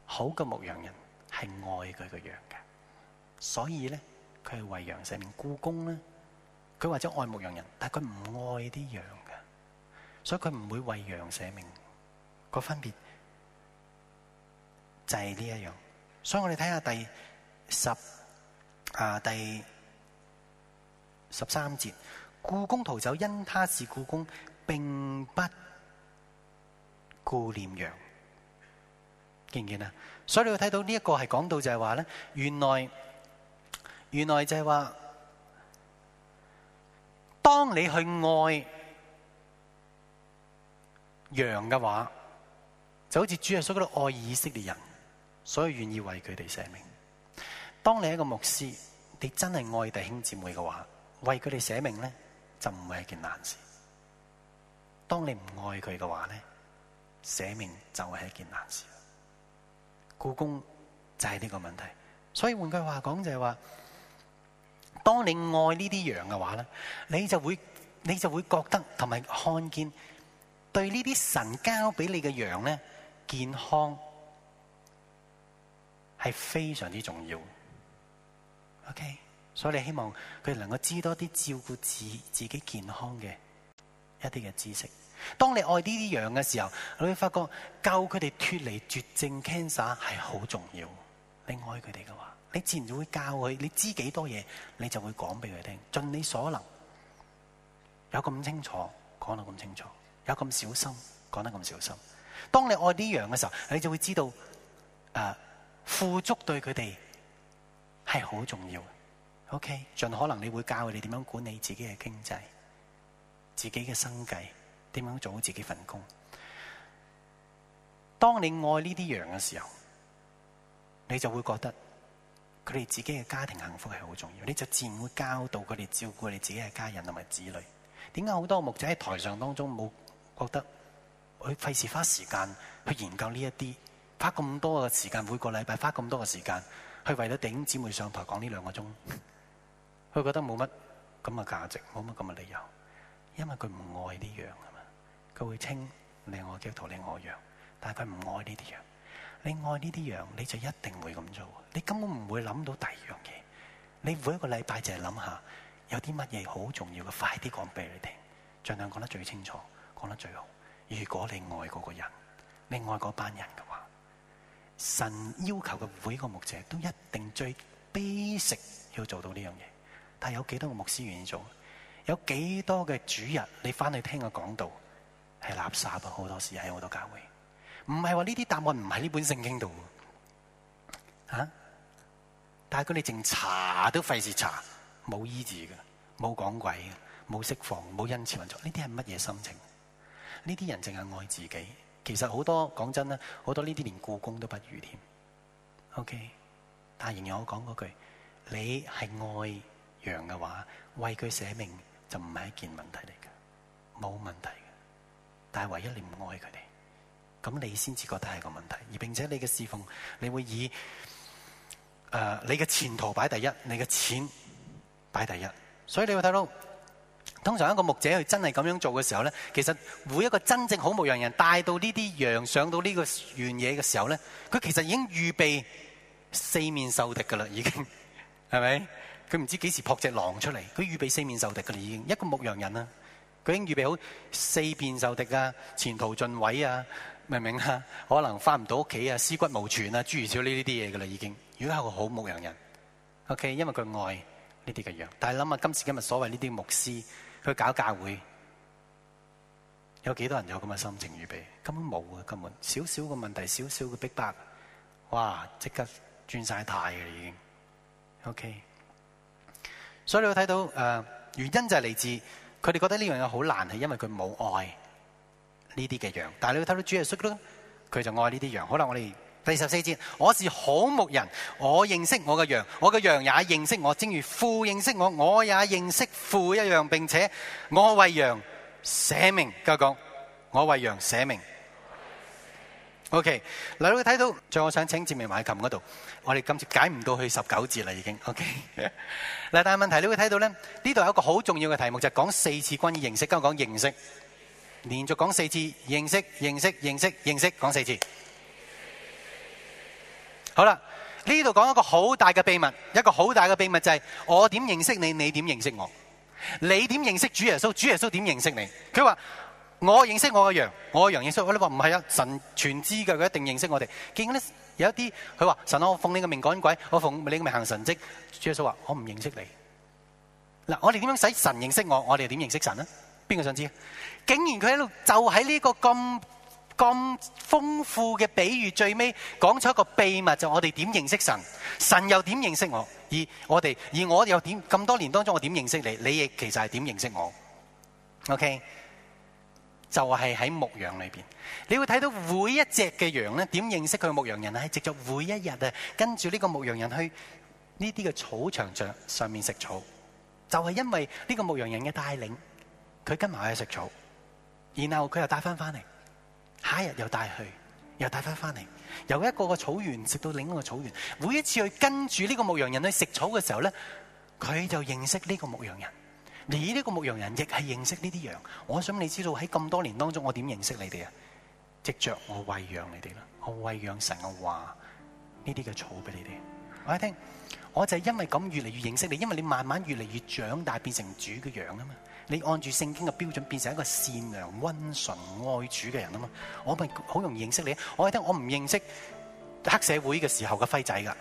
好嘅牧羊人係愛佢個羊嘅，所以咧。佢係為羊捨命，僱工咧，佢或者愛牧羊人，但佢唔愛啲羊嘅，所以佢唔會為羊捨命。個分別就係呢一樣，所以我哋睇下第十啊第十三節，僱工逃走，因他是僱工，並不顧念羊，見唔見啊？所以你會睇到呢一個係講到就係話咧，原來。原來就係話，當你去愛羊嘅話，就好似主耶穌嗰度愛以色列人，所以願意為佢哋捨命。當你係一個牧師，你真係愛弟兄姊妹嘅話，為佢哋捨命咧，就唔會係一件難事。當你唔愛佢嘅話咧，捨命就會係一件難事。故宮就係呢個問題，所以換句話講就係話。當你愛呢啲羊嘅話咧，你就會你就會覺得同埋看見對呢啲神交俾你嘅羊咧，健康係非常之重要。OK，所以你希望佢哋能夠知多啲照顧自己自己健康嘅一啲嘅知識。當你愛呢啲羊嘅時候，你會發覺救佢哋脫離絕症 cancer 係好重要的。你愛佢哋嘅話。你自然就會教佢，你知幾多嘢，你就會講俾佢聽。盡你所能，有咁清楚講得咁清楚，有咁小心講得咁小心。當你愛啲羊嘅時候，你就會知道，誒，富足對佢哋係好重要嘅。OK，盡可能你會教佢哋點樣管理自己嘅經濟，自己嘅生計，點樣做好自己份工。當你愛呢啲羊嘅時候，你就會覺得，佢哋自己嘅家庭幸福係好重要，你就自然會教導佢哋照顧你自己嘅家人同埋子女。點解好多牧者喺台上當中冇覺得去費事花時間去研究呢一啲，花咁多嘅時間，每個禮拜花咁多嘅時間去為咗弟兄姊妹上台講呢兩個鐘，佢覺得冇乜咁嘅價值，冇乜咁嘅理由，因為佢唔愛呢樣，啊嘛，佢會稱你我基督徒，你我羊，但係佢唔愛呢啲羊。你愛呢啲樣，你就一定會咁做。你根本唔會諗到第二樣嘢。你每一個禮拜淨係諗下有啲乜嘢好重要嘅，快啲講俾你聽，盡量講得最清楚，講得最好。如果你愛嗰個人，你愛嗰班人嘅話，神要求嘅每一個牧者都一定最卑職要做到呢樣嘢。但係有幾多個牧師願意做？有幾多嘅主人，你翻去聽我講道係垃圾啊！好多時喺好多教會。唔係話呢啲答案唔喺呢本聖經度，吓、啊？但係佢哋淨查都費事查，冇醫治嘅，冇講鬼嘅，冇釋放，冇恩賜運作。呢啲係乜嘢心情？呢啲人淨係愛自己。其實好多講真啦，好多呢啲連故宮都不如添。OK，但係仍然我講句：你係愛羊嘅話，為佢捨命就唔係一件問題嚟嘅，冇問題嘅。但係唯一你唔愛佢哋。咁你先至覺得係個問題，而並且你嘅侍奉，你會以誒、呃、你嘅前途擺第一，你嘅錢擺第一。所以你會睇到通常一個牧者去真係咁樣做嘅時候咧，其實每一個真正好牧羊人帶到呢啲羊上到呢個原野嘅時候咧，佢其實已經預備四面受敵噶啦，已經係咪？佢唔知幾時撲隻狼出嚟，佢預備四面受敵噶啦，已經一個牧羊人啦，佢已經預備好四面受敵啊，前途盡毀啊！明唔明啊？可能翻唔到屋企啊，屍骨無存啦，諸如此類呢啲嘢噶啦，已經。如果係個好牧羊人，OK，因為佢愛呢啲嘅羊。但係諗下今時今日所謂呢啲牧師，佢搞教會，有幾多人有咁嘅心情預備？根本冇啊，根本。少少嘅問題，少少嘅逼迫，哇！即刻轉晒態㗎啦已經，OK。所以你會睇到誒、呃，原因就係嚟自佢哋覺得呢樣嘢好難，係因為佢冇愛。呢啲嘅羊，但係你會睇到主耶穌咧，佢就愛呢啲羊。好啦，我哋第十四節，我是好牧人，我認識我嘅羊，我嘅羊也認識我，正如父認識我，我也認識父一樣，並且我為羊捨命。繼續講，我為羊捨命。OK，嗱，你會睇到，再我想請志明埋琴嗰度，我哋今次解唔到去十九節啦，已經。OK，嗱，但係問題你會睇到咧，呢度有一個好重要嘅題目，就係講四次關於認識。今日講認識。連續講四次，認識、認識、認識、認識，講四次。好啦。呢度講一個好大嘅秘密，一個好大嘅秘密就係我點認識你，你點認識我？你點認識主耶穌？主耶穌點認識你？佢話我認識我嘅羊，我嘅羊認識我。你話唔係啊？神全知嘅，佢一定認識我哋。結果咧有一啲佢話神我奉你個命趕鬼，我奉你個命行神跡。主耶穌話我唔認識你。嗱，我哋點樣使神認識我？我哋點認識神呢？邊個想知？竟然佢喺度就喺呢個咁咁豐富嘅比喻，最尾講出一個秘密，就是、我哋點認識神，神又點認識我，而我哋而我又點咁多年當中，我點認識你？你亦其實係點認識我？OK，就係喺牧羊裏邊，你會睇到每一隻嘅羊咧，點認識佢牧羊人啊？係藉着每一日啊，跟住呢個牧羊人去呢啲嘅草場上上面食草，就係、是、因為呢個牧羊人嘅帶領，佢跟埋去食草。然後佢又帶翻翻嚟，下一日又帶去，又帶翻翻嚟，由一個個草原食到另一個草原，每一次去跟住呢個牧羊人去食草嘅時候咧，佢就認識呢個牧羊人，你呢個牧羊人亦係認識呢啲羊。我想你知道喺咁多年當中，我點認識你哋啊？藉着我餵養你哋啦，我餵養神嘅話，呢啲嘅草俾你哋。我一聽，我就係因為咁越嚟越認識你，因為你慢慢越嚟越長大，變成主嘅羊啊嘛。你按住聖經嘅標準，變成一個善良、温順、愛主嘅人啊嘛！我咪好容易認識你。我睇得我唔認識黑社會嘅時候嘅輝仔㗎，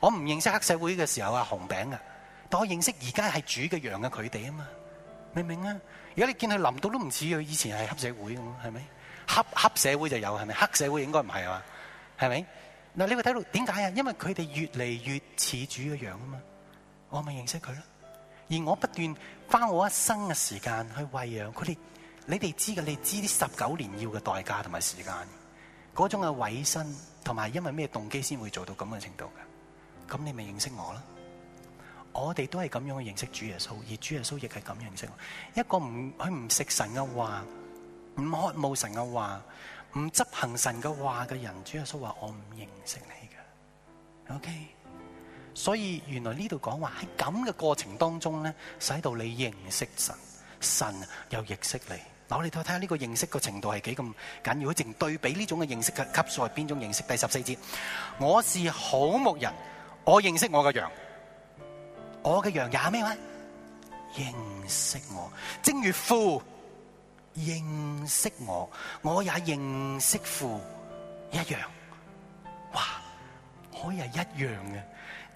我唔認識黑社會嘅時候阿紅餅㗎，但我認識而家係主嘅羊嘅佢哋啊嘛！明唔明啊？如果你見佢臨到都唔似佢以前係黑社會咁，係咪黑黑社會就有係咪？黑社會應該唔係啊嘛，係咪？嗱，你會睇到點解啊？因為佢哋越嚟越似主嘅羊啊嘛！我咪認識佢咯。而我不斷花我一生嘅時間去餵養佢哋，你哋知嘅，你知啲十九年要嘅代價同埋時間，嗰種嘅委身，同埋因為咩動機先會做到咁嘅程度嘅？咁你咪認識我啦！我哋都係咁樣去認識主耶穌，而主耶穌亦係咁認識我。一個唔佢唔食神嘅話，唔渴慕神嘅話，唔執行神嘅話嘅人，主耶穌話我唔認識你嘅。OK。所以原來呢度講話喺咁嘅過程當中咧，使到你認識神，神又認識你。嗱，我哋睇下呢個認識嘅程度係幾咁緊要。我淨對比呢種嘅認識嘅級數係邊種認識？第十四節，我是好牧人，我認識我嘅羊，我嘅羊也係咩咧？認識我，正如父認識我，我也認識父，一樣。哇，可以係一樣嘅。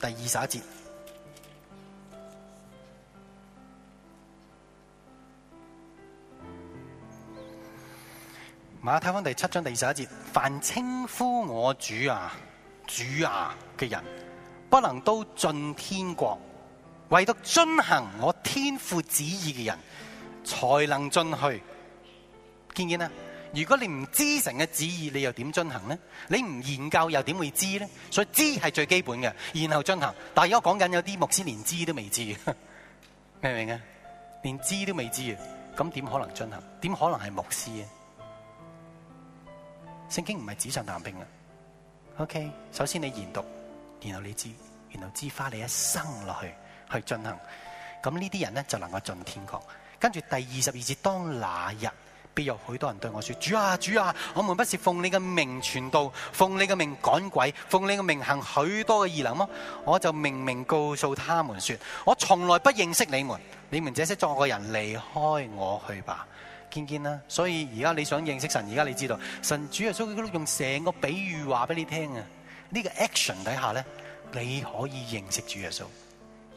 第二十一節，馬太福音第七章第二十一節，凡稱呼我主啊、主啊嘅人，不能都進天國，唯獨遵行我天父旨意嘅人，才能進去。見唔見啊？如果你唔知神嘅旨意，你又點進行呢？你唔研究又點會知呢？所以知係最基本嘅，然後進行。但係如果講緊有啲牧師連知都未知嘅，明唔明啊？連知都未知啊，咁點可能進行？點可能係牧師啊？聖經唔係紙上談兵啊。OK，首先你研讀，然後你知，然後知花你一生落去去進行。咁呢啲人咧，就能夠進天國。跟住第二十二節，當那日。必有許多人對我說：主啊，主啊，我們不是奉你嘅名傳道，奉你嘅名趕鬼，奉你嘅名行許多嘅異能嗎？我就明明告訴他們說：我從來不認識你們，你們這些作惡的人，離開我去吧。見見啦。所以而家你想認識神，而家你知道神主耶穌基督用成個比喻話俾你聽啊。呢個 action 底下呢，你可以認識主耶穌，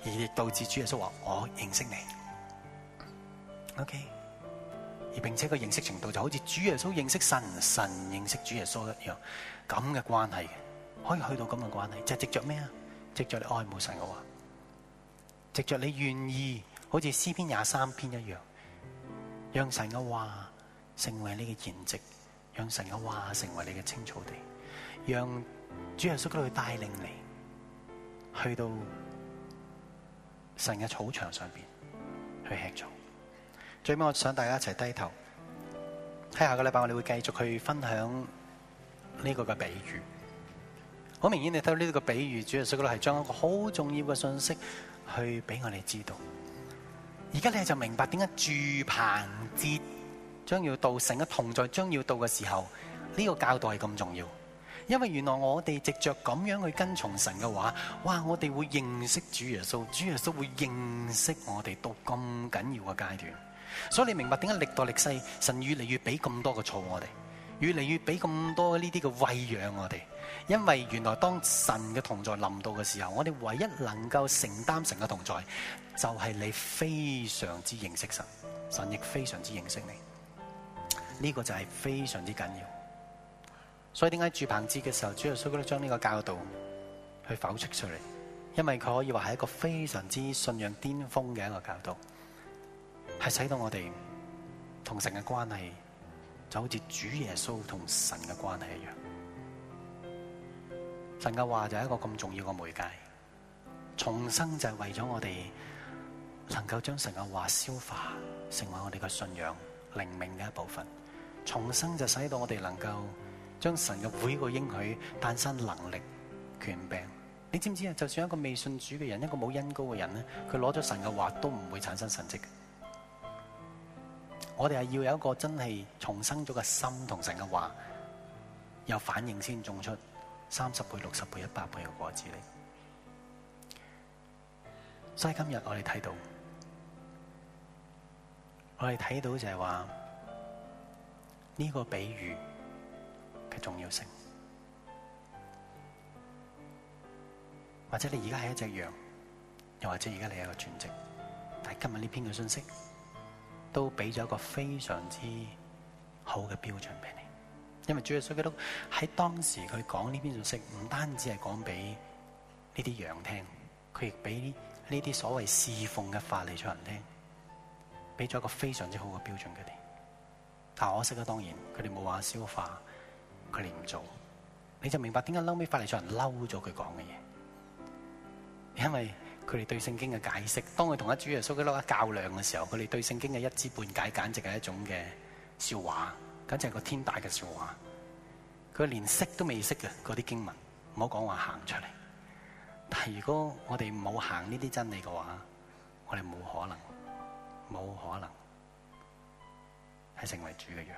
而導致主耶穌話：我認識你。OK。而並且個認識程度就好似主耶穌認識神，神認識主耶穌一樣，咁嘅關係，可以去到咁嘅關係，就係藉着咩啊？藉着你愛慕神嘅話，藉着你願意，好似詩篇廿三篇一樣，讓神嘅話成為你嘅筵席，讓神嘅話成為你嘅青草地，讓主耶穌都會帶領你，去到神嘅草場上邊去吃草。最尾我想大家一齊低頭，喺下個禮拜我哋會繼續去分享呢個嘅比喻。好明顯你睇到呢個比喻，主耶穌係將一個好重要嘅信息去俾我哋知道。而家你就明白點解住棚節將要到，神嘅同在將要到嘅時候，呢個教導係咁重要。因為原來我哋藉着咁樣去跟從神嘅話，哇！我哋會認識主耶穌，主耶穌會認識我哋到咁緊要嘅階段。所以你明白點解歷代歷世神越嚟越俾咁多嘅錯我哋，越嚟越俾咁多呢啲嘅餵養我哋，因為原來當神嘅同在臨到嘅時候，我哋唯一能夠承擔神嘅同在，就係、是、你非常之認識神，神亦非常之認識你。呢、這個就係非常之緊要。所以點解住棚節嘅時候，主耶穌都將呢個教導去否則出出嚟，因為佢可以話係一個非常之信仰巔峰嘅一個教導。係使到我哋同神嘅關係就好似主耶穌同神嘅關係一樣，神嘅話就係一個咁重要嘅媒介。重生就係為咗我哋能夠將神嘅話消化，成為我哋嘅信仰、靈命嘅一部分。重生就使到我哋能夠將神嘅每個應許、誕生能力、權柄。你知唔知啊？就算一個未信主嘅人，一個冇恩膏嘅人咧，佢攞咗神嘅話都唔會產生神蹟嘅。我哋係要有一個真係重生咗嘅心同神嘅話，有反應先種出三十倍、六十倍、一百倍嘅果子嚟。所以今日我哋睇到，我哋睇到就係話呢個比喻嘅重要性。或者你而家係一隻羊，又或者而家你係一個全職，但係今日呢篇嘅信息。都俾咗一個非常之好嘅標準俾你，因為主耶穌基督喺當時佢講呢篇信息，唔單止係講俾呢啲羊聽，佢亦俾呢啲所謂侍奉嘅法利賽人聽，俾咗一個非常之好嘅標準佢哋。但可惜啊，當然佢哋冇話消化，佢哋唔做，你就明白點解後屘法利賽人嬲咗佢講嘅嘢，因為。佢哋對聖經嘅解釋，當佢同阿主耶穌嘅老人家較量嘅時候，佢哋對聖經嘅一知半解，簡直係一種嘅笑話，簡直係個天大嘅笑話。佢連識都未識嘅嗰啲經文，唔好講話行出嚟。但係如果我哋冇行呢啲真理嘅話，我哋冇可能，冇可能係成為主嘅羊。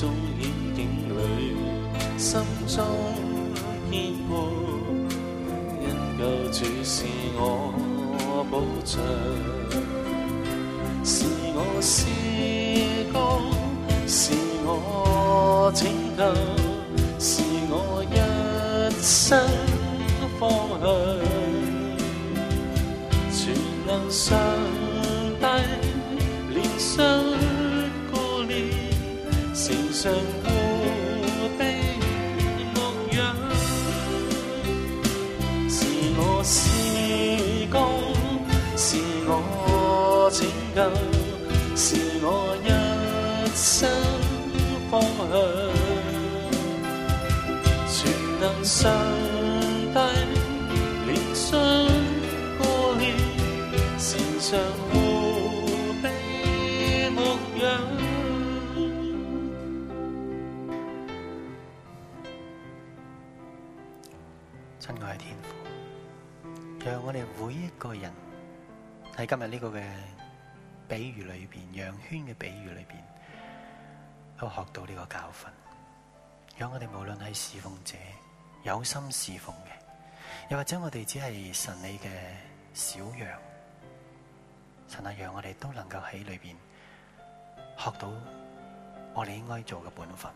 中險境裏，心中堅固，因救主是我保障，是我詩歌，是我拯救。有心侍奉嘅，又或者我哋只係神你嘅小羊，神啊，讓我哋都能夠喺裏邊學到我哋應該做嘅本分，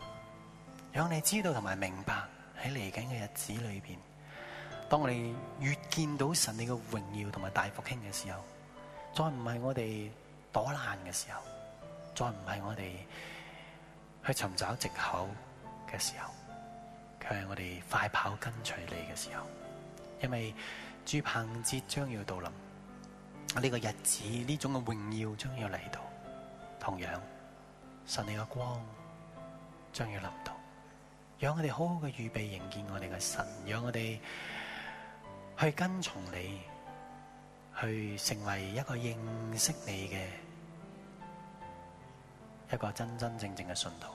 讓你知道同埋明白喺嚟緊嘅日子裏邊，當我哋越見到神你嘅榮耀同埋大復興嘅時候，再唔係我哋躲難嘅時候，再唔係我哋去尋找借口嘅時候，係我哋快跑跟隨你嘅時候，因為住棚節將要到臨，呢、這個日子呢種嘅榮耀將要嚟到，同樣神你嘅光將要臨到，讓我哋好好嘅預備迎接我哋嘅神，讓我哋去跟從你，去成為一個認識你嘅一個真真正正嘅信徒，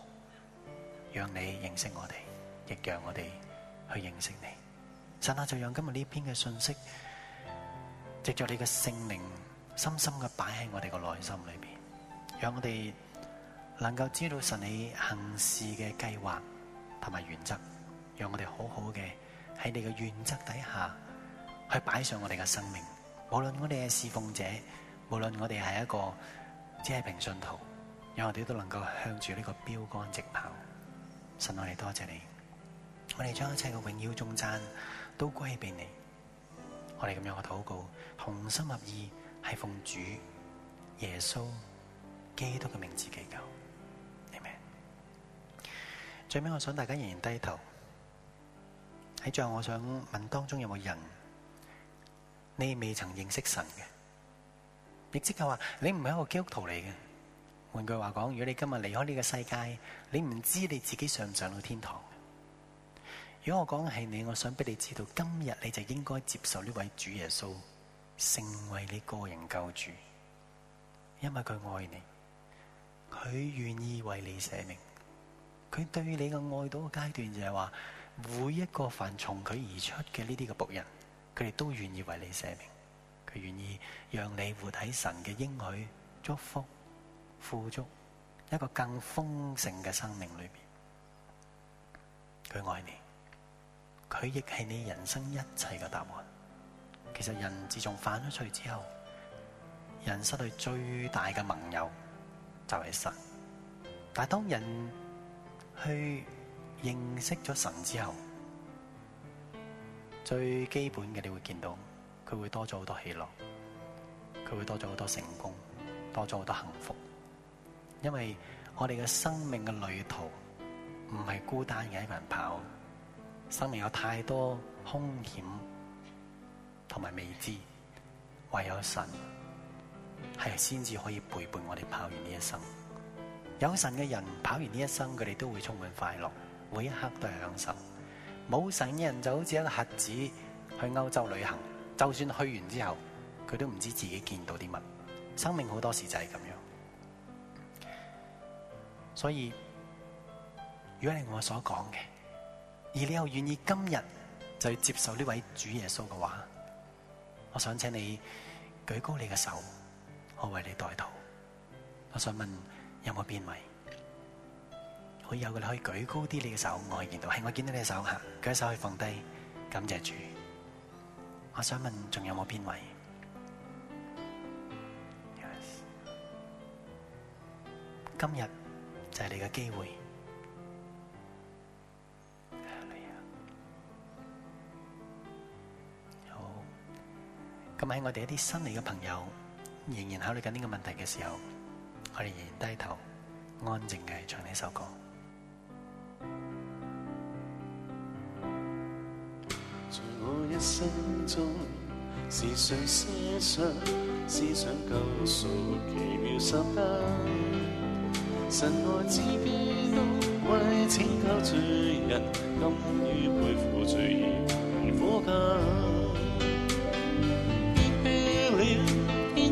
讓你認識我哋。亦讓我哋去認識你，神啊！就讓今日呢篇嘅信息，藉着你嘅聖靈，深深嘅擺喺我哋個內心裏邊，讓我哋能夠知道神你行事嘅計劃同埋原則，讓我哋好好嘅喺你嘅原則底下，去擺上我哋嘅生命。無論我哋係侍奉者，無論我哋係一個只係平信徒，讓我哋都能夠向住呢個標杆直跑。神，我哋多謝你。我哋將一切嘅榮耀頌讚都歸俾你，我哋咁樣嘅禱告，同心合意係奉主耶穌基督嘅名字祈求，阿門。最尾我想大家仍然低頭。喺最後，我想問當中有冇人，你未曾認識神嘅，亦即係話你唔係一個基督徒嚟嘅。換句話講，如果你今日離開呢個世界，你唔知你自己上唔上到天堂。如果我講嘅係你，我想俾你知道，今日你就應該接受呢位主耶穌，成為你個人救主，因為佢愛你，佢願意為你捨命。佢對你嘅愛到嘅階段就係話，每一個凡從佢而出嘅呢啲嘅僕人，佢哋都願意為你捨命。佢願意讓你活喺神嘅應許、祝福、富足一個更豐盛嘅生命裏面。佢愛你。佢亦係你人生一切嘅答案。其實人自從犯咗罪之後，人失去最大嘅盟友就係神。但係當人去認識咗神之後，最基本嘅你會見到，佢會多咗好多喜樂，佢會多咗好多成功，多咗好多幸福。因為我哋嘅生命嘅旅途唔係孤單嘅一個人跑。生命有太多兇險同埋未知，唯有神係先至可以陪伴我哋跑完呢一生。有神嘅人跑完呢一生，佢哋都會充滿快樂，每一刻都係享受。冇神嘅人就好似一個盒子去歐洲旅行，就算去完之後，佢都唔知自己見到啲乜。生命好多時就係咁樣，所以如果係我所講嘅，而你又願意今日就接受呢位主耶穌嘅話，我想請你舉高你嘅手，我為你代禱。我想問有冇邊位可以有嘅你可以舉高啲你嘅手，我係見到，係我見到你嘅手吓，舉手可以放低，感謝主。我想問仲有冇邊位？Yes. 今日就係你嘅機會。今晚喺我哋一啲新嚟嘅朋友仍然考慮緊呢個問題嘅時候，我哋仍然低頭安靜嘅唱呢首歌。在我一生中，是，誰是想思索，是想告造奇妙世界。神愛自己，都為拯救罪人，甘於背負罪孽，苦幹。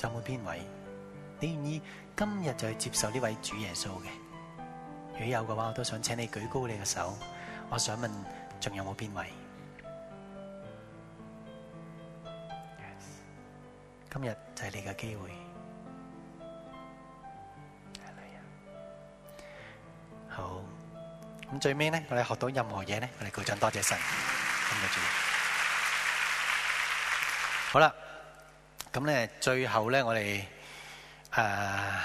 有冇邊位？你願意今日就去接受呢位主耶穌嘅？如果有嘅話，我都想請你舉高你嘅手。我想問，仲有冇邊位？今日就係你嘅機會。好，咁最尾呢，我哋學到任何嘢，呢我哋鼓掌多謝神。好啦。咁咧最後咧我哋呃、啊、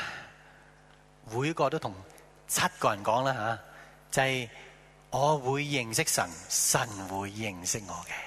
每個都同七個人講啦吓就係、是、我會認識神，神會認識我嘅。